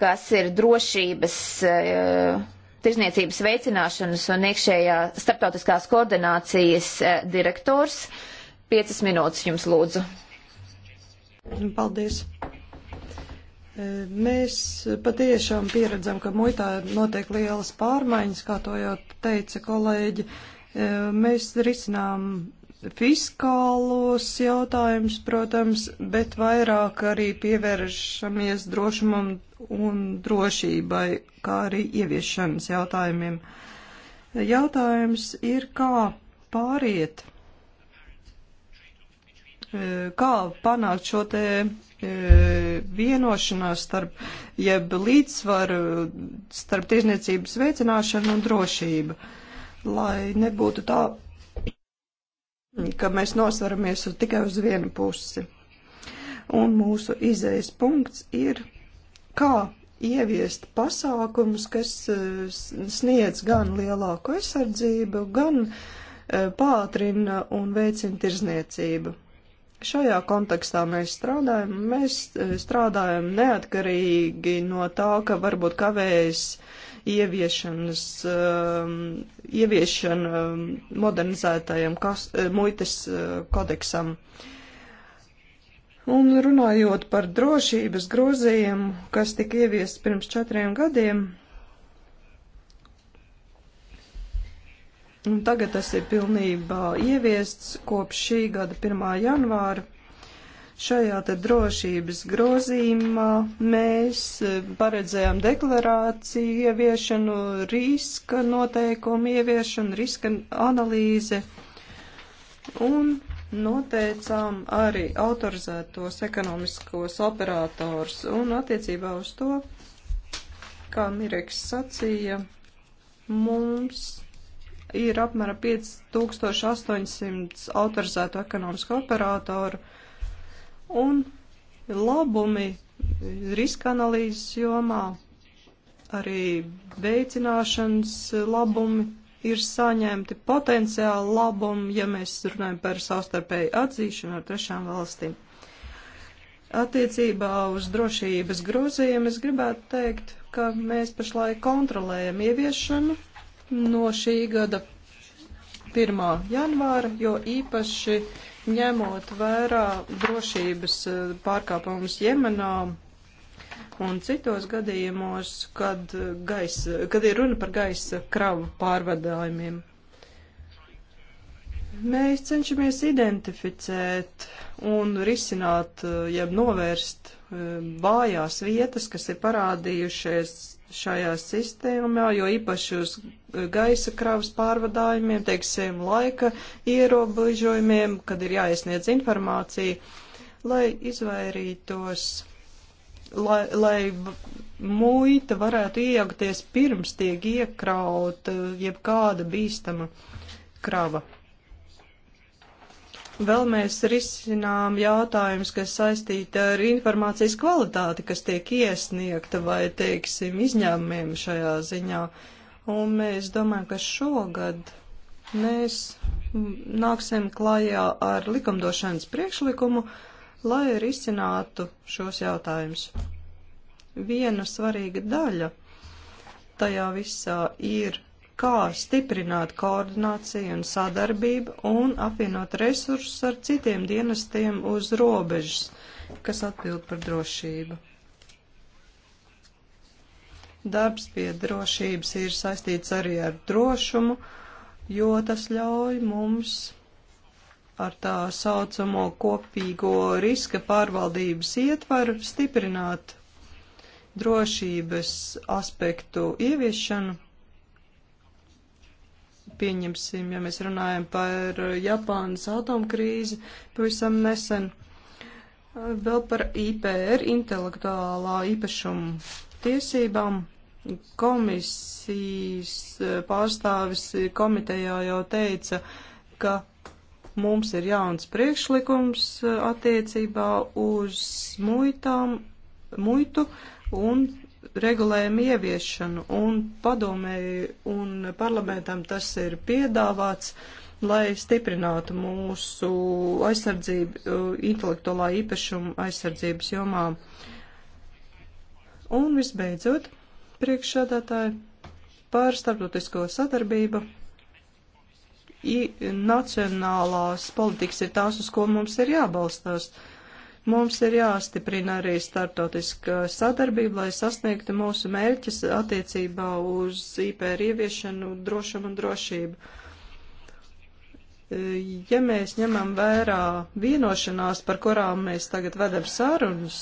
kas ir drošības, eh, tirzniecības veicināšanas un iekšējā starptautiskās koordinācijas eh, direktors. Uh, Piecas minūtes jums lūdzu. Paldies. Mēs patiešām pieredzam, ka muitā notiek lielas pārmaiņas, kā to jau teica kolēģi. Mēs risinām fiskālos jautājumus, protams, bet vairāk arī pievēršamies drošumam un drošībai, kā arī ieviešanas jautājumiem. Jautājums ir, kā pāriet E, kā panākt šo te e, vienošanās starp, jeb līdzsvaru starp tirzniecības veicināšanu un drošību, lai nebūtu tā, ka mēs nosveramies tikai uz vienu pusi. Un mūsu izējas punkts ir, kā ieviest pasākumus, kas e, sniedz gan lielāku aizsardzību, gan pātrina un veicina tirzniecību Šajā kontekstā mēs strādājam, mēs e, strādājam neatkarīgi no tā, ka varbūt kavējas ieviešanas, um, ieviešana um, modernizētajam kas, e, muitas e, kodeksam. Un runājot par drošības grozījumu, kas tika ieviests pirms četriem gadiem, Un tagad tas ir pilnībā ieviests kopš šī gada 1. janvāra. Šajā te drošības grozīmā mēs e, paredzējām deklarāciju ieviešanu, riska noteikumu ieviešanu, riska analīzi un noteicām arī autorizētos ekonomiskos operators un attiecībā uz to, kā Mireks sacīja, mums ir apmēram 5800 autorizēto ekonomisko operātoru un labumi riska analīzes jomā, arī veicināšanas labumi ir saņemti, potenciāli labumi, ja mēs runājam par savstarpēju atzīšanu ar trešām valstīm. Attiecībā uz drošības grozījumu es gribētu teikt, ka mēs pašlaik kontrolējam ieviešanu no šī gada 1. janvāra, jo īpaši ņemot vērā drošības eh, pārkāpumus Jemenā un citos gadījumos, kad, gaisa, kad ir runa par gaisa kravu pārvadājumiem. Mēs cenšamies identificēt un risināt, eh, jeb novērst eh, vājās vietas, kas ir parādījušies šajā sistēmā, jo īpaši uz gaisa kravas pārvadājumiem, teiksim, laika ierobežojumiem, kad ir jāiesniedz informācija, lai izvairītos, lai, lai muita varētu iejaukties pirms tiek iekrauta jebkāda bīstama krava. Vēl mēs risinām jautājumus, kas saistīti ar informācijas kvalitāti, kas tiek iesniegta vai, teiksim, izņēmumiem šajā ziņā. Un mēs domājam, ka šogad mēs nāksim klajā ar likumdošanas priekšlikumu, lai risinātu šos jautājumus. Viena svarīga daļa tajā visā ir kā stiprināt koordināciju un sadarbību un apvienot resursus ar citiem dienestiem uz robežas, kas atbild par drošību. Darbs pie drošības ir saistīts arī ar drošumu, jo tas ļauj mums ar tā saucamo kopīgo riska pārvaldības ietvaru stiprināt drošības aspektu ieviešanu pieņemsim, ja mēs runājam par Japānas atomkrīzi pavisam nesen. Vēl par IPR, intelektuālā īpašuma tiesībām. Komisijas pārstāvis komitejā jau teica, ka mums ir jauns priekšlikums attiecībā uz muitām, muitu un regulējumu ieviešanu, un padomēji un parlamentam tas ir piedāvāts, lai stiprinātu mūsu aizsardzību, intelektuālā īpašuma aizsardzības jomā. Un visbeidzot, priekšsēdētāji, par starptautisko sadarbību. I, nacionālās politikas ir tās, uz ko mums ir jābalstās. Uh, Mums ir jāstiprina arī startautiska sadarbība, lai sasniegtu mūsu mērķis attiecībā uz IPR ieviešanu, drošumu un drošību. Ja mēs ņemam vērā vienošanās, par kurām mēs tagad vedam sarunas,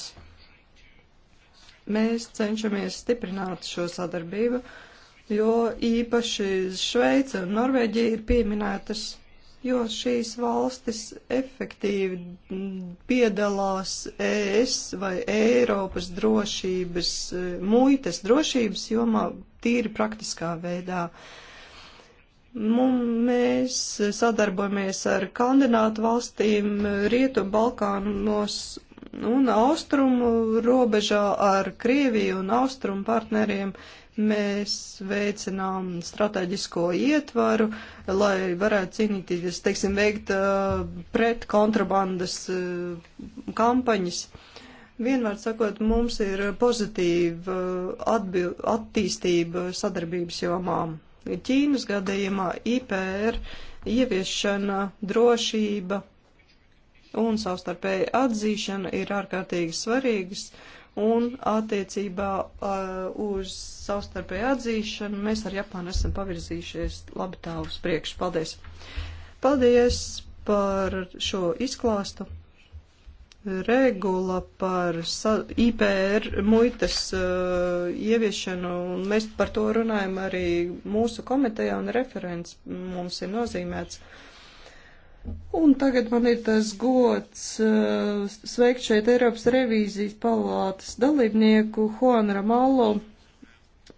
mēs cenšamies stiprināt šo sadarbību, jo īpaši Šveica un Norvēģija ir pieminētas jo šīs valstis efektīvi piedalās ES vai Eiropas drošības, e, muitas drošības jomā tīri praktiskā veidā. Mum, mēs sadarbojamies ar kandidātu valstīm Rietu Balkānos un Austrumu robežā ar Krieviju un Austrumu partneriem Mēs veicinām strateģisko ietvaru, lai varētu cīnīties, teiksim, veikt uh, pret kontrabandas uh, kampaņas. Vienmēr sakot, mums ir pozitīva atbil, attīstība sadarbības jomām. Ķīnas gadījumā IPR ieviešana, drošība, un savstarpēja atzīšana ir ārkārtīgi svarīgas, un attiecībā uh, uz savstarpēju atzīšanu mēs ar Japānu esam pavirzījušies labi tā uz priekšu. Paldies! Paldies par šo izklāstu! regula par IPR muitas uh, ieviešanu, un mēs par to runājam arī mūsu komitejā, un referents mums ir nozīmēts. Uh, Un tagad man ir tas gods uh, sveikt šeit Eiropas revīzijas palātas dalībnieku Juanu Ramalo.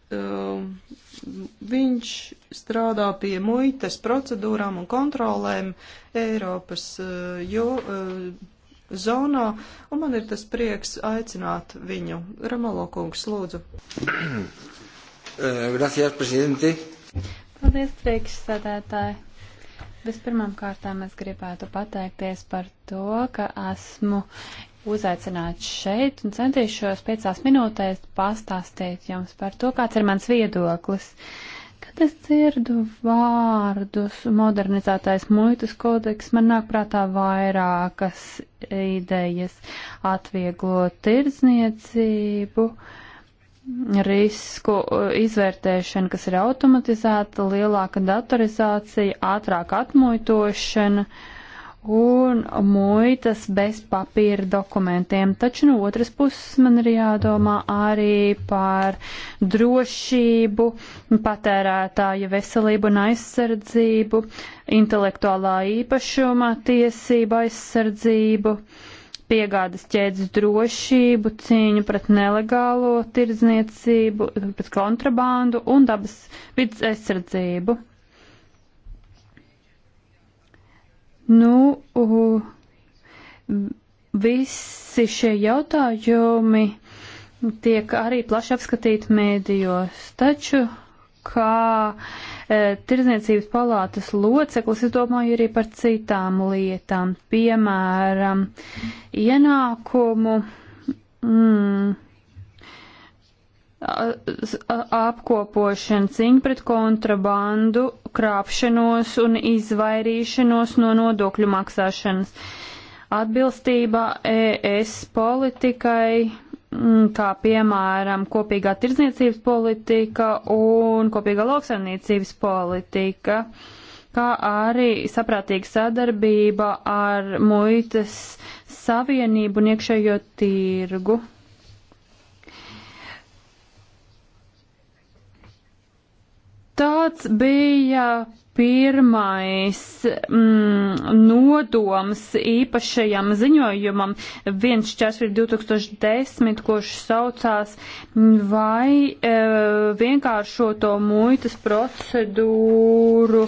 Uh, viņš strādā pie muitas procedūrām un kontrolēm Eiropas uh, jo, uh, zonā, un man ir tas prieks aicināt viņu. Ramalo kungs, lūdzu. Gracias, prezidenti. Paldies, priekšsēdētāji. Vispirmām kārtām es gribētu pateikties par to, ka esmu uzaicināts šeit un centīšos piecās minūtēs pastāstīt jums par to, kāds ir mans viedoklis. Kad es dzirdu vārdus modernizētais muitas kodeks, man nāk prātā vairākas idejas atvieglot tirdzniecību. Uh, risku uh, izvērtēšana, kas ir automatizēta, lielāka datorizācija, ātrāka atmuitošana un muitas bez papīra dokumentiem. Taču no otras puses man ir jādomā arī par drošību, patērētāju veselību un aizsardzību, intelektuālā īpašuma tiesību aizsardzību. Uh, piegādes ķēdes drošību, cīņu pret nelegālo tirdzniecību, pret kontrabandu un dabas vidas aizsardzību. Nu, visi šie jautājumi tiek arī plaši apskatīti mēdījos, taču kā e, Tirzniecības palātas loceklis, es domāju arī par citām lietām, piemēram, ienākumu mm, apkopošana, cīņa pret kontrabandu, krāpšanos un izvairīšanos no nodokļu maksāšanas. Atbilstībā ES politikai Mm, kā piemēram kopīgā tirdzniecības politika un kopīgā lauksaimniecības politika, kā arī saprātīga sadarbība ar muitas savienību un iekšējo tirgu. Tāds bija pirmais mm, nodoms īpašajam ziņojumam, viens četri 2010, kurš saucās vai e, vienkāršoto muitas procedūru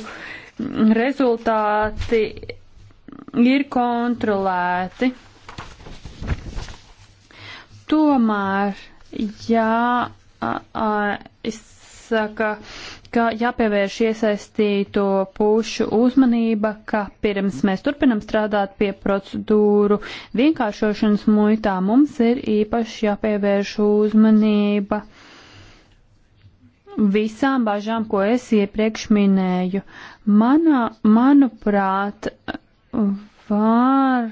rezultāti ir kontrolēti. Tomēr, jā, a, a, es saka, ka jāpievērš iesaistīto pušu uzmanība, ka pirms mēs turpinam strādāt pie procedūru vienkāršošanas muitā, mums ir īpaši jāpievērš uzmanība visām bažām, ko es iepriekš minēju. Manā, manuprāt, var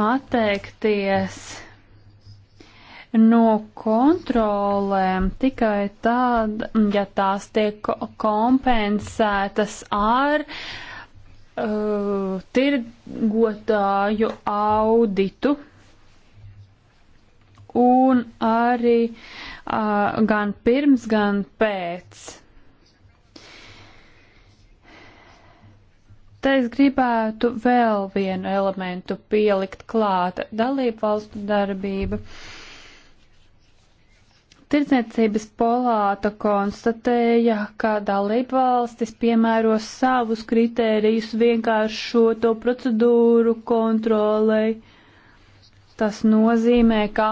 atteikties no kontrolēm tikai tad, ja tās tiek kompensētas ar uh, tirgotāju auditu un arī uh, gan pirms, gan pēc. Te es gribētu vēl vienu elementu pielikt klāta - dalību valstu darbība. Uh, Tirdzniecības polāta konstatēja, ka dalībvalstis piemēro savus kritērijus vienkāršoto procedūru kontrolei. Tas nozīmē, ka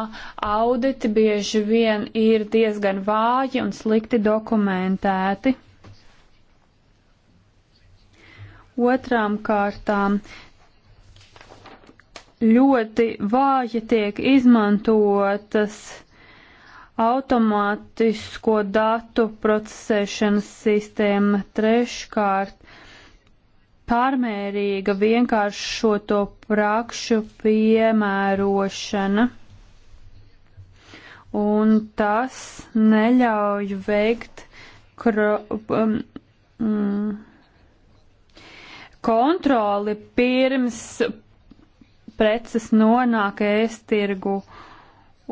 auditi bieži vien ir diezgan vāji un slikti dokumentēti. Otrām kārtām ļoti vāji tiek izmantotas automātisko datu procesēšanas sistēma, treškārt pārmērīga vienkāršoto prakšu piemērošana, un tas neļauj veikt kro, um, mm, kontroli pirms preces nonāk ēstirgu. E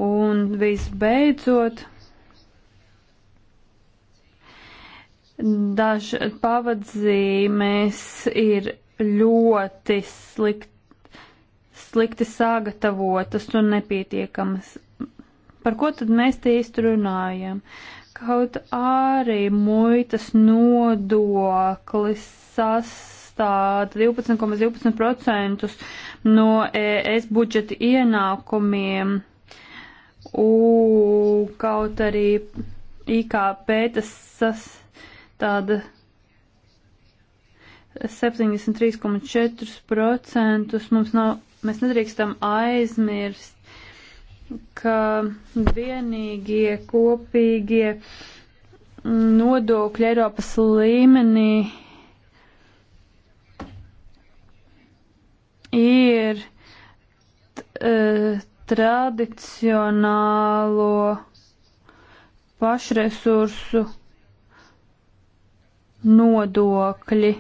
Un visbeidzot, daži pavadzīmes ir ļoti slikt, slikti sagatavotas un nepietiekamas. Par ko tad mēs te īstenojam? Kaut arī muitas nodoklis sastāv 12,12% ,12 no ES budžeta ienākumiem. U, kaut arī IKP tas, tas tāda 73,4% mums nav, mēs nedrīkstam aizmirst, ka vienīgie kopīgie nodokļi Eiropas līmenī ir t, t, eh, tradicionālo pašresursu nodokļi.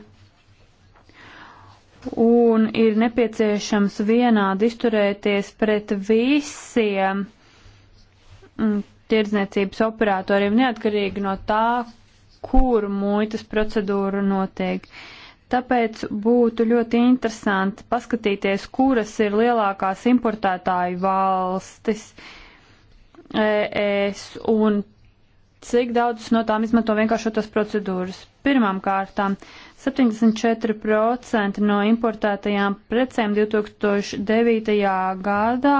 Un ir nepieciešams vienādi izturēties pret visiem mm, tirdzniecības operatoriem, neatkarīgi no tā, kur muitas procedūra notiek. Uh, Tāpēc būtu ļoti interesanti paskatīties, kuras ir lielākās importētāju valstis ES un cik daudz no tām izmanto vienkāršotas procedūras. Pirmām kārtām 74% no importētajām precēm 2009. gadā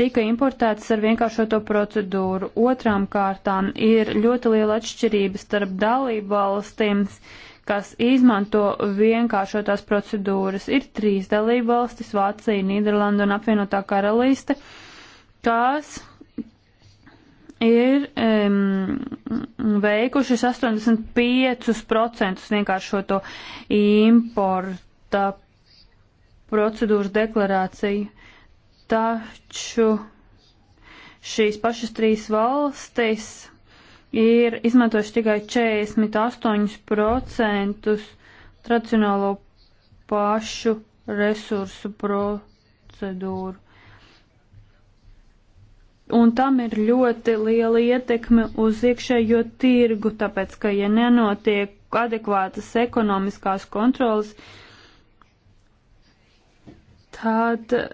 tika importētas ar vienkāršoto procedūru. Otrām kārtām ir ļoti liela atšķirība starp dalību valstīm. Uh, kas izmanto vienkāršotās procedūras. Ir trīs dalībvalstis - Vācija, Nīderlanda un apvienotā karalīste, kas ir um, veikušas 85% vienkāršoto importa procedūras deklarāciju. Taču šīs pašas trīs valstis ir izmantojuši tikai 48% tradicionālo pašu resursu procedūru. Un tam ir ļoti liela ietekme uz iekšējo tirgu, tāpēc, ka ja nenotiek adekvātas ekonomiskās kontrolas, tad. Uh,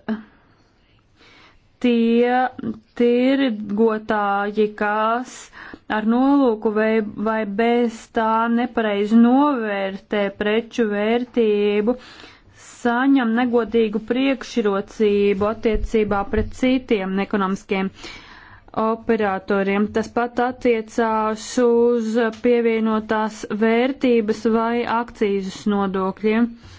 tie tirgotāji, kas ar nolūku vai, vai bez tā nepareizi novērtē preču vērtību, saņem negodīgu priekšrocību attiecībā pret citiem ekonomiskiem operatoriem. Tas pat attiecās uz pievienotās vērtības vai akcijas nodokļiem. Ja?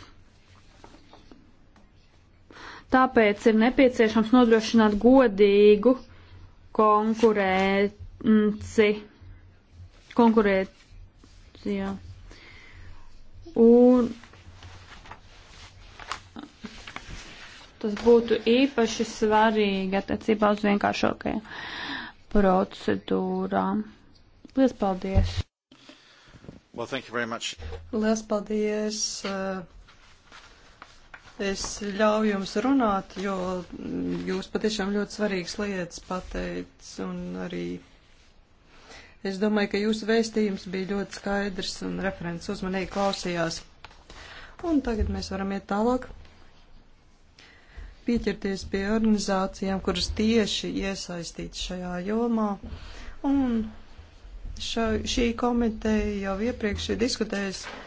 Tāpēc ir nepieciešams nodrošināt godīgu konkurenci. Konkurēcijā. Un tas būtu īpaši svarīgi attiecībā uz vienkāršākajām procedūrām. Lielas paldies! Well, thank you very much. Lielas paldies! Uh Es ļauju jums runāt, jo jūs patiešām ļoti svarīgas lietas pateicis un arī es domāju, ka jūsu vēstījums bija ļoti skaidrs un referents uzmanīgi klausījās. Un tagad mēs varam iet tālāk. Pieķerties pie organizācijām, kuras tieši iesaistīts šajā jomā. Un šo, šī komiteja jau iepriekš ir diskutējusi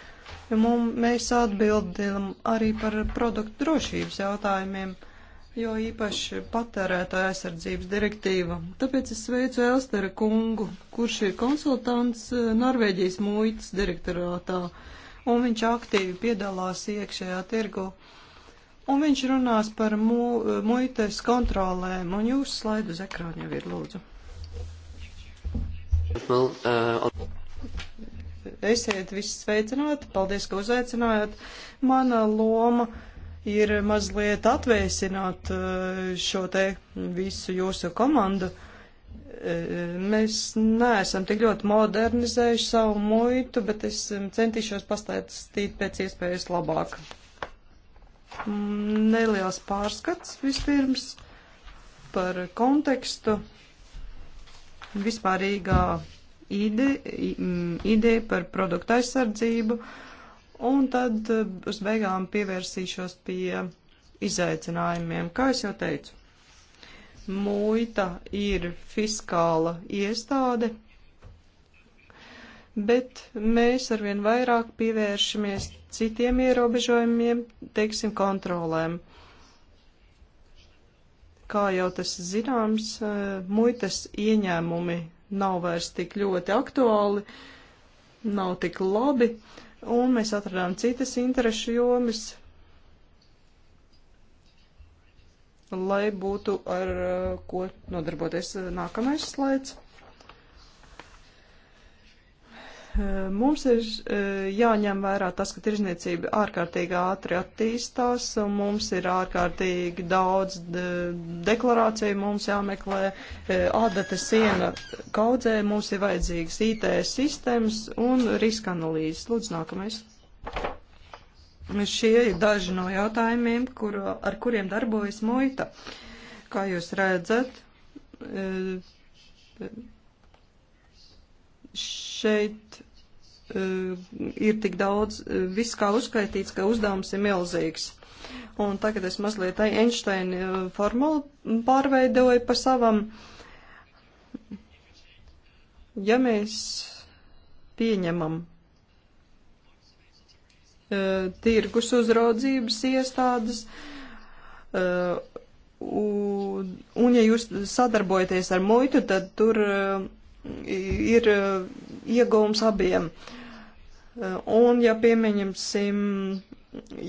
Mums, mēs atbildam arī par produktu drošības jautājumiem, jo īpaši patērētāja aizsardzības direktīva. Tāpēc es sveicu Elstera kungu, kurš ir konsultants eh, Norvēģijas muitas direktorātā, un viņš aktīvi piedalās iekšējā tirgu. Un viņš runās par mu, eh, muites kontrolēm, un jūsu slaidu uz ekrāna jau ir lūdzu. Nu, uh, Esiet visi sveicināti, paldies, ka uzaicinājāt. Mana loma ir mazliet atvēsināt eh, šo te visu jūsu komandu. Eh, mēs neesam tik ļoti modernizējuši savu muitu, bet es centīšos pastāstīt pēc iespējas labāk. Mm, neliels pārskats vispirms par kontekstu vispārīgā ide, ideja par produktu aizsardzību, un tad eh, uz beigām pievērsīšos pie izaicinājumiem. Kā es jau teicu, muita ir fiskāla iestāde, bet mēs arvien vairāk pievēršamies citiem ierobežojumiem, teiksim, kontrolēm. Kā jau tas zināms, eh, muitas ieņēmumi nav vairs tik ļoti aktuāli, nav tik labi, un mēs atradām citas interešu jomas, lai būtu ar uh, ko nodarboties uh, nākamais slaids. Eh, mums ir eh, jāņem vērā tas, ka tirzniecība ārkārtīgi ātri attīstās, un mums ir ārkārtīgi daudz deklarāciju, mums jāmeklē eh, ādata siena kaudzē, mums ir vajadzīgas IT sistēmas un riska analīzes. Lūdzu, nākamais. Šie ir daži no jautājumiem, kur, ar kuriem darbojas muita. Kā jūs redzat, š šeit eh, ir tik daudz, eh, viss kā uzskaitīts, ka uzdevums ir milzīgs. Un tagad es mazliet Einsteina eh, formulu pārveidoju pa savam. Ja mēs pieņemam tirgus uzraudzības iestādes, un, un ja jūs sadarbojaties ar muitu, tad tur ir uh, ieguvums abiem. Uh, un, ja pieņemsim,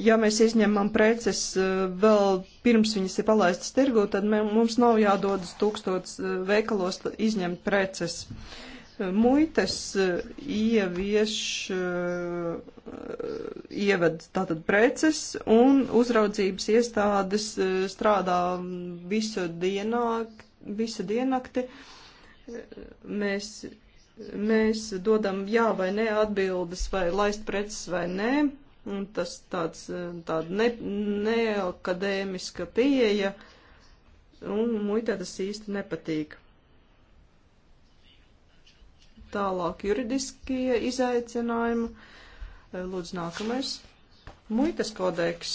ja mēs izņemam preces uh, vēl pirms viņas ir palaistas tirgu, tad mums nav jādodas tūkstots veikalos izņemt preces. Muitas ievieš, ieved tātad preces un uzraudzības iestādes strādā mm, visu dienā, visu diennakti. Uh, mēs, mēs dodam jā vai nē atbildes, vai laist preces vai nē. Un tas tāds tāda ne, neakadēmiska pieeja, un muitē tas īsti nepatīk. Tālāk juridiskie izaicinājumi. Lūdzu, nākamais. Muitas kodeks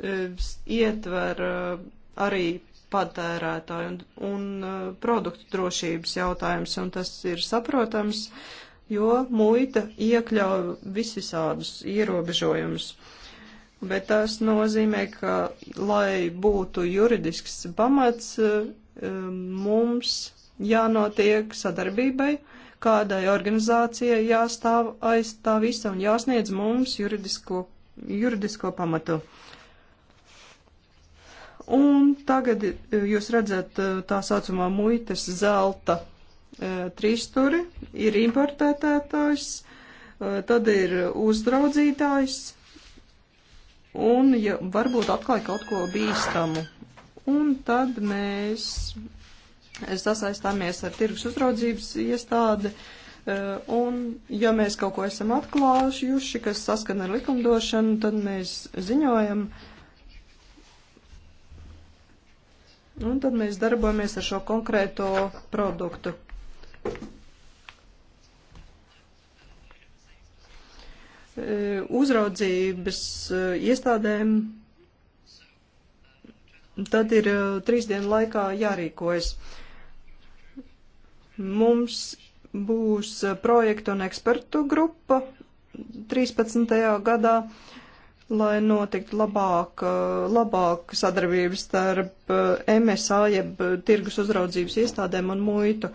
eh, ietver eh, arī patērētāju un, un uh, produktu drošības jautājums, un tas ir saprotams, jo muita iekļauj visvisādus ierobežojumus. Bet tas nozīmē, ka, lai būtu juridisks pamats, uh, mums jānotiek sadarbībai, kādai organizācijai jāstāv aiz tā visa un jāsniedz mums juridisko, juridisko pamatu. Uh, Un tagad eh, jūs redzat eh, tā saucamā muitas zelta eh, trīsturi, ir importētājs, tad ir uzdraudzītājs un ja, varbūt atklāja kaut ko bīstamu. Un tad mēs sasaistāmies ar tirgus uzraudzības iestādi, un ja mēs kaut ko esam atklājuši, kas saskana ar likumdošanu, tad mēs ziņojam, uh, Un tad mēs darbojamies ar šo konkrēto produktu. E, uzraudzības e, iestādēm tad ir e, trīs dienu laikā jārīkojas. Mums būs projektu un ekspertu grupa 13. gadā. Uh, lai notiktu labāk, eh, labāk sadarbība starp eh, MSA, jeb eh, tirgus uzraudzības iestādēm un muitu.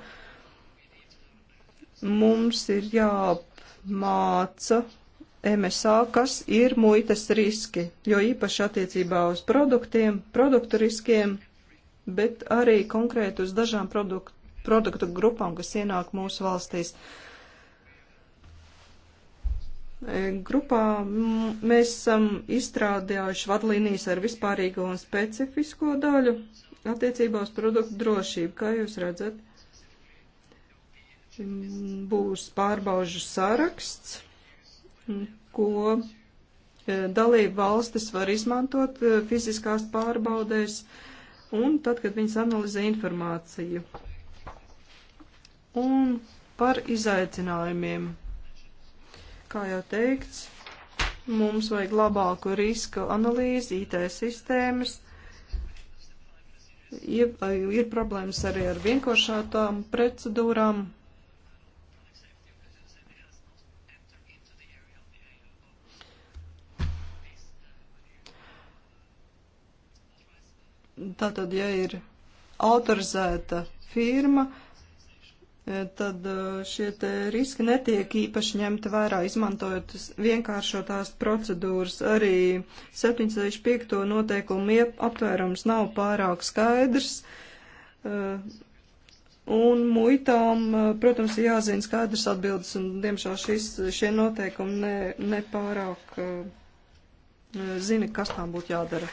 Mums ir jāmāca MSA, kas ir muitas riski, jo īpaši attiecībā uz produktiem, produktu riskiem, bet arī konkrēti uz dažām produktu, produktu grupām, kas ienāk mūsu valstīs. Uh, E, grupā mēs esam izstrādājuši vadlīnijas ar vispārīgo un specifisko daļu attiecībā uz produktu drošību, kā jūs redzat. Būs pārbaužu saraksts, ko e, dalību valstis var izmantot e, fiziskās pārbaudēs un tad, kad viņas analizē informāciju. Un par izaicinājumiem Kā jau teikts, mums vajag labāku riska analīzi, IT sistēmas. Ir, ir problēmas arī ar vienkāršātām procedūrām. Tātad, ja ir autorizēta firma, E, tad e, šie riski netiek īpaši ņemti vērā, izmantojot vienkāršotās procedūras. Arī 75. noteikumu aptvērums nav pārāk skaidrs. E, un muitām, protams, ir jāzina skaidrs atbildes, un diemžēl šis, šie noteikumi ne, nepārāk zina, kas tām būtu jādara.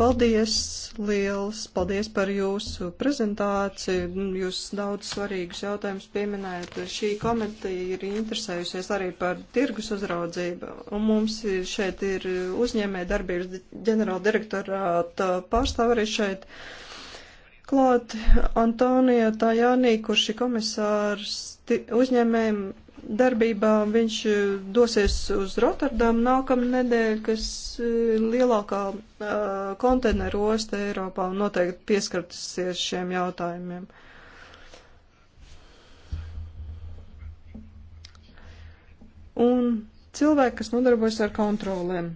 Paldies, liels paldies par jūsu prezentāciju. Jūs daudz svarīgus jautājumus pieminējat. Šī komiteja ir interesējusies arī par tirgus uzraudzību. Un mums šeit ir uzņēmē darbības ģenerāla direktorāta pārstāv arī šeit. Klāt Antonija Tajānī, kurš ir komisārs uzņēmējiem darbībā viņš e, dosies uz Rotterdamu nākamnedēļ, kas e, lielākā uh, konteineru osta Eiropā un noteikti pieskartasies šiem jautājumiem. Un cilvēki, kas nodarbojas ar kontrolēm.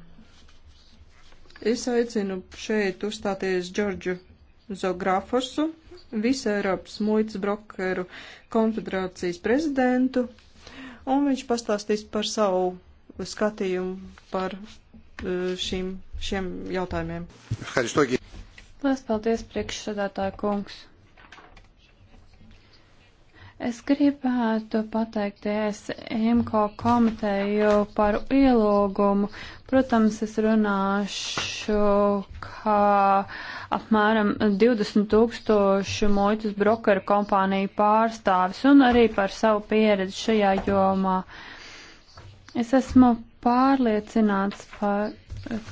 Es aicinu šeit uzstāties Džordžu Zografosu, visu Eiropas muitas brokeru konfederācijas prezidentu, un viņš pastāstīs par savu skatījumu par e, šīm, šiem jautājumiem. Lielas paldies, priekšsēdētāja kungs! Es gribētu pateikties IMCO komiteju par ielūgumu. Protams, es runāšu, ka apmēram 20 tūkstošu muitas brokeru kompāniju pārstāvis un arī par savu pieredzi šajā jomā. Es esmu pārliecināts par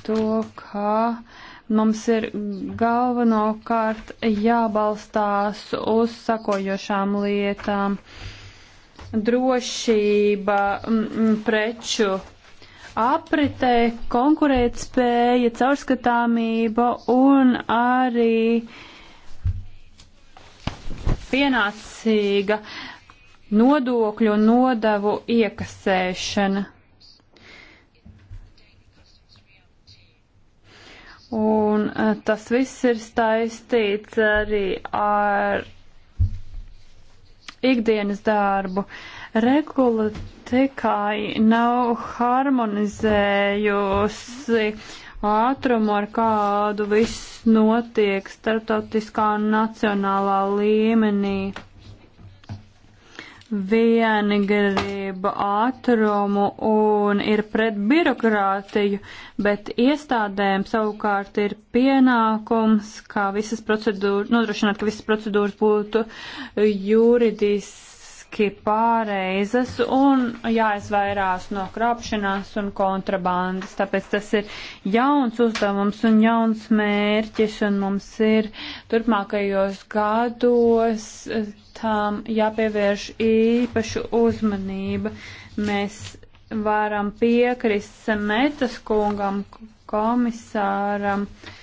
to, ka. Uh, Mums ir galvenokārt jābalstās uz sakojošām lietām - drošība, mm, mm, preču apritē, konkurētspēja, caurskatāmība un arī pienācīga nodokļu un nodevu iekasēšana. Un eh, tas viss ir saistīts arī ar ikdienas darbu. Regula tikai nav harmonizējusi ātrumu, ar kādu viss notiek starptautiskā un nacionālā līmenī vieni grib ātrumu un ir pret birokrātiju, bet iestādēm savukārt ir pienākums, ka visas procedūras, nodrošināt, ka visas procedūras būtu juridiski lieliski pāreizes un jāizvairās no krāpšanās un kontrabandas. Tāpēc tas ir jauns uzdevums un jauns mērķis un mums ir turpmākajos gados eh, tām jāpievērš īpašu uzmanība. Mēs varam piekrist Semetas kungam, komisāram. Uh,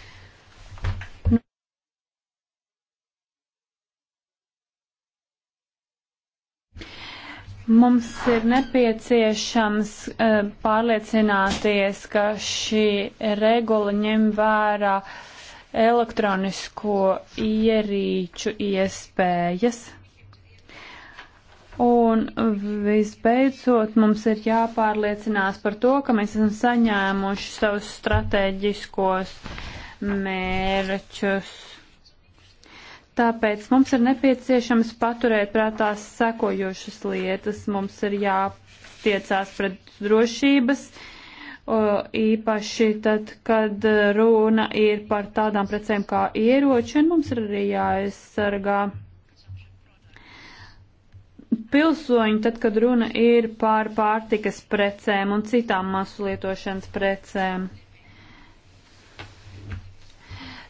Mums ir nepieciešams uh, pārliecināties, ka šī regula ņem vērā elektronisko ierīču iespējas. Un visbeidzot, mums ir jāpārliecinās par to, ka mēs esam saņēmuši savus strateģiskos mērķus Tāpēc mums ir nepieciešams paturēt prātās sekojošas lietas. Mums ir jātiecās pret drošības, īpaši tad, kad runa ir par tādām precēm kā ieroči, un mums ir arī jāaizsargā pilsoņi, tad, kad runa ir par pārtikas precēm un citām masu lietošanas precēm.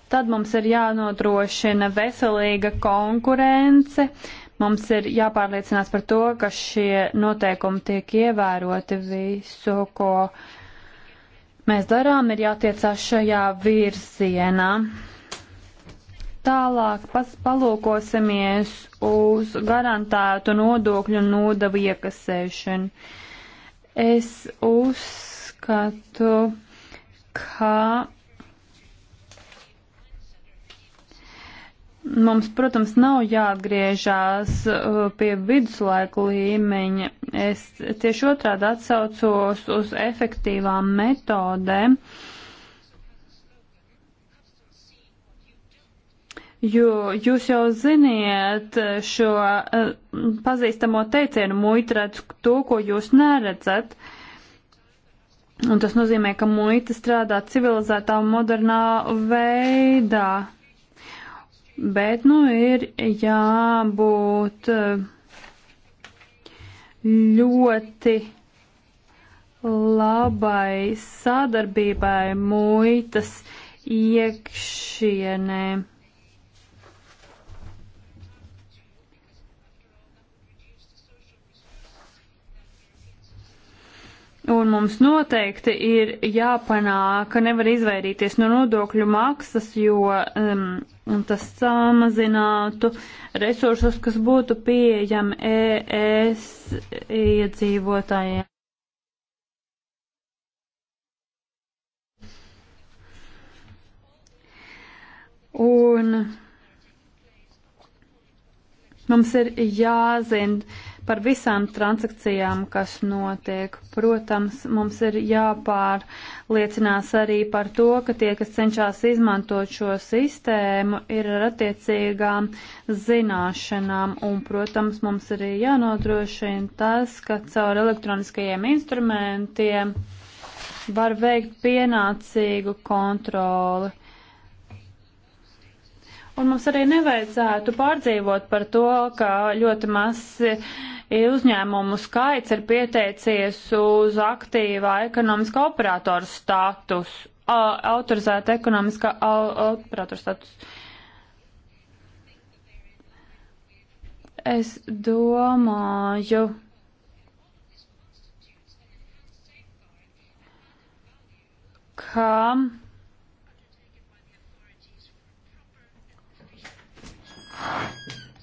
Tad mums ir jānodrošina veselīga konkurence, mums ir jāpārliecinās par to, ka šie noteikumi tiek ievēroti visu, ko mēs darām, ir jātiecās šajā virzienā tālāk pas, palūkosimies uz garantētu nodokļu nodavu iekasēšanu. Es uzskatu, ka Mums, protams, nav jāatgriežās uh, pie viduslaiku līmeņa. Es tieši otrādi atsaucos uz efektīvām metodēm, jo jūs jau ziniet šo uh, pazīstamo teicienu muita redz to, ko jūs neredzat. Un tas nozīmē, ka muita strādā civilizētā un modernā veidā bet, nu, ir jābūt eh, ļoti labai sadarbībai muitas iekšienē. Un mums noteikti ir jāpanāk, ka nevar izvairīties no nodokļu maksas, jo um, tas samazinātu resursus, kas būtu pieejami ES iedzīvotājiem. Un mums ir jāzina par visām transakcijām, kas notiek. Protams, mums ir jāpārliecinās arī par to, ka tie, kas cenšas izmantot šo sistēmu, ir ar attiecīgām zināšanām. Un, protams, mums arī jānodrošina tas, ka caur elektroniskajiem instrumentiem var veikt pienācīgu kontroli. Un mums arī nevajadzētu pārdzīvot par to, ka ļoti maz uzņēmumu skaits ir pieteicies uz aktīvā ekonomiskā operatora status, autorizēta ekonomiskā operatora status. Es domāju, ka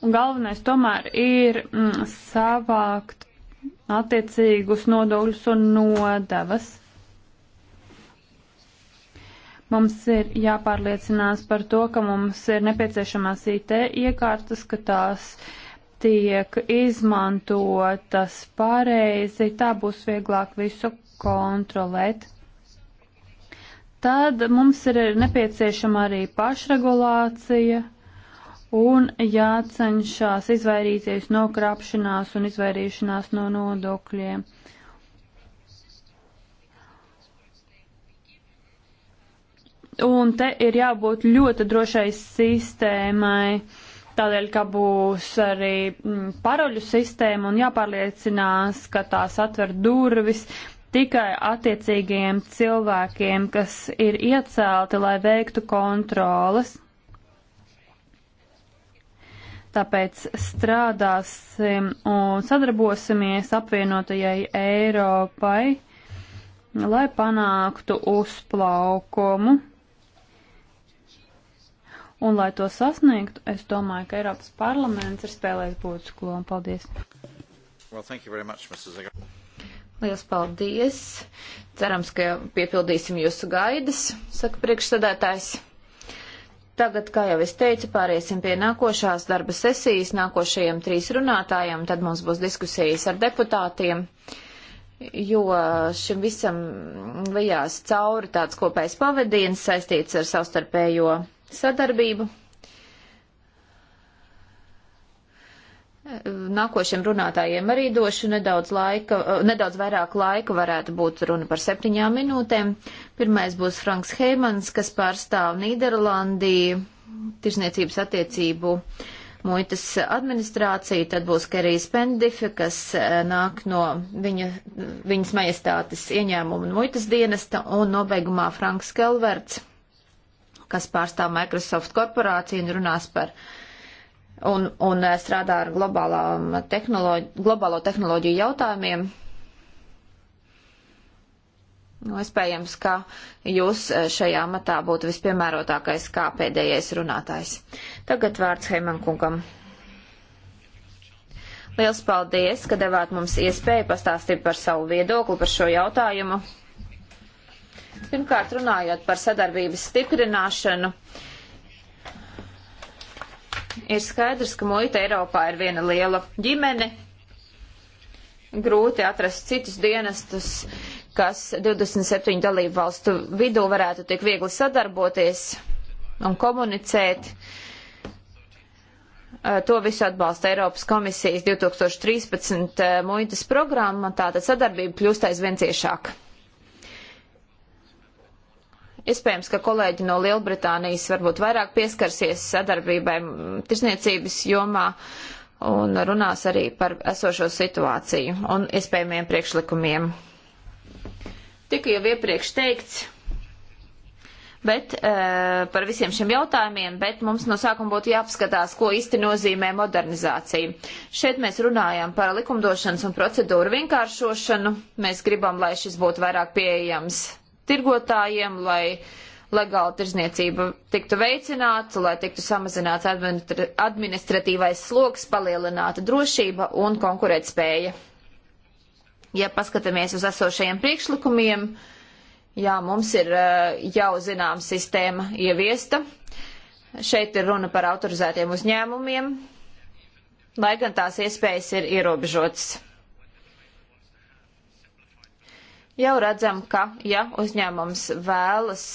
Un galvenais tomēr ir mm, savākt attiecīgus nodokļus un nodevas. Mums ir jāpārliecinās par to, ka mums ir nepieciešamās IT iekārtas, ka tās tiek izmantotas pareizi, tā būs vieglāk visu kontrolēt. Tad mums ir nepieciešama arī pašregulācija un jācenšas izvairīties no krāpšanās un izvairīšanās no nodokļiem. Un te ir jābūt ļoti drošai sistēmai, tādēļ, ka būs arī mm, paroļu sistēma un jāpārliecinās, ka tās atver durvis tikai attiecīgiem cilvēkiem, kas ir iecelti, lai veiktu kontrolas. Tāpēc strādāsim un sadarbosimies apvienotajai Eiropai, lai panāktu uzplaukumu. Un, lai to sasniegtu, es domāju, ka Eiropas parlaments ir spēlējis būtisku lomu. Paldies! Well, much, Lielas paldies! Cerams, ka piepildīsim jūsu gaidas, saka priekšsēdētājs. Tagad, kā jau es teicu, pāriesim pie nākošās darba sesijas, nākošajiem trīs runātājiem, tad mums būs diskusijas ar deputātiem, jo šim visam vajās cauri tāds kopējs pavadiens saistīts ar savstarpējo sadarbību. Nākošiem runātājiem arī došu nedaudz, laika, nedaudz vairāk laika, varētu būt runa par septiņām minūtēm. Pirmais būs Franks Heimans, kas pārstāv Nīderlandi tirsniecības attiecību muitas administrāciju, tad būs Kerijas Pendife, kas e, nāk no viņa, viņas majestātes ieņēmuma un muitas dienesta, un nobeigumā Franks Kelverts, kas pārstāv Microsoft korporāciju un runās par un, un e, strādā ar globālo tehnoloģiju jautājumiem. Nu, iespējams, ka jūs eh, šajā matā būtu vispiemērotākais kā pēdējais runātājs. Tagad vārds Heiman kungam. Liels paldies, ka devāt mums iespēju pastāstīt par savu viedokli par šo jautājumu. Pirmkārt, runājot par sadarbības stiprināšanu, ir skaidrs, ka muita Eiropā ir viena liela ģimene. Grūti atrast citus dienestus, uh, kas 27 dalību valstu vidū varētu tik viegli sadarboties un komunicēt. Eh, to visu atbalsta Eiropas komisijas 2013 eh, muitas programma, tātad sadarbība kļūst aizvien ciešāka. Iespējams, ka kolēģi no Lielbritānijas varbūt vairāk pieskarsies sadarbībai mm, tirsniecības jomā un runās arī par esošo situāciju un iespējamiem priekšlikumiem. Tika jau iepriekš teikts, bet e, par visiem šiem jautājumiem, bet mums no sākuma būtu jāapskatās, ko īsti nozīmē modernizācija. Šeit mēs runājam par likumdošanas un procedūru vienkāršošanu. Mēs gribam, lai šis būtu vairāk pieejams tirgotājiem, lai legāla tirzniecība tiktu veicināta, lai tiktu samazināts administratīvais sloks, palielināta drošība un konkurētspēja. Ja paskatāmies uz esošajiem priekšlikumiem, jā, mums ir eh, jau zinām sistēma ieviesta. Šeit ir runa par autorizētiem uzņēmumiem, lai gan tās iespējas ir ierobežotas. Jau redzam, ka, ja uzņēmums vēlas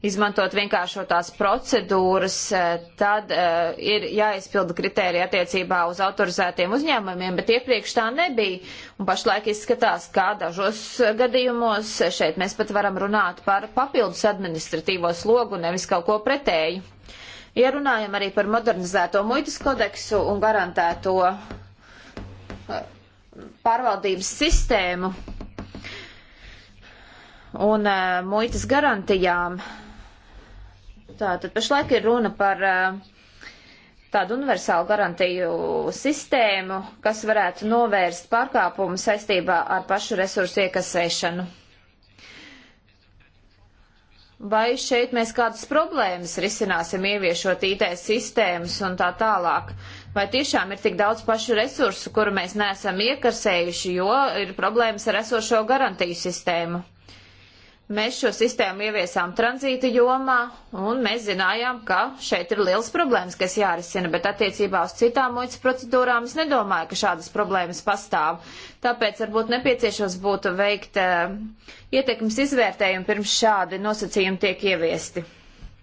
izmantot vienkāršotās procedūras, eh, tad uh, ir jāizpilda kritērija attiecībā uz autorizētiem uzņēmumiem, bet iepriekš tā nebija. Un pašlaik izskatās, ka dažos gadījumos šeit mēs pat varam runāt par papildus administratīvo slogu, nevis kaut ko pretēju. Ja runājam arī par modernizēto muitas kodeksu un garantēto eh, pārvaldības sistēmu un uh, muitas garantijām, uh, Tātad pašlaik ir runa par eh, tādu universālu garantiju sistēmu, kas varētu novērst pārkāpumu saistībā ar pašu resursu iekasēšanu. Vai šeit mēs kādas problēmas risināsim, ieviešot IT sistēmas un tā tālāk? Vai tiešām ir tik daudz pašu resursu, kuru mēs neesam iekasējuši, jo ir problēmas ar esošo garantiju sistēmu? Mēs šo sistēmu ieviesām tranzīta jomā, un mēs zinājām, ka šeit ir liels problēmas, kas jārisina, bet attiecībā uz citām muitas procedūrām es nedomāju, ka šādas problēmas pastāv. Tāpēc varbūt nepieciešams būtu veikt uh, ietekmes izvērtējumu pirms šādi nosacījumi tiek ieviesti.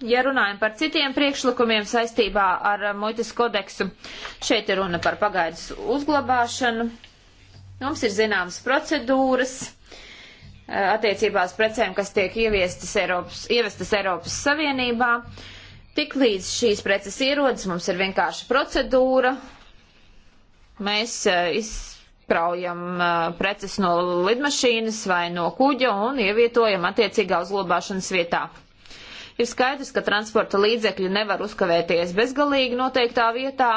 Ja runājam par citiem priekšlikumiem saistībā ar uh, muitas kodeksu, šeit ir runa par pagaidus uzglabāšanu. Mums ir zināmas procedūras attiecībās precēm, kas tiek ieviestas Eiropas, ievestas Eiropas Savienībā. Tik līdz šīs preces ierodas, mums ir vienkārši procedūra. Mēs e, izpraujam e, preces no lidmašīnas vai no kuģa un ievietojam attiecīgā uzglabāšanas vietā. Ir skaidrs, ka transporta līdzekļi nevar uzkavēties bezgalīgi noteiktā vietā,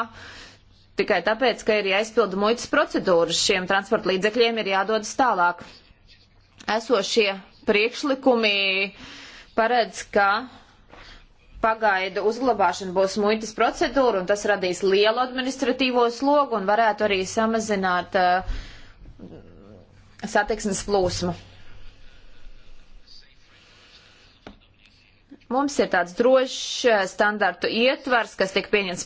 tikai tāpēc, ka ir jāizpilda muitas procedūras, šiem transporta līdzekļiem ir jādodas tālāk esošie priekšlikumi paredz, ka pagaidu uzglabāšana būs muitas procedūra, un tas radīs lielu administratīvo slogu un varētu arī samazināt uh, satiksmes plūsmu. Mums ir tāds drošs uh, standartu ietvars, kas tika pieņemts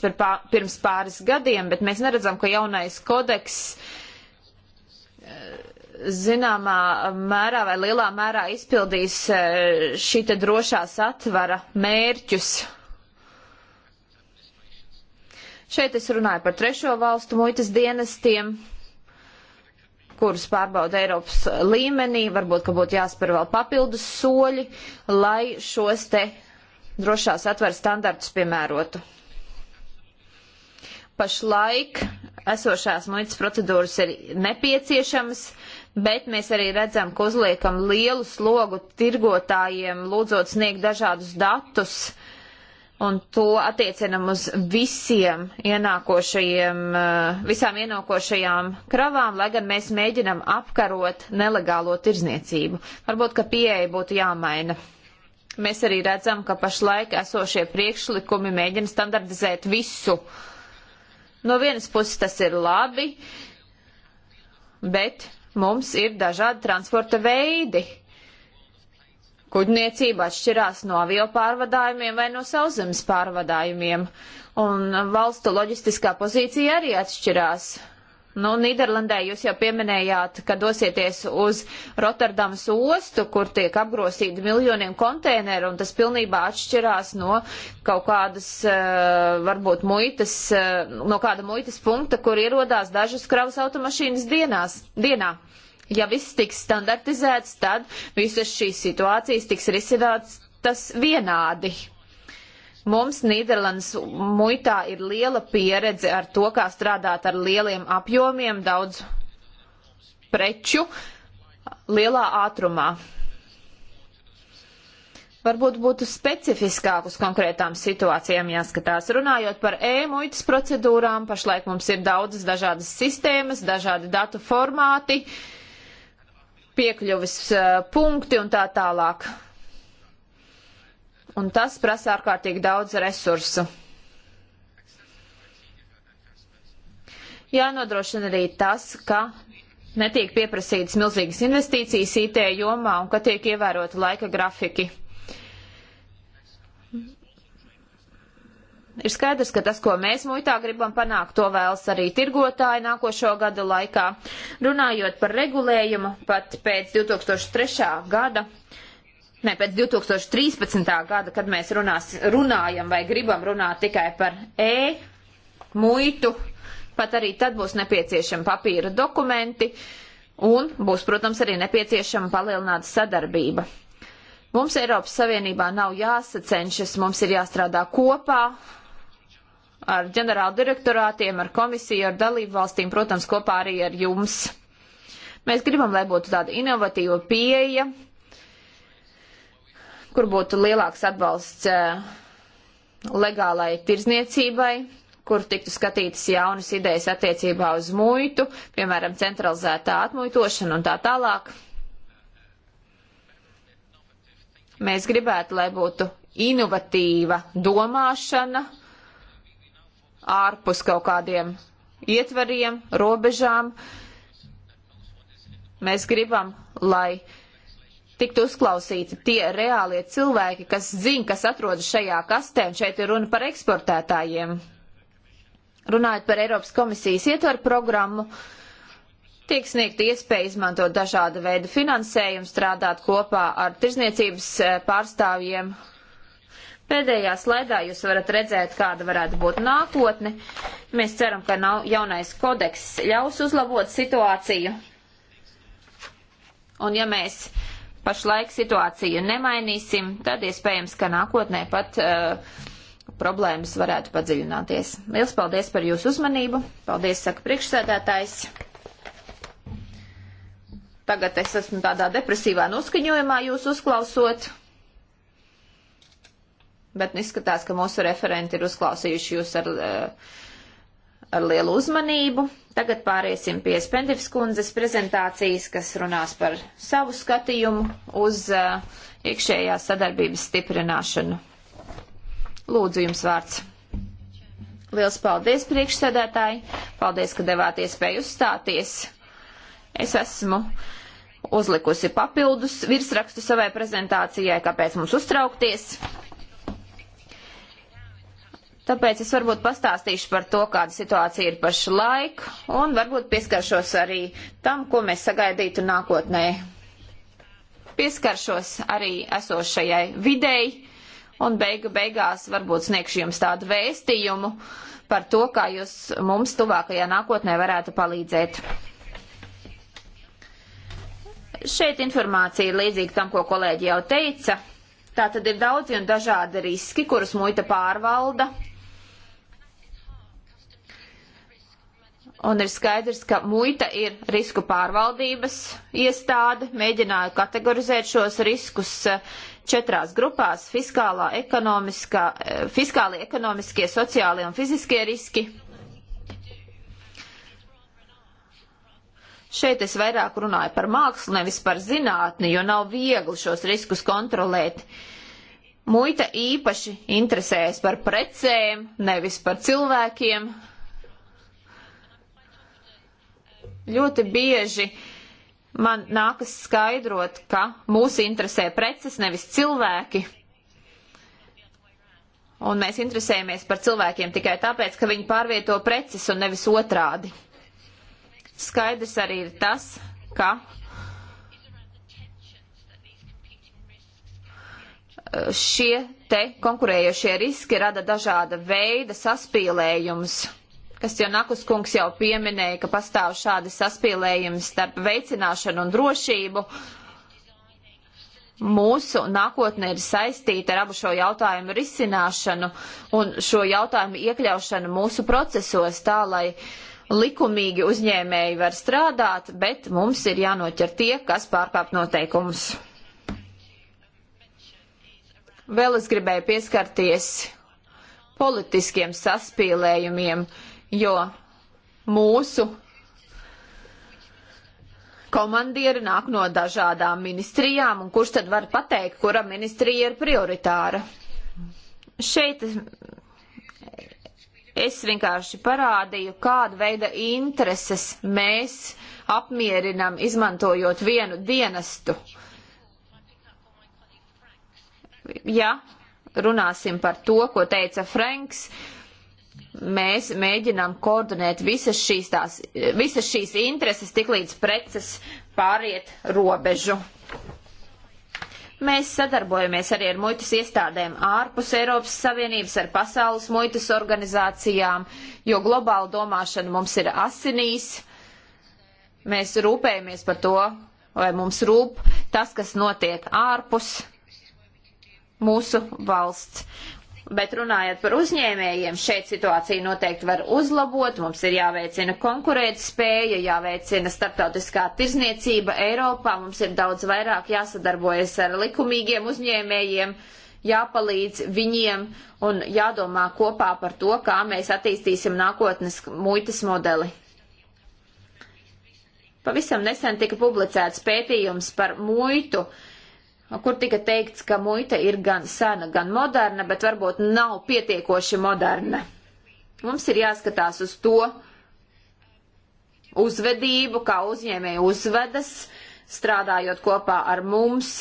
pirms pāris gadiem, bet mēs neredzam, ka jaunais kodeks uh, zināmā mērā vai lielā mērā izpildīs e, šī te drošā satvara mērķus. Šeit es runāju par trešo valstu muitas dienestiem, kurus pārbauda Eiropas līmenī. Varbūt, ka būtu jāspēr vēl papildus soļi, lai šos te drošās atveres standartus piemērotu. Pašlaik esošās muitas procedūras ir nepieciešamas, bet mēs arī redzam, ka uzliekam lielu slogu tirgotājiem, lūdzot sniegt dažādus datus, un to attiecinam uz visiem ienākošajiem, eh, visām ienākošajām kravām, lai gan mēs mēģinam apkarot nelegālo tirzniecību. Varbūt, ka pieeja būtu jāmaina. Mēs arī redzam, ka pašlaik esošie priekšlikumi mēģina standardizēt visu. No vienas puses tas ir labi, bet mums ir dažādi transporta veidi. Kuģniecība atšķirās no avio pārvadājumiem vai no sauszemes pārvadājumiem, un valstu loģistiskā pozīcija arī atšķirās. Nu, Nīderlandē jūs jau pieminējāt, ka dosieties uz Rotterdamas ostu, kur tiek apgrosīti miljoniem konteineru, un tas pilnībā atšķirās no kaut kādas, eh, varbūt, muitas, eh, no kāda muitas punkta, kur ierodās dažas kravas automašīnas dienās, dienā. Ja viss tiks standartizēts, tad visas šīs situācijas tiks risinātas vienādi. Mums Nīderlandes muitā ir liela pieredze ar to, kā strādāt ar lieliem apjomiem, daudz preču, lielā ātrumā. Varbūt būtu specifiskāk uz konkrētām situācijām jāskatās. Runājot par e-muitas procedūrām, pašlaik mums ir daudzas dažādas sistēmas, dažādi datu formāti, piekļuvis eh, punkti un tā tālāk Un tas prasa ārkārtīgi daudz resursu. Jānodrošina arī tas, ka netiek pieprasītas milzīgas investīcijas IT jomā un ka tiek ievērota laika grafiki. Ir skaidrs, ka tas, ko mēs muitā gribam panākt, to vēlas arī tirgotāji nākošo gadu laikā. Runājot par regulējumu, pat pēc 2003. gada ne, pēc 2013. gada, kad mēs runās, runājam vai gribam runāt tikai par E muitu, pat arī tad būs nepieciešami papīra dokumenti un būs, protams, arī nepieciešama palielināta sadarbība. Mums Eiropas Savienībā nav jāsacenšas, mums ir jāstrādā kopā ar ģenerālu direktorātiem, ar komisiju, ar dalību valstīm, protams, kopā arī ar jums. Mēs gribam, lai būtu tāda inovatīva pieeja, kur būtu lielāks atbalsts eh, legālai tirzniecībai, kur tiktu skatītas jaunas idejas attiecībā uz muitu, piemēram, centralizētā atmuitošana un tā tālāk. Mēs gribētu, lai būtu inovatīva domāšana ārpus kaut kādiem ietvariem, robežām. Mēs gribam, lai uh, tiktu uzklausīti tie reālie cilvēki, kas zina, kas atrodas šajā kastē, un šeit ir runa par eksportētājiem. Runājot par Eiropas komisijas ietvaru programmu, tiek sniegta iespēja izmantot dažāda veida finansējumu, strādāt kopā ar tirzniecības e, pārstāvjiem. Pēdējā slaidā jūs varat redzēt, kāda varētu būt nākotne. Mēs ceram, ka jaunais kodeks ļaus uzlabot situāciju. Un ja mēs uh, pašlaik situāciju nemainīsim, tad iespējams, ka nākotnē pat uh, problēmas varētu padziļināties. Liels paldies par jūsu uzmanību. Paldies, saka priekšsēdētājs. Tagad es esmu tādā depresīvā noskaņojumā jūs uzklausot. Bet nu izskatās, ka mūsu referenti ir uzklausījuši jūs ar uh, ar lielu uzmanību. Tagad pāriesim pie Spendivs kundzes prezentācijas, kas runās par savu skatījumu uz uh, iekšējās sadarbības stiprināšanu. Lūdzu, jums vārds. Liels paldies, priekšsēdētāji. Paldies, ka devāt iespēju uzstāties. Es esmu uzlikusi papildus virsrakstu savai prezentācijai, kāpēc mums uztraukties. Tāpēc es varbūt pastāstīšu par to, kāda situācija ir pašlaik, un varbūt pieskaršos arī tam, ko mēs sagaidītu nākotnē. Pieskaršos arī esošajai videi, un beigu beigās varbūt sniegšu jums tādu vēstījumu par to, kā jūs mums tuvākajā nākotnē varētu palīdzēt. Šeit informācija ir līdzīga tam, ko kolēģi jau teica. Tā tad ir daudzi un dažādi riski, kurus muita pārvalda, Un ir skaidrs, ka muita ir risku pārvaldības iestāde. Mēģināju kategorizēt šos riskus eh, četrās grupās - fiskālā, ekonomiskā, eh, fiskāli, ekonomiskie, sociālie un fiziskie riski. Šeit es vairāk runāju par mākslu, nevis par zinātni, jo nav viegli šos riskus kontrolēt. Muita īpaši interesējas par precēm, nevis par cilvēkiem, Ļoti bieži man nākas skaidrot, ka mūs interesē preces, nevis cilvēki. Un mēs interesējamies par cilvēkiem tikai tāpēc, ka viņi pārvieto preces un nevis otrādi. Skaidrs arī ir tas, ka eh, šie te konkurējošie riski rada dažāda veida saspīlējumus kas jau Nakus kungs jau pieminēja, ka pastāv šādi saspīlējumi starp veicināšanu un drošību. Mūsu nākotne ir saistīta ar abu šo jautājumu risināšanu un šo jautājumu iekļaušanu mūsu procesos tā, lai likumīgi uzņēmēji var strādāt, bet mums ir jānoķer tie, kas pārkāp noteikumus. Vēl es gribēju pieskarties politiskiem saspīlējumiem. Uh, jo mūsu komandieri nāk no dažādām ministrijām, un kurš tad var pateikt, kura ministrija ir prioritāra? Šeit es vienkārši parādīju, kāda veida intereses mēs apmierinam, izmantojot vienu dienestu. Ja runāsim par to, ko teica Franks, uh, mēs mēģinām koordinēt visas šīs, tās, visas šīs intereses, tik līdz preces pāriet robežu. Mēs sadarbojamies arī ar muitas iestādēm ārpus Eiropas Savienības, ar pasaules muitas organizācijām, jo globāla domāšana mums ir asinīs. Mēs rūpējamies par to, vai mums rūp tas, kas notiek ārpus mūsu valsts. Bet runājot par uzņēmējiem, šeit situācija noteikti var uzlabot. Mums ir jāveicina konkurētspēja, jāveicina starptautiskā tirzniecība Eiropā. Mums ir daudz vairāk jāsadarbojas ar likumīgiem uzņēmējiem, jāpalīdz viņiem un jādomā kopā par to, kā mēs attīstīsim nākotnes muitas modeli. Pavisam nesen tika publicēts pētījums par muitu. Uh, Nu, kur tika teikts, ka muita ir gan sena, gan moderna, bet varbūt nav pietiekoši moderna. Mums ir jāskatās uz to uzvedību, kā uzņēmēji uzvedas, strādājot kopā ar mums.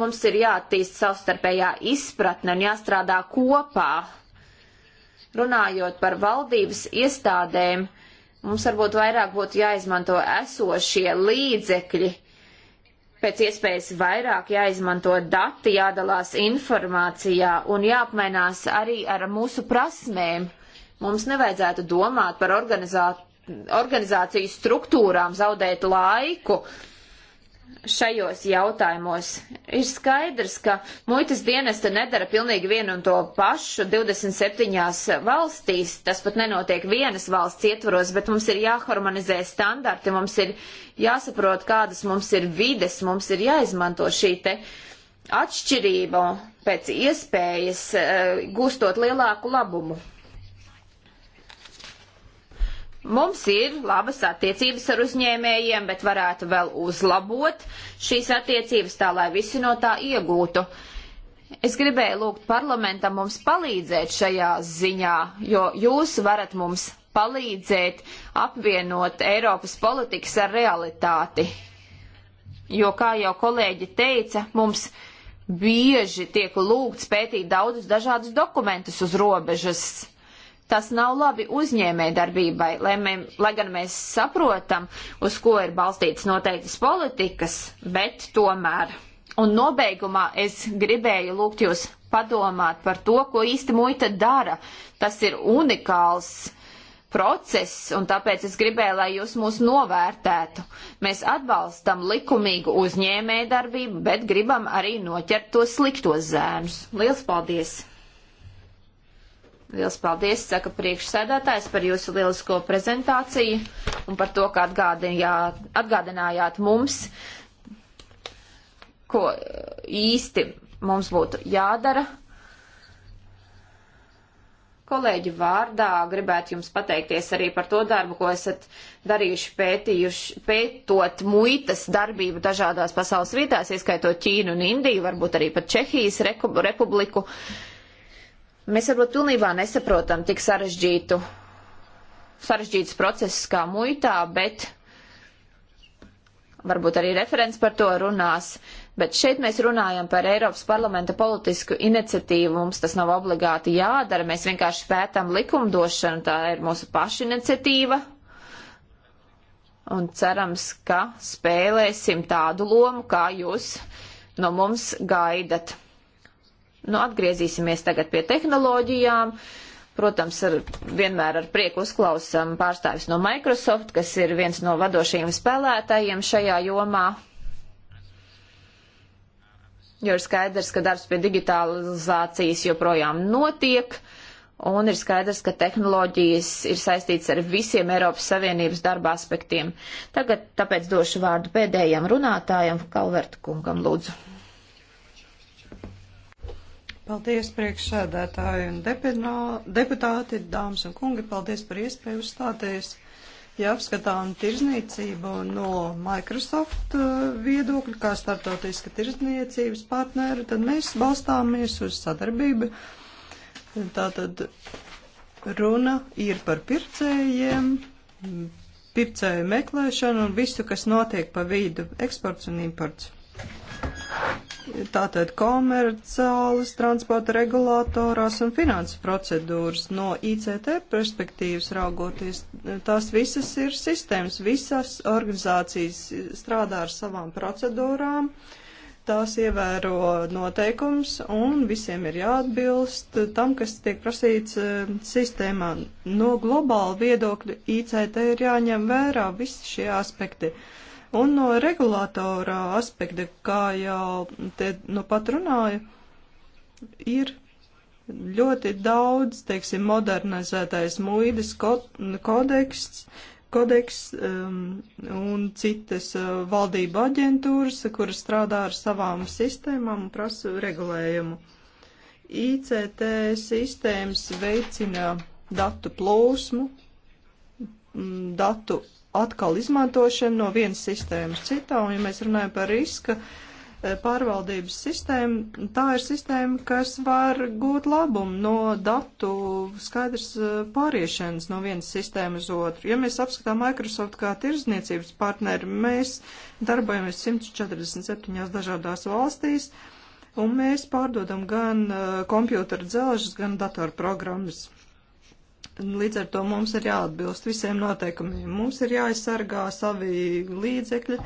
Mums ir jāattīst savstarpējā izpratne un jāstrādā kopā. Runājot par valdības iestādēm, mums varbūt vairāk būtu jāizmanto esošie līdzekļi, pēc iespējas vairāk jāizmanto dati, jādalās informācijā un jāapmainās arī ar mūsu prasmēm. Mums nevajadzētu domāt par organizā... organizāciju struktūrām, zaudēt laiku. Uh, šajos jautājumos. Ir skaidrs, ka muitas dienesta nedara pilnīgi vienu un to pašu 27 valstīs. Tas pat nenotiek vienas valsts ietvaros, bet mums ir jāharmonizē standarti, mums ir jāsaprot, kādas mums ir vides, mums ir jāizmanto šī te atšķirība pēc iespējas, eh, gūstot lielāku labumu. Mums ir labas attiecības ar uzņēmējiem, bet varētu vēl uzlabot šīs attiecības tā, lai visi no tā iegūtu. Es gribēju lūgt parlamentam mums palīdzēt šajā ziņā, jo jūs varat mums palīdzēt apvienot Eiropas politikas ar realitāti. Jo, kā jau kolēģi teica, mums bieži tiek lūgts pētīt daudzus dažādus dokumentus uz robežas Tas nav labi uzņēmē darbībai, lai, mē, lai gan mēs saprotam, uz ko ir balstīts noteiktas politikas, bet tomēr. Un nobeigumā es gribēju lūgt jūs padomāt par to, ko īsti muita dara. Tas ir unikāls process, un tāpēc es gribēju, lai jūs mūs novērtētu. Mēs atbalstam likumīgu uzņēmējdarbību, bet gribam arī noķert tos sliktos zēnus. Lielas paldies! Liels paldies, saka priekšsēdētājs, par jūsu lielisko prezentāciju un par to, kā atgādinājāt, atgādinājāt mums, ko īsti mums būtu jādara. Kolēģi vārdā gribētu jums pateikties arī par to darbu, ko esat darījuši pētījuši, pētot muitas darbību dažādās pasaules vietās, ieskaitot Ķīnu un Indiju, varbūt arī pat Čehijas republiku. Uh, Mēs varbūt pilnībā nesaprotam tik sarežģītu, sarežģītus procesus kā muitā, bet varbūt arī referents par to runās. Bet šeit mēs runājam par Eiropas parlamenta politisku iniciatīvu. Mums tas nav obligāti jādara. Mēs vienkārši pētām likumdošanu. Tā ir mūsu paša iniciatīva. Un cerams, ka spēlēsim tādu lomu, kā jūs no mums gaidat. Nu, atgriezīsimies tagad pie tehnoloģijām. Protams, ar, vienmēr ar prieku uzklausam pārstāvis no Microsoft, kas ir viens no vadošajiem spēlētājiem šajā jomā. Jo ir skaidrs, ka darbs pie digitalizācijas joprojām notiek, un ir skaidrs, ka tehnoloģijas ir saistīts ar visiem Eiropas Savienības darba aspektiem. Tagad tāpēc došu vārdu pēdējiem runātājiem, Kalvertu kungam, lūdzu. Paldies priekšsēdētāji un deputāti, dāmas un kungi, paldies par iespēju uzstāties. Ja apskatām tirzniecību no Microsoft uh, viedokļa, kā startautiska tirzniecības partneri, tad mēs balstāmies uz sadarbību. Tātad runa ir par pircējiem, pircēju meklēšanu un visu, kas notiek pa vidu - eksports un imports. Tātad komerciālas transporta regulātorās un finanses procedūras no ICT perspektīvas raugoties, tās visas ir sistēmas, visas organizācijas strādā ar savām procedūrām, tās ievēro noteikums un visiem ir jāatbilst tam, kas tiek prasīts eh, sistēmā. No globāla viedokļa ICT ir jāņem vērā visi šie aspekti. Uh, Un no regulātora aspekta, kā jau te nu pat runāju, ir ļoti daudz, teiksim, modernizētais muidas kodeksts, kodeks um, un citas uh, valdība aģentūras, kuras strādā ar savām sistēmām un prasa regulējumu. ICT sistēmas veicina datu plūsmu, mm, datu atkal izmantošana no vienas sistēmas citā, un ja mēs runājam par riska eh, pārvaldības sistēmu, tā ir sistēma, kas var gūt labumu no datu skaidrs eh, pāriešanas no vienas sistēmas uz otru. Ja mēs apskatām Microsoft kā tirzniecības partneri, mēs darbojamies 147 dažādās valstīs, un mēs pārdodam gan eh, kompjūtera dzelžas, gan datorprogrammas. Līdz ar to mums ir jāatbilst visiem noteikumiem. Mums ir jāaizsargā savi līdzekļi.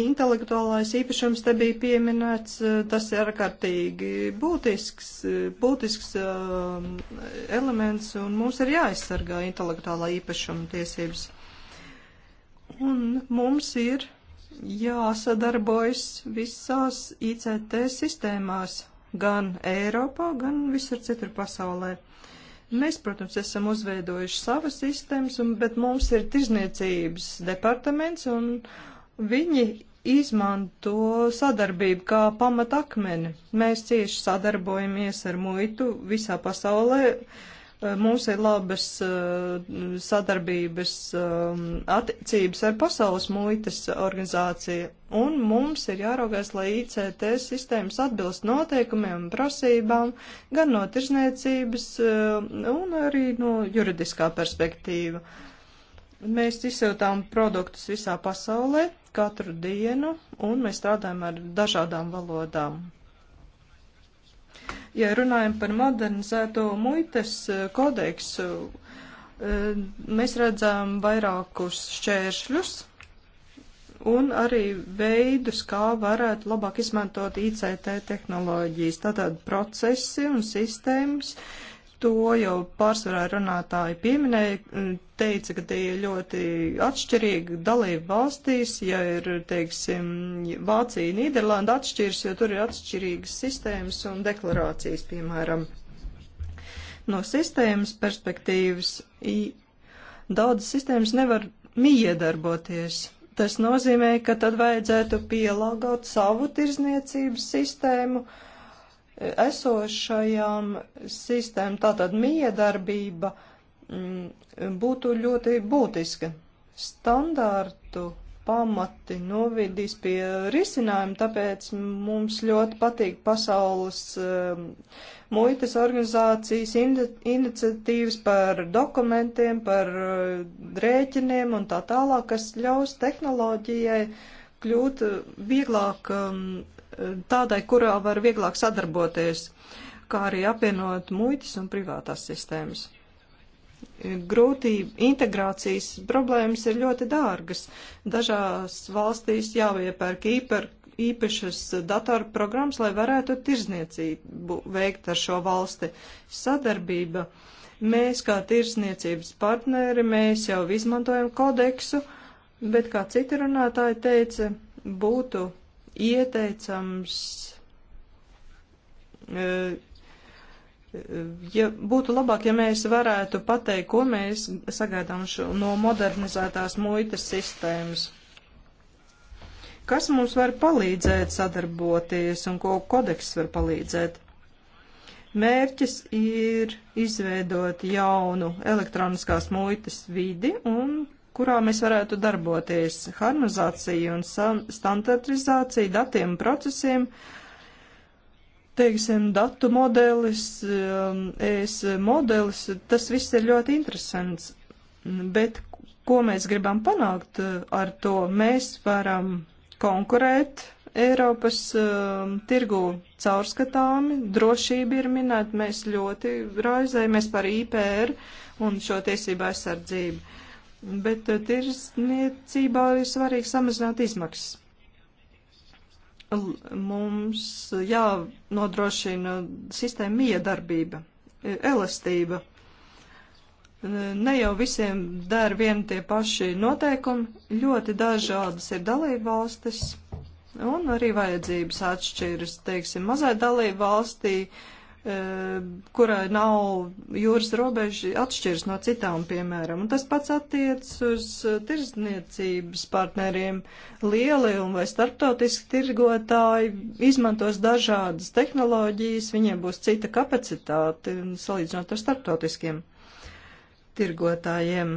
Intelektuālais īpašums te bija pieminēts, e, tas ir ārkārtīgi būtisks, e, būtisks e, elements, un mums ir jāaizsargā intelektuālā īpašuma tiesības. Un mums ir jāsadarbojas visās ICT sistēmās, gan Eiropā, gan visur citur pasaulē Mēs, protams, esam uzveidojuši savas sistēmas, un, bet mums ir tirzniecības departaments, un viņi izmanto sadarbību kā pamatakmeni. Mēs cieši sadarbojamies ar muitu visā pasaulē. Uh, Eh, mums ir labas eh, sadarbības ehm, attiecības ar Pasaules muitas organizāciju, un mums ir jāraugās, lai ICT sistēmas atbilst noteikumiem un prasībām gan no tirzniecības, eh, un arī no juridiskā perspektīva. Mēs izsūtām produktus visā pasaulē katru dienu, un mēs strādājam ar dažādām valodām. Ja runājam par modernizēto muitas e, kodeksu, e, mēs redzam vairākus šķēršļus un arī veidus, kā varētu labāk izmantot ICT tehnoloģijas, tātad procesi un sistēmas, uh, to jau pārsvarā runātāji pieminēja, mm, teica, ka tie ir ļoti atšķirīgi dalību valstīs, ja ir, teiksim, Vācija, Nīderlanda atšķirs, jo tur ir atšķirīgas sistēmas un deklarācijas, piemēram. No sistēmas perspektīvas daudzas sistēmas nevar miedarboties. Tas nozīmē, ka tad vajadzētu pielāgot savu tirzniecības sistēmu uh, esošajām sistēmām, tātad miedarbība mm, būtu ļoti būtiska. Standārtu pamati novidīs pie risinājuma, tāpēc mums ļoti patīk pasaules mm, muitas organizācijas iniciatīvas par dokumentiem, par mm, rēķiniem un tā tālāk, kas ļaus tehnoloģijai kļūt vieglāk tādai, kurā var vieglāk sadarboties, kā arī apvienot muitas un privātās sistēmas. Grūtība integrācijas problēmas ir ļoti dārgas. Dažās valstīs jāiepērk īper, īpašas datorprogrammas, lai varētu tirzniecību veikt ar šo valsti. Sadarbība. Mēs kā tirzniecības partneri, mēs jau izmantojam kodeksu, bet kā citi runātāji teica, būtu ieteicams, e, e, ja būtu labāk, ja mēs varētu pateikt, ko mēs sagaidām šo, no modernizētās muitas sistēmas. Kas mums var palīdzēt sadarboties un ko kodeks var palīdzēt? Mērķis ir izveidot jaunu elektroniskās muitas vidi un kurā mēs varētu darboties. Harmonizācija un standartizācija datiem un procesiem, teiksim, datu modelis, um, ES modelis, tas viss ir ļoti interesants. Bet ko mēs gribam panākt uh, ar to? Mēs varam konkurēt Eiropas um, tirgu caurskatāmi, drošība ir minēta, mēs ļoti raizējamies par IPR un šo tiesību aizsardzību bet eh, tirzniecībā ir svarīgi samazināt izmaksas. Mums jānodrošina sistēma miedarbība, e, elastība. E, ne jau visiem dara vien tie paši noteikumi, ļoti dažādas ir dalībvalstis un arī vajadzības atšķiras. Teiksim, mazai dalībvalstī valstī E, kurai nav jūras robeža, atšķiras no citām, piemēram. Un tas pats attiec uz e, tirzniecības partneriem. Lieli un vai starptautiski tirgotāji izmantos dažādas tehnoloģijas, viņiem būs cita kapacitāte salīdzinot ar starptautiskiem tirgotājiem.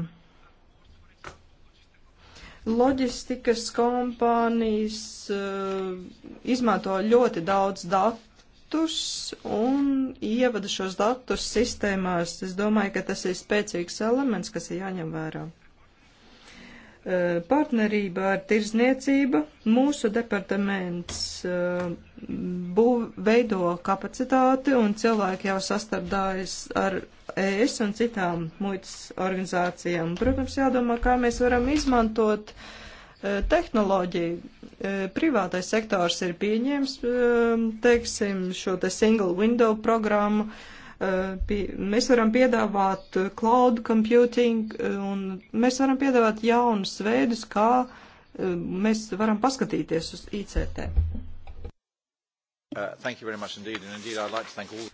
Loģistikas kompānijas uh, izmanto ļoti daudz datu datus un ievada šos datus sistēmās. Es domāju, ka tas ir spēcīgs elements, kas ir jāņem vērā. Partnerība ar tirzniecību mūsu departaments būv, veido kapacitāti un cilvēki jau sastardājas ar ES un citām muitas organizācijām. Protams, jādomā, kā mēs varam izmantot tehnoloģiju E, privātais sektors ir pieņēmis, e, teiksim, šo te single window programmu. E, mēs varam piedāvāt cloud computing un mēs varam piedāvāt jaunus veidus, kā mēs varam paskatīties uz ICT. Uh, thank you very much indeed, and indeed I'd like to thank all.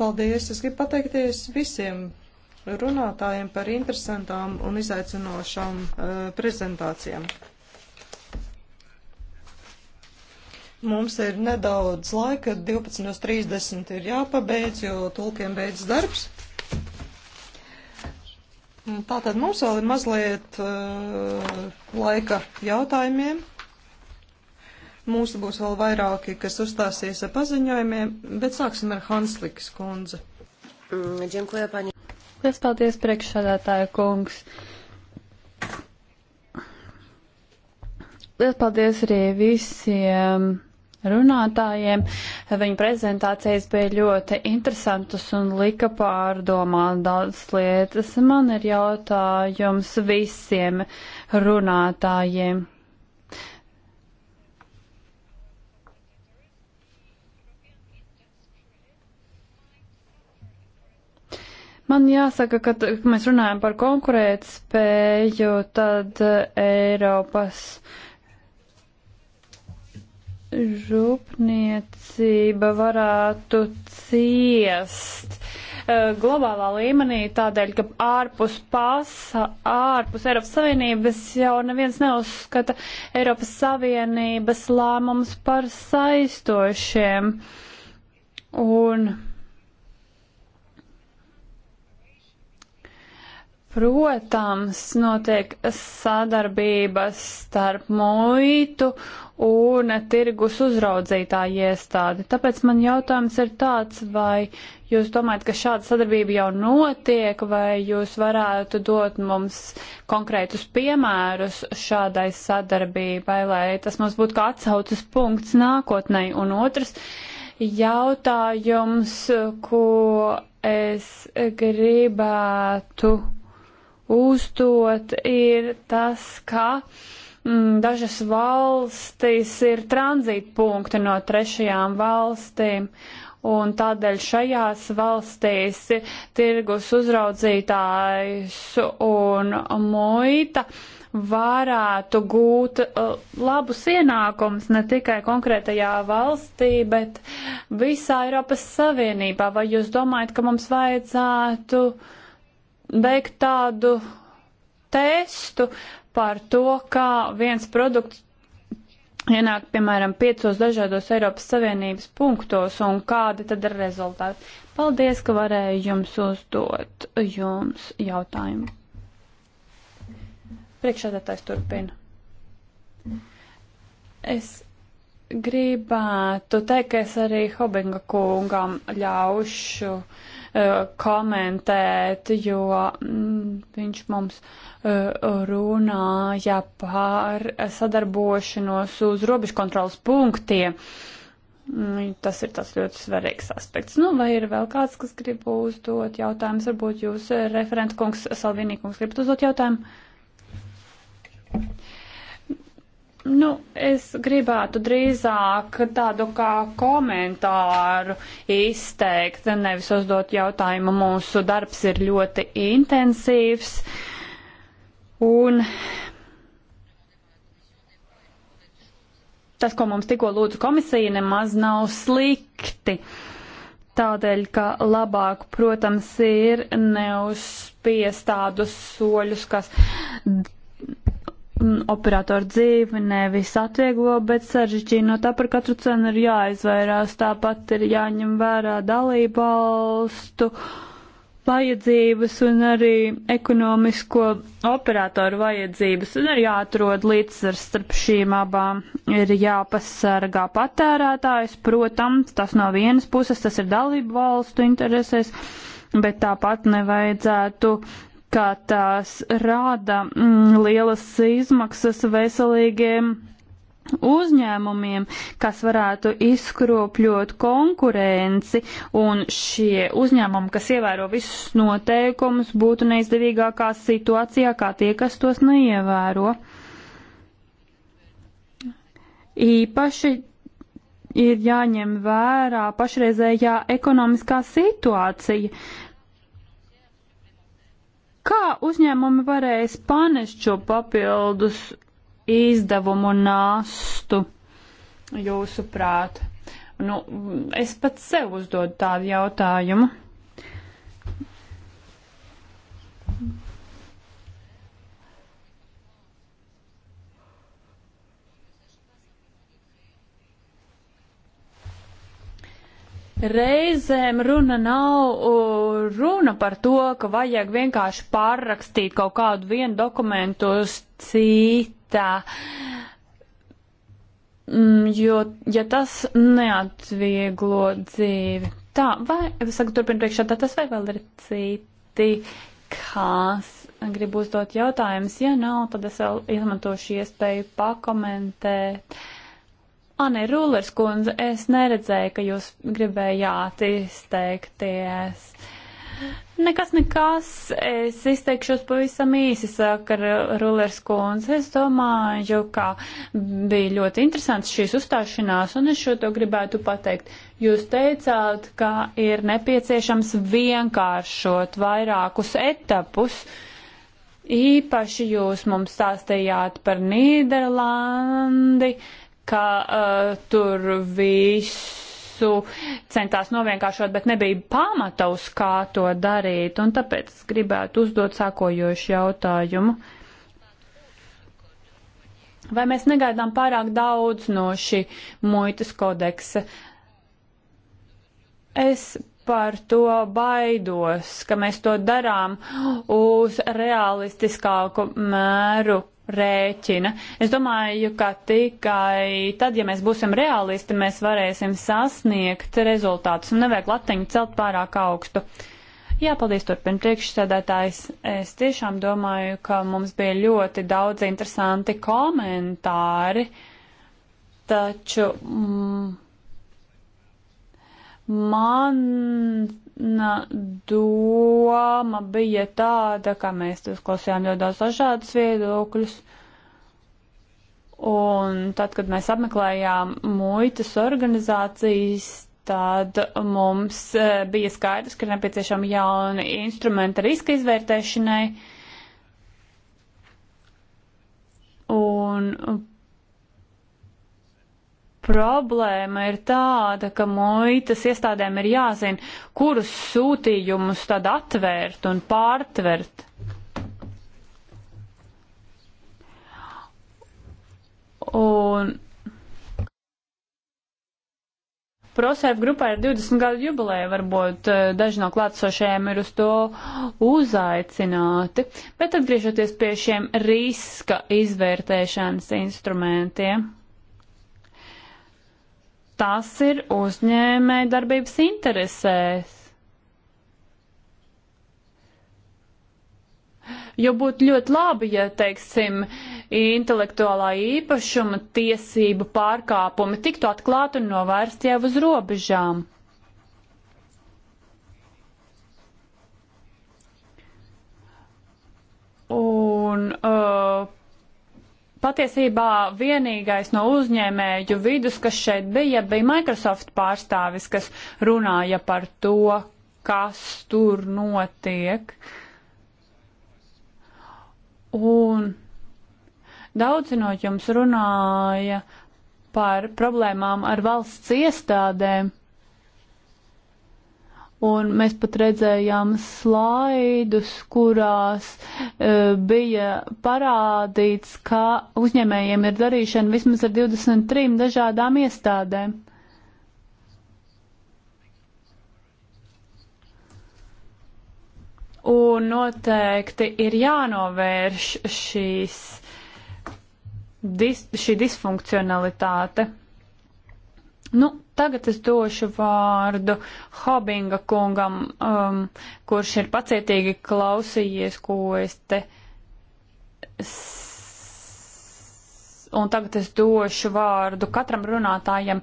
Paldies! Es gribu pateikties visiem runātājiem par interesantām un izaicinošām uh, prezentācijām. Mums ir nedaudz laika, 12.30 ir jāpabeidz, jo tulkiem beidz darbs. Tātad mums vēl ir mazliet uh, laika jautājumiem. Mūsu būs vēl vairāki, kas uzstāsies ar paziņojumiem, bet sāksim ar Hanslikas kundzi. Mm, Liels paldies, priekšsādātāja kungs. Liels paldies arī visiem. Um, runātājiem. Viņa prezentācijas bija ļoti interesantas un lika pārdomāt daudzas lietas. Man ir jautājums visiem runātājiem. Man jāsaka, ka, kad mēs runājam par konkurētspēju, tad Eiropas uh, rūpniecība varētu ciest eh, globālā līmenī tādēļ, ka ārpus pasa, ārpus Eiropas Savienības jau neviens neuzskata Eiropas Savienības lēmums par saistošiem. Un Protams, notiek sadarbības starp muitu un tirgus uzraudzītāju iestādi. Tāpēc man jautājums ir tāds, vai jūs domājat, ka šāda sadarbība jau notiek, vai jūs varētu dot mums konkrētus piemērus šādai sadarbībai, lai tas mums būtu kā atsaucas punkts nākotnē. Un otrs jautājums, ko es gribētu uzdot, ir tas, ka mm, dažas valstis ir tranzītpunkti no trešajām valstīm. Un tādēļ šajās valstīs tirgus uzraudzītājs un muita varētu gūt uh, labus ienākumus ne tikai konkrētajā valstī, bet visā Eiropas Savienībā. Vai jūs domājat, ka mums vajadzētu uh, veikt tādu testu par to, kā viens produkts ienāk, piemēram, piecos dažādos Eiropas Savienības punktos un kādi tad ir rezultāti. Paldies, ka varēju jums uzdot jums jautājumu. Priekšādātājs turpina. Es gribētu teikt, ka es arī Hobinga kungam ļaušu uh, Uh, komentēt, jo mm, viņš mums uh, runāja par sadarbošanos uz robežkontrolas punktiem. Mm, tas ir tas ļoti svarīgs aspekts. Nu, vai ir vēl kāds, kas grib uzdot jautājumus? Varbūt jūs, referenta kungs, Salvinī kungs, gribat uzdot jautājumu? Nu, es gribētu drīzāk tādu kā komentāru izteikt, nevis uzdot jautājumu. Mūsu darbs ir ļoti intensīvs un tas, ko mums tikko lūdzu komisija, nemaz nav slikti. Tādēļ, ka labāk, protams, ir neuzspies tādus soļus, kas operatoru dzīvi nevis atvieglo, bet sarežģīja. No tā par katru cenu ir jāizvairās, tāpat ir jāņem vērā dalībvalstu vajadzības un arī ekonomisko operatoru vajadzības un ir jāatrod līdzsvars starp šīm abām. Ir jāpasargā patērētājs, protams, tas no vienas puses, tas ir dalību valstu interesēs, bet tāpat nevajadzētu ka tās rāda mm, lielas izmaksas veselīgiem uzņēmumiem, kas varētu izskropļot konkurenci, un šie uzņēmumi, kas ievēro visus noteikumus, būtu neizdevīgākā situācijā kā tie, kas tos neievēro. Īpaši ir jāņem vērā pašreizējā ekonomiskā situācija. Uh, Kā uzņēmumi varēs panest šo papildus izdevumu nastu, jūsuprāt? Nu, es pats sev uzdodu tādu jautājumu. Reizēm runa nav runa par to, ka vajag vienkārši pārrakstīt kaut kādu vienu dokumentu uz citā, mm, jo, ja tas neatvieglo dzīvi. Tā, vai, es saku, turpin priekšā, tā tas vai vēl ir citi, kas grib uzdot jautājumus. Ja nav, tad es vēl izmantošu iespēju pakomentēt. Uh, Anē Rūlers kundze, es neredzēju, ka jūs gribējāt izteikties. Nekas, nekas, es izteikšos pavisam īsi, saka Rūlers kundze. Es domāju, ka bija ļoti interesants šīs uzstāšanās, un es šo to gribētu pateikt. Jūs teicāt, ka ir nepieciešams vienkāršot vairākus etapus. Īpaši jūs mums stāstījāt par Nīderlandi. Uh, ka uh, tur visu centās novienkāršot, bet nebija pamata uz kā to darīt, un tāpēc es gribētu uzdot sākojošu jautājumu. Vai mēs negaidām pārāk daudz no šī muitas kodeksa? Es par to baidos, ka mēs to darām uz realistiskāku mēru, rēķina. Es domāju, ka tikai tad, ja mēs būsim realisti, mēs varēsim sasniegt rezultātus un nevajag latiņu celt pārāk augstu. Jā, paldies turpin priekšsēdētājs. Es tiešām domāju, ka mums bija ļoti daudz interesanti komentāri, taču mm, man doma bija tāda, ka mēs uzklausījām ļoti daudz dažādus viedokļus. Un tad, kad mēs apmeklējām muitas organizācijas, tad mums eh, bija skaidrs, ka ir nepieciešami jauni instrumenti riska izvērtēšanai. Un problēma ir tāda, ka muitas iestādēm ir jāzina, kurus sūtījumus tad atvērt un pārtvert. Un Prosēf grupai ir 20 gadu jubileja, varbūt eh, daži no klātsošajiem ir uz to uzaicināti, bet atgriežoties pie šiem riska izvērtēšanas instrumentiem tas ir uzņēmēja darbības interesēs. Jo būtu ļoti labi, ja, teiksim, intelektuālā īpašuma tiesību pārkāpumi tiktu atklāti un novērsti jau uz robežām. Un uh, Patiesībā vienīgais no uzņēmēju vidus, kas šeit bija, bija Microsoft pārstāvis, kas runāja par to, kas tur notiek. Un daudzi no jums runāja par problēmām ar valsts iestādēm un mēs pat redzējām slaidus, kurās uh, bija parādīts, ka uzņēmējiem ir darīšana vismaz ar 23 dažādām iestādēm. Un noteikti ir jānovērš šīs, dis, šī disfunkcionalitāte. Nu, tagad es došu vārdu Hobinga kungam, um, kurš ir pacietīgi klausījies, ko es te. Un tagad es došu vārdu katram runātājam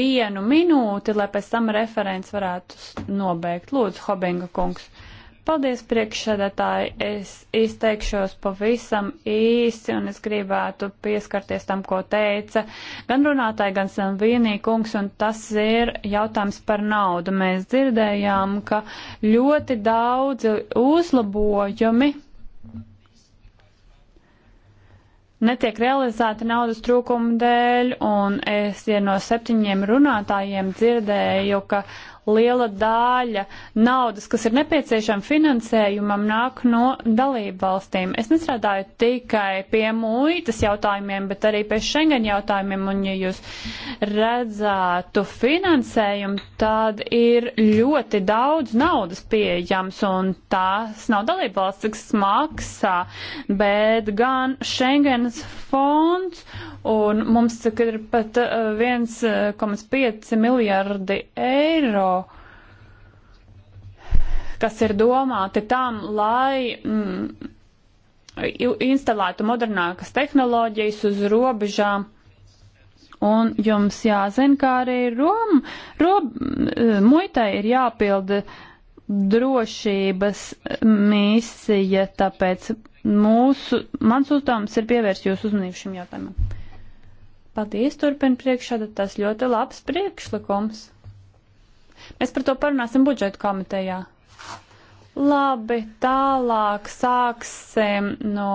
vienu minūti, lai pēc tam referents varētu nobeigt. Lūdzu, Hobinga kungs. Uh, Paldies, priekšsēdētāji. Es izteikšos pavisam īsi un es gribētu pieskarties tam, ko teica gan runātāji, gan Sanvīnī kungs, un tas ir jautājums par naudu. Mēs dzirdējām, ka ļoti daudzi uzlabojumi netiek realizēti naudas trūkuma dēļ, un es ja no septiņiem runātājiem dzirdēju, ka liela daļa naudas, kas ir nepieciešama finansējumam, nāk no dalību valstīm. Es nestrādāju tikai pie muitas jautājumiem, bet arī pie Schengen jautājumiem, un ja jūs redzētu finansējumu, tad ir ļoti daudz naudas pieejams, un tās nav dalību valsts, kas maksā, bet gan Schengens fonds un mums ir pat 1,5 uh, uh, miljardi eiro, kas ir domāti tam, lai mm, instalētu modernākas tehnoloģijas uz robežām. Un jums jāzina, kā arī Rom, Rob, mm, muitai ir jāpilda drošības misija, tāpēc mūsu, mans uzdevums ir pievērst jūsu uzmanību šim jautājumam. Paldies, turpina priekšādā, tas ļoti labs priekšlikums. Mēs par to parunāsim budžetu komitejā. Labi, tālāk sāksim no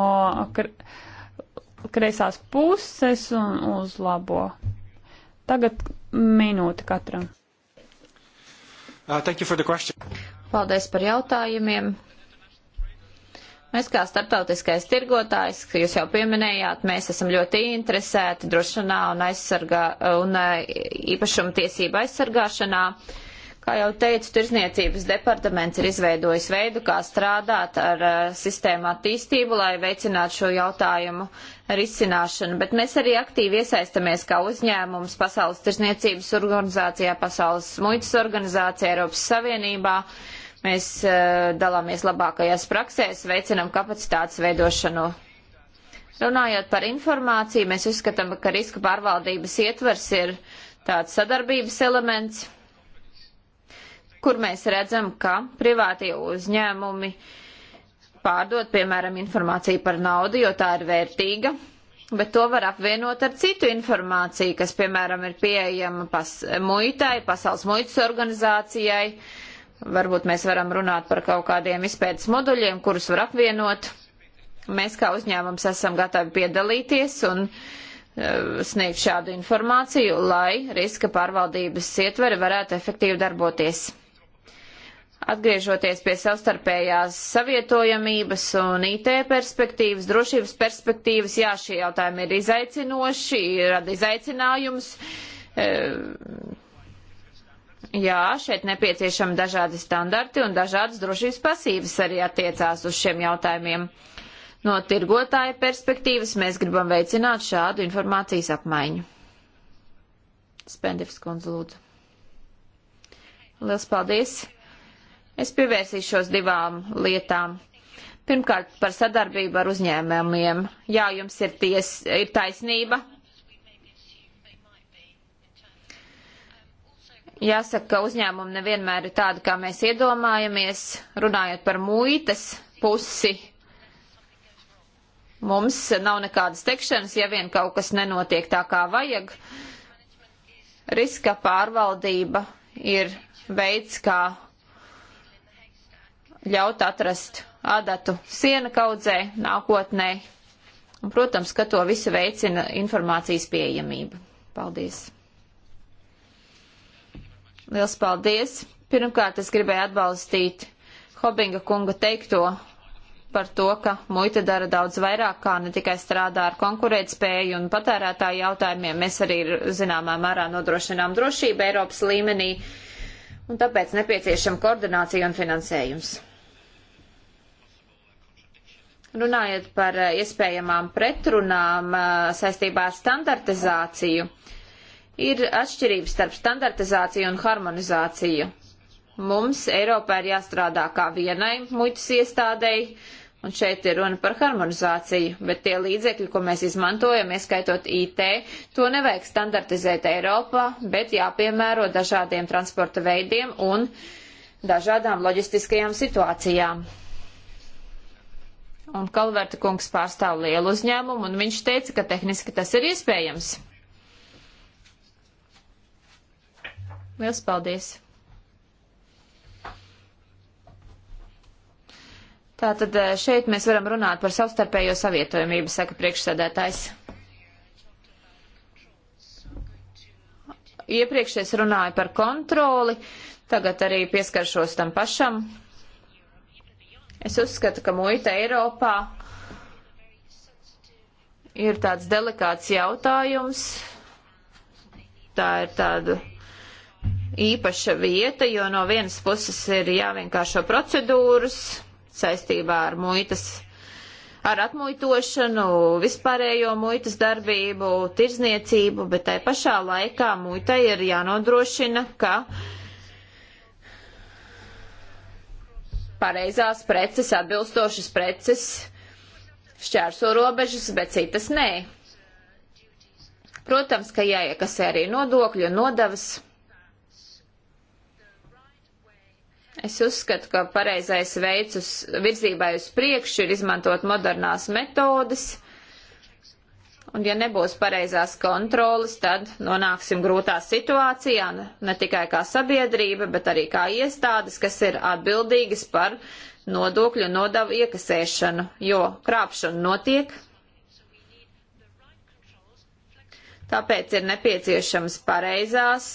kreisās puses un uz labo. Tagad minūte katram. Uh, Paldies par jautājumiem. Mēs kā starptautiskais tirgotājs, kā jūs jau pieminējāt, mēs esam ļoti interesēti drošanā un, aizsargā, un eh, īpašuma tiesība aizsargāšanā. Kā jau teicu, Tirzniecības departaments ir izveidojis veidu, kā strādāt ar uh, sistēmu attīstību, lai veicinātu šo jautājumu risināšanu, bet mēs arī aktīvi iesaistamies kā uzņēmums Pasaules Tirzniecības organizācijā, Pasaules muitas organizācijā, Eiropas Savienībā. Uh, Mēs eh, dalāmies labākajās praksēs, veicinam kapacitātes veidošanu. Runājot par informāciju, mēs uzskatām, ka riska pārvaldības ietvers ir tāds sadarbības elements, kur mēs redzam, ka privātie uzņēmumi pārdod, piemēram, informāciju par naudu, jo tā ir vērtīga, bet to var apvienot ar citu informāciju, kas, piemēram, ir pieejama pas, muitai, pasaules muitas organizācijai, uh, Varbūt mēs varam runāt par kaut kādiem izpētes moduļiem, kurus var apvienot. Mēs kā uzņēmums esam gatavi piedalīties un e, sniegt šādu informāciju, lai riska pārvaldības ietveri varētu efektīvi darboties. Atgriežoties pie savstarpējās savietojamības un IT perspektīvas, drošības perspektīvas, jā, šie jautājumi ir izaicinoši, rada izaicinājums. E, Jā, šeit nepieciešami dažādi standarti un dažādas drošības pasīvas arī attiecās uz šiem jautājumiem. No tirgotāja perspektīvas mēs gribam veicināt šādu informācijas apmaiņu. Spendevs kundze lūdzu. Liels paldies! Es pievērsīšos divām lietām. Pirmkārt, par sadarbību ar uzņēmumiem. Jā, jums ir, ties, ir taisnība, Jāsaka, ka uzņēmumi nevienmēr ir tādi, kā mēs iedomājamies, runājot par muitas pusi. Mums nav nekādas tekšanas, ja vien kaut kas nenotiek tā, kā vajag. Riska pārvaldība ir veids, kā ļaut atrast adatu siena kaudzē nākotnē. Un, protams, ka to visu veicina informācijas pieejamība. Paldies! Liels paldies! Pirmkārt, es gribēju atbalstīt Hobinga kunga teikto par to, ka muita dara daudz vairāk, kā ne tikai strādā ar konkurētspēju un patērētāju jautājumiem, mēs arī zināmā mērā nodrošinām drošību Eiropas līmenī, un tāpēc nepieciešama koordinācija un finansējums. Runājot par eh, iespējamām pretrunām eh, saistībā ar standartizāciju, uh, ir atšķirības starp standartizāciju un harmonizāciju. Mums Eiropā ir jāstrādā kā vienai muitas iestādēji, un šeit ir runa par harmonizāciju, bet tie līdzekļi, ko mēs izmantojam, ieskaitot IT, to nevajag standartizēt Eiropā, bet jāpiemēro dažādiem transporta veidiem un dažādām loģistiskajām situācijām. Un Kalverta kungs pārstāv lielu uzņēmumu, un viņš teica, ka tehniski tas ir iespējams. Liels paldies! Tātad eh, šeit mēs varam runāt par savstarpējo savietojamību, saka priekšsēdētājs. Iepriekš es runāju par kontroli, tagad arī pieskaršos tam pašam. Es uzskatu, ka muita Eiropā ir tāds delikāts jautājums. Tā ir tāda īpaša vieta, jo no vienas puses ir jāvienkāršo procedūras saistībā ar muitas, ar atmuitošanu, vispārējo muitas darbību, tirzniecību, bet tai pašā laikā muitai ir jānodrošina, ka pareizās preces, atbilstošas preces šķērso robežas, bet citas nē. Protams, ka jāiekasē arī nodokļu un nodavas. Es uzskatu, ka pareizais veids uz virzībai uz priekšu ir izmantot modernās metodes, un ja nebūs pareizās kontrolas, tad nonāksim grūtā situācijā ne tikai kā sabiedrība, bet arī kā iestādes, kas ir atbildīgas par nodokļu nodavu iekasēšanu, jo krāpšana notiek. Tāpēc ir nepieciešams pareizās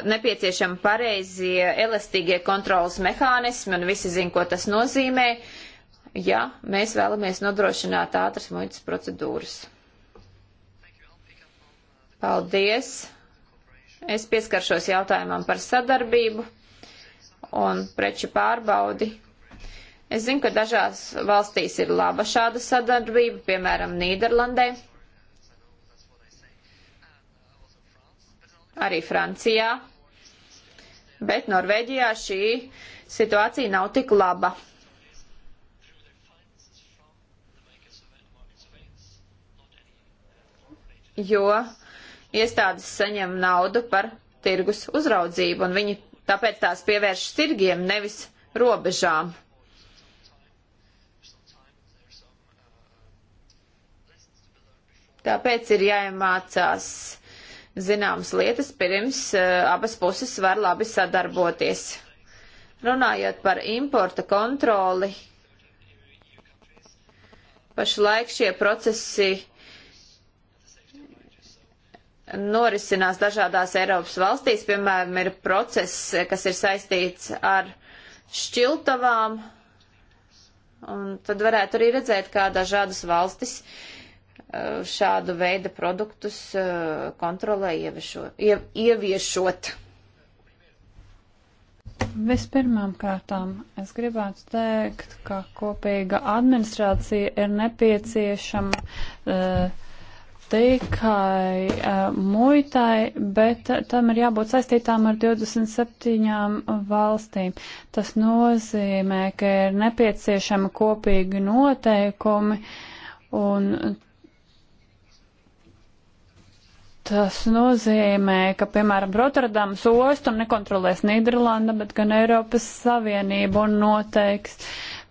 nepieciešami pareizi elastīgie kontrolas mehānismi, un visi zin, ko tas nozīmē, ja mēs vēlamies nodrošināt ātras muitas procedūras. Paldies! Es pieskaršos jautājumam par sadarbību un preču pārbaudi. Es zinu, ka dažās valstīs ir laba šāda sadarbība, piemēram, Nīderlandē. arī Francijā, bet Norvēģijā šī situācija nav tik laba. Jo iestādes saņem naudu par tirgus uzraudzību, un viņi tāpēc tās pievērš tirgiem, nevis robežām. Tāpēc ir jāiemācās zināmas lietas, pirms eh, abas puses var labi sadarboties. Runājot par importa kontroli, pašlaik šie procesi norisinās dažādās Eiropas valstīs, piemēram, ir process, eh, kas ir saistīts ar šķiltavām, un tad varētu arī redzēt, kā dažādas valstis Eh, šādu veidu produktus eh, kontrolē ieviešot. Ie, ieviešot. Vispirmām kārtām es gribētu teikt, ka kopīga administrācija ir nepieciešama uh, tikai uh, muitai, bet tam ir jābūt saistītām ar 27 valstīm. Tas nozīmē, ka ir nepieciešama kopīgi noteikumi un tas nozīmē, ka, piemēram, Rotterdams ostu nekontrolēs Nīderlanda, bet gan Eiropas Savienība un noteiks,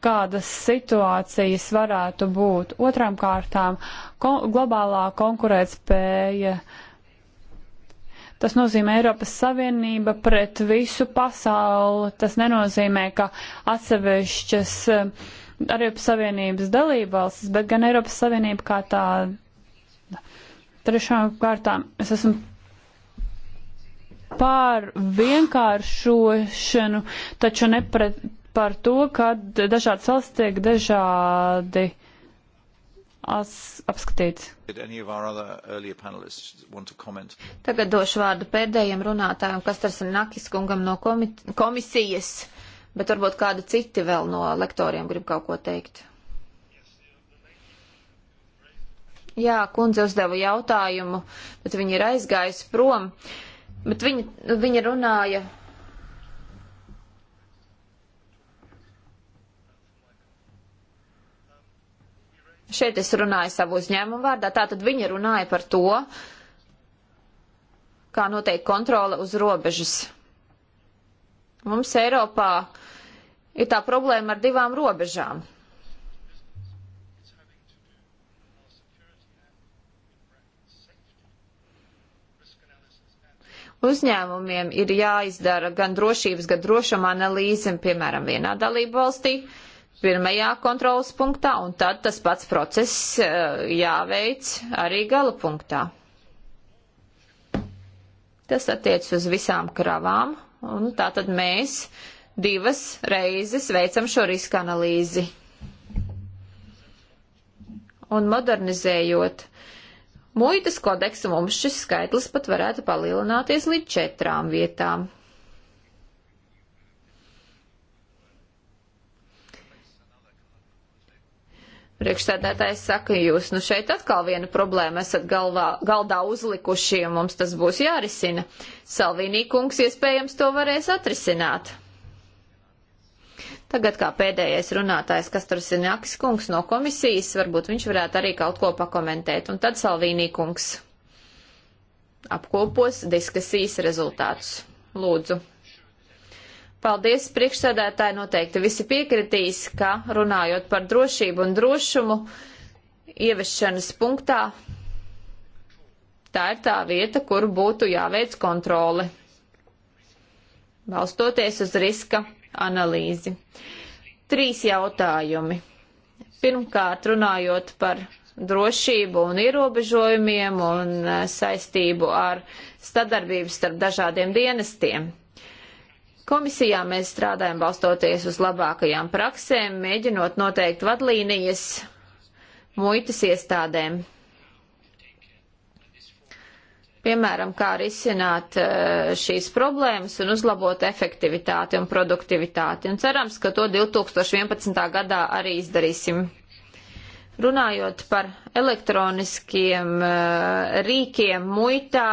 kādas situācijas varētu būt. Otrām kārtām, ko, globālā konkurētspēja. Tas nozīmē Eiropas Savienība pret visu pasauli. Tas nenozīmē, ka atsevišķas eh, Eiropas Savienības dalībvalstis, bet gan Eiropas Savienība kā tāda Trešām kārtām es esmu pār vienkāršošanu, taču ne pret, par to, ka dažādas valsts tiek dažādi apskatīts. Tagad došu vārdu pēdējiem runātājiem, kas tas ir Nakis kungam no komisijas, bet varbūt kādi citi vēl no lektoriem grib kaut ko teikt. Jā, kundze uzdeva jautājumu, bet viņa ir aizgājusi prom. Bet viņa, nu, viņa runāja. Šeit es runāju savu uzņēmumu vārdā. Tātad viņa runāja par to, kā noteikti kontrole uz robežas. Mums Eiropā ir tā problēma ar divām robežām. uzņēmumiem ir jāizdara gan drošības, gan drošuma analīze, piemēram, vienā dalību valstī, pirmajā kontrolas punktā, un tad tas pats process eh, jāveic arī gala punktā. Tas attiec uz visām kravām, un tā tad mēs divas reizes veicam šo riska analīzi. Un modernizējot uh, Muitas kodeksa mums šis skaitlis pat varētu palielināties līdz četrām vietām. Priekšsēdētājs saka, jūs nu šeit atkal vienu problēmu esat galvā, galdā uzlikuši, un mums tas būs jārisina. Salvīnī kungs iespējams to varēs atrisināt. Tagad kā pēdējais runātājs, kas tur ir Nakis kungs no komisijas, varbūt viņš varētu arī kaut ko pakomentēt. Un tad Salvīnī kungs apkopos diskusijas rezultātus. Lūdzu. Paldies, priekšsēdētāji noteikti visi piekritīs, ka runājot par drošību un drošumu, ieviešanas punktā tā ir tā vieta, kur būtu jāveic kontrole, balstoties uz riska analīzi. Trīs jautājumi. Pirmkārt, runājot par drošību un ierobežojumiem un eh, saistību ar sadarbību starp dažādiem dienestiem. Komisijā mēs strādājam balstoties uz labākajām praksēm, mēģinot noteikt vadlīnijas muitas iestādēm piemēram, kā risināt eh, šīs problēmas un uzlabot efektivitāti un produktivitāti. Un cerams, ka to 2011. gadā arī izdarīsim. Runājot par elektroniskiem eh, rīkiem muitā,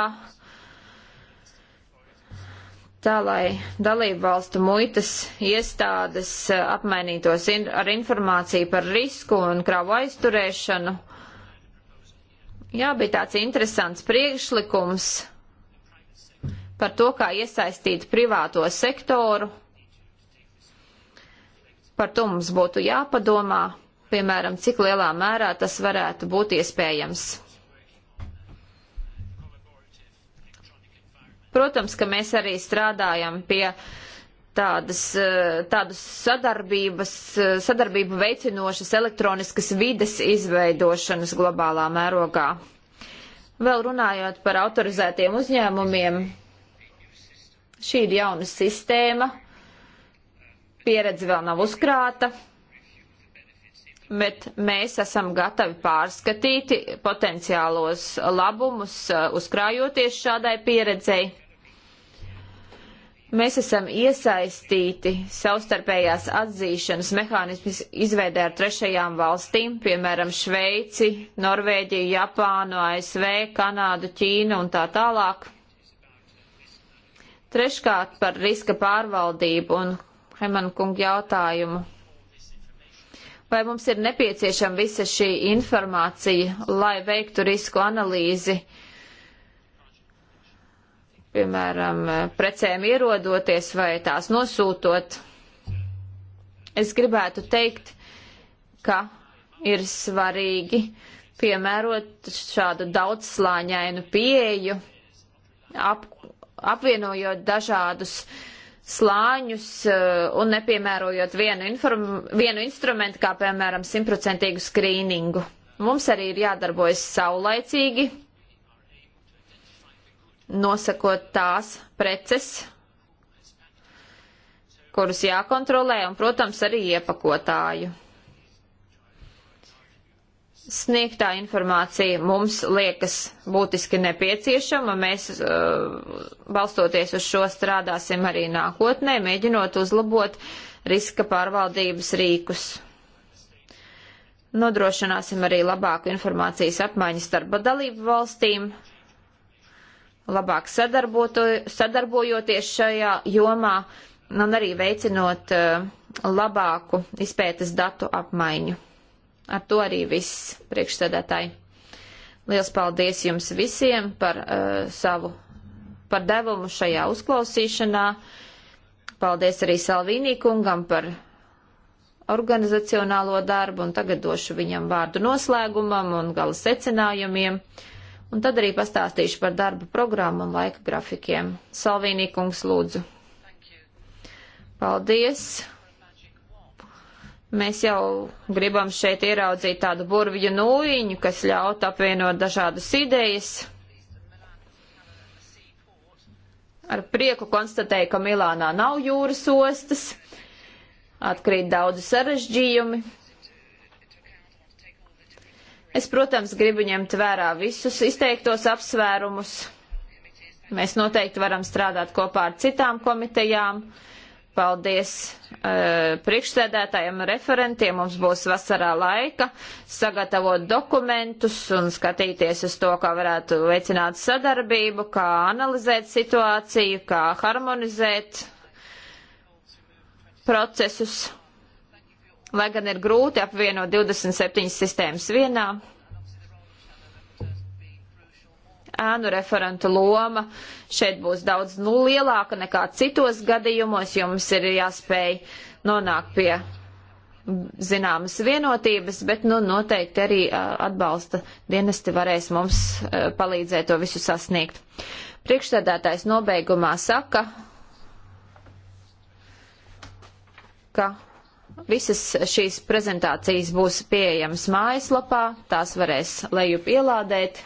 tā lai dalību valstu muitas iestādes eh, apmainītos ar informāciju par risku un kravu aizturēšanu Jā, bija tāds interesants priekšlikums par to, kā iesaistīt privāto sektoru. Par to mums būtu jāpadomā, piemēram, cik lielā mērā tas varētu būt iespējams. Protams, ka mēs arī strādājam pie uh, tādas, eh, tādas sadarbības, eh, sadarbību veicinošas elektroniskas vides izveidošanas globālā mērogā. Vēl runājot par autorizētiem uzņēmumiem, šī ir jauna sistēma, pieredze vēl nav uzkrāta, bet mēs esam gatavi pārskatīt potenciālos labumus, eh, uzkrājoties šādai pieredzei Mēs esam iesaistīti savstarpējās atzīšanas mehānismas izveidē ar trešajām valstīm, piemēram, Šveici, Norvēģiju, Japānu, ASV, Kanādu, Ķīnu un tā tālāk. Treškārt par riska pārvaldību un Hemanu kungu jautājumu. Vai mums ir nepieciešama visa šī informācija, lai veiktu risku analīzi? Uh, piemēram, precēm ierodoties vai tās nosūtot. Es gribētu teikt, ka ir svarīgi piemērot šādu daudzslāņainu pieeju, ap, apvienojot dažādus slāņus eh, un nepiemērojot vienu, inform, vienu instrumentu, kā piemēram simtprocentīgu skrīningu. Mums arī ir jādarbojas saulaicīgi, nosakot tās preces, kurus jākontrolē, un, protams, arī iepakotāju. Sniegtā informācija mums liekas būtiski nepieciešama. Mēs, uh, balstoties uz šo, strādāsim arī nākotnē, mēģinot uzlabot riska pārvaldības rīkus. Nodrošināsim arī labāku informācijas apmaiņu starp dalību valstīm, labāk sadarbojoties šajā jomā un arī veicinot eh, labāku izpētes datu apmaiņu. Ar to arī viss priekšsēdētāji. Liels paldies jums visiem par uh, savu par devumu šajā uzklausīšanā. Paldies arī Salvīnī kungam par organizacionālo darbu un tagad došu viņam vārdu noslēgumam un gala secinājumiem. Uh, un tad arī pastāstīšu par darba programmu un laika grafikiem. Salvīnī kungs lūdzu. Paldies! Mēs jau gribam šeit ieraudzīt tādu burvju nūjiņu, kas ļaut apvienot dažādas idejas. Ar prieku konstatēju, ka Milānā nav jūras ostas, atkrīt daudzi sarežģījumi, Es, protams, gribu ņemt vērā visus izteiktos apsvērumus. Mēs noteikti varam strādāt kopā ar citām komitejām. Paldies uh, priekšsēdētājiem referentiem. Mums būs vasarā laika sagatavot dokumentus un skatīties uz to, kā varētu veicināt sadarbību, kā analizēt situāciju, kā harmonizēt procesus Lai gan ir grūti apvienot 27 sistēmas vienā, ēnu referentu loma šeit būs daudz nu, lielāka nekā citos gadījumos, jo mums ir jāspēj nonākt pie zināmas vienotības, bet nu, noteikti arī atbalsta dienesti varēs mums palīdzēt to visu sasniegt. Priekšsēdētājs nobeigumā saka, ka Visas šīs prezentācijas būs pieejamas mājaslapā, tās varēs lejup ielādēt.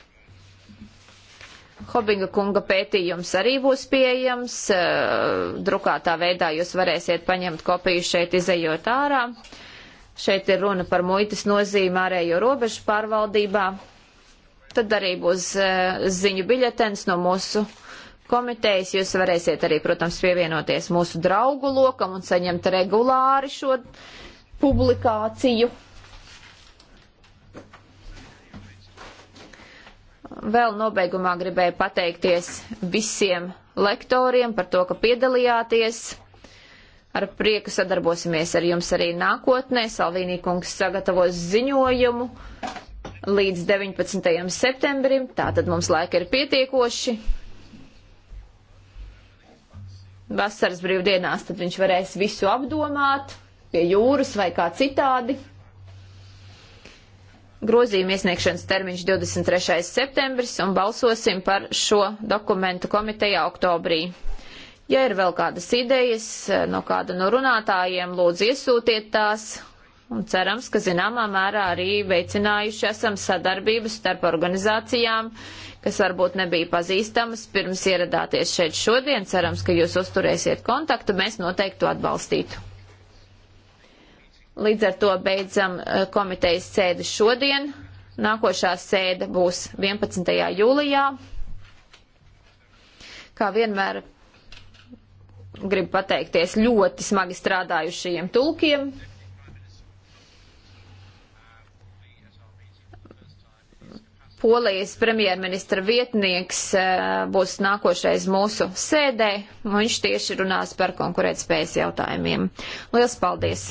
Hobinga kunga pētījums arī būs pieejams, eh, drukātā veidā jūs varēsiet paņemt kopiju šeit izējot ārā. Šeit ir runa par muitas nozīmi ārējo robežu pārvaldībā. Tad arī būs eh, ziņu biļetens no mūsu komitejas. Jūs varēsiet arī, protams, pievienoties mūsu draugu lokam un saņemt regulāri šo publikāciju. Vēl nobeigumā gribēju pateikties visiem lektoriem par to, ka piedalījāties. Ar prieku sadarbosimies ar jums arī nākotnē. Salvīnī kungs sagatavos ziņojumu līdz 19. septembrim, tātad mums laika ir pietiekoši vasaras brīvdienās, tad viņš varēs visu apdomāt pie jūras vai kā citādi. Grozījuma iesniegšanas termiņš 23. septembris un balsosim par šo dokumentu komiteja oktobrī. Ja ir vēl kādas idejas no kāda no runātājiem, lūdzu iesūtiet tās. Un cerams, ka zināmā mērā arī veicinājuši esam sadarbības starp organizācijām, kas varbūt nebija pazīstamas pirms ieradāties šeit šodien. Cerams, ka jūs uzturēsiet kontaktu, mēs noteikti to atbalstītu. Līdz ar to beidzam eh, komitejas sēdi šodien. Nākošā sēde būs 11. jūlijā. Kā vienmēr gribu pateikties ļoti smagi strādājušajiem tulkiem. Polijas premjerministra vietnieks eh, būs nākošais mūsu sēdē, un viņš tieši runās par konkurētspējas jautājumiem. Lielas paldies!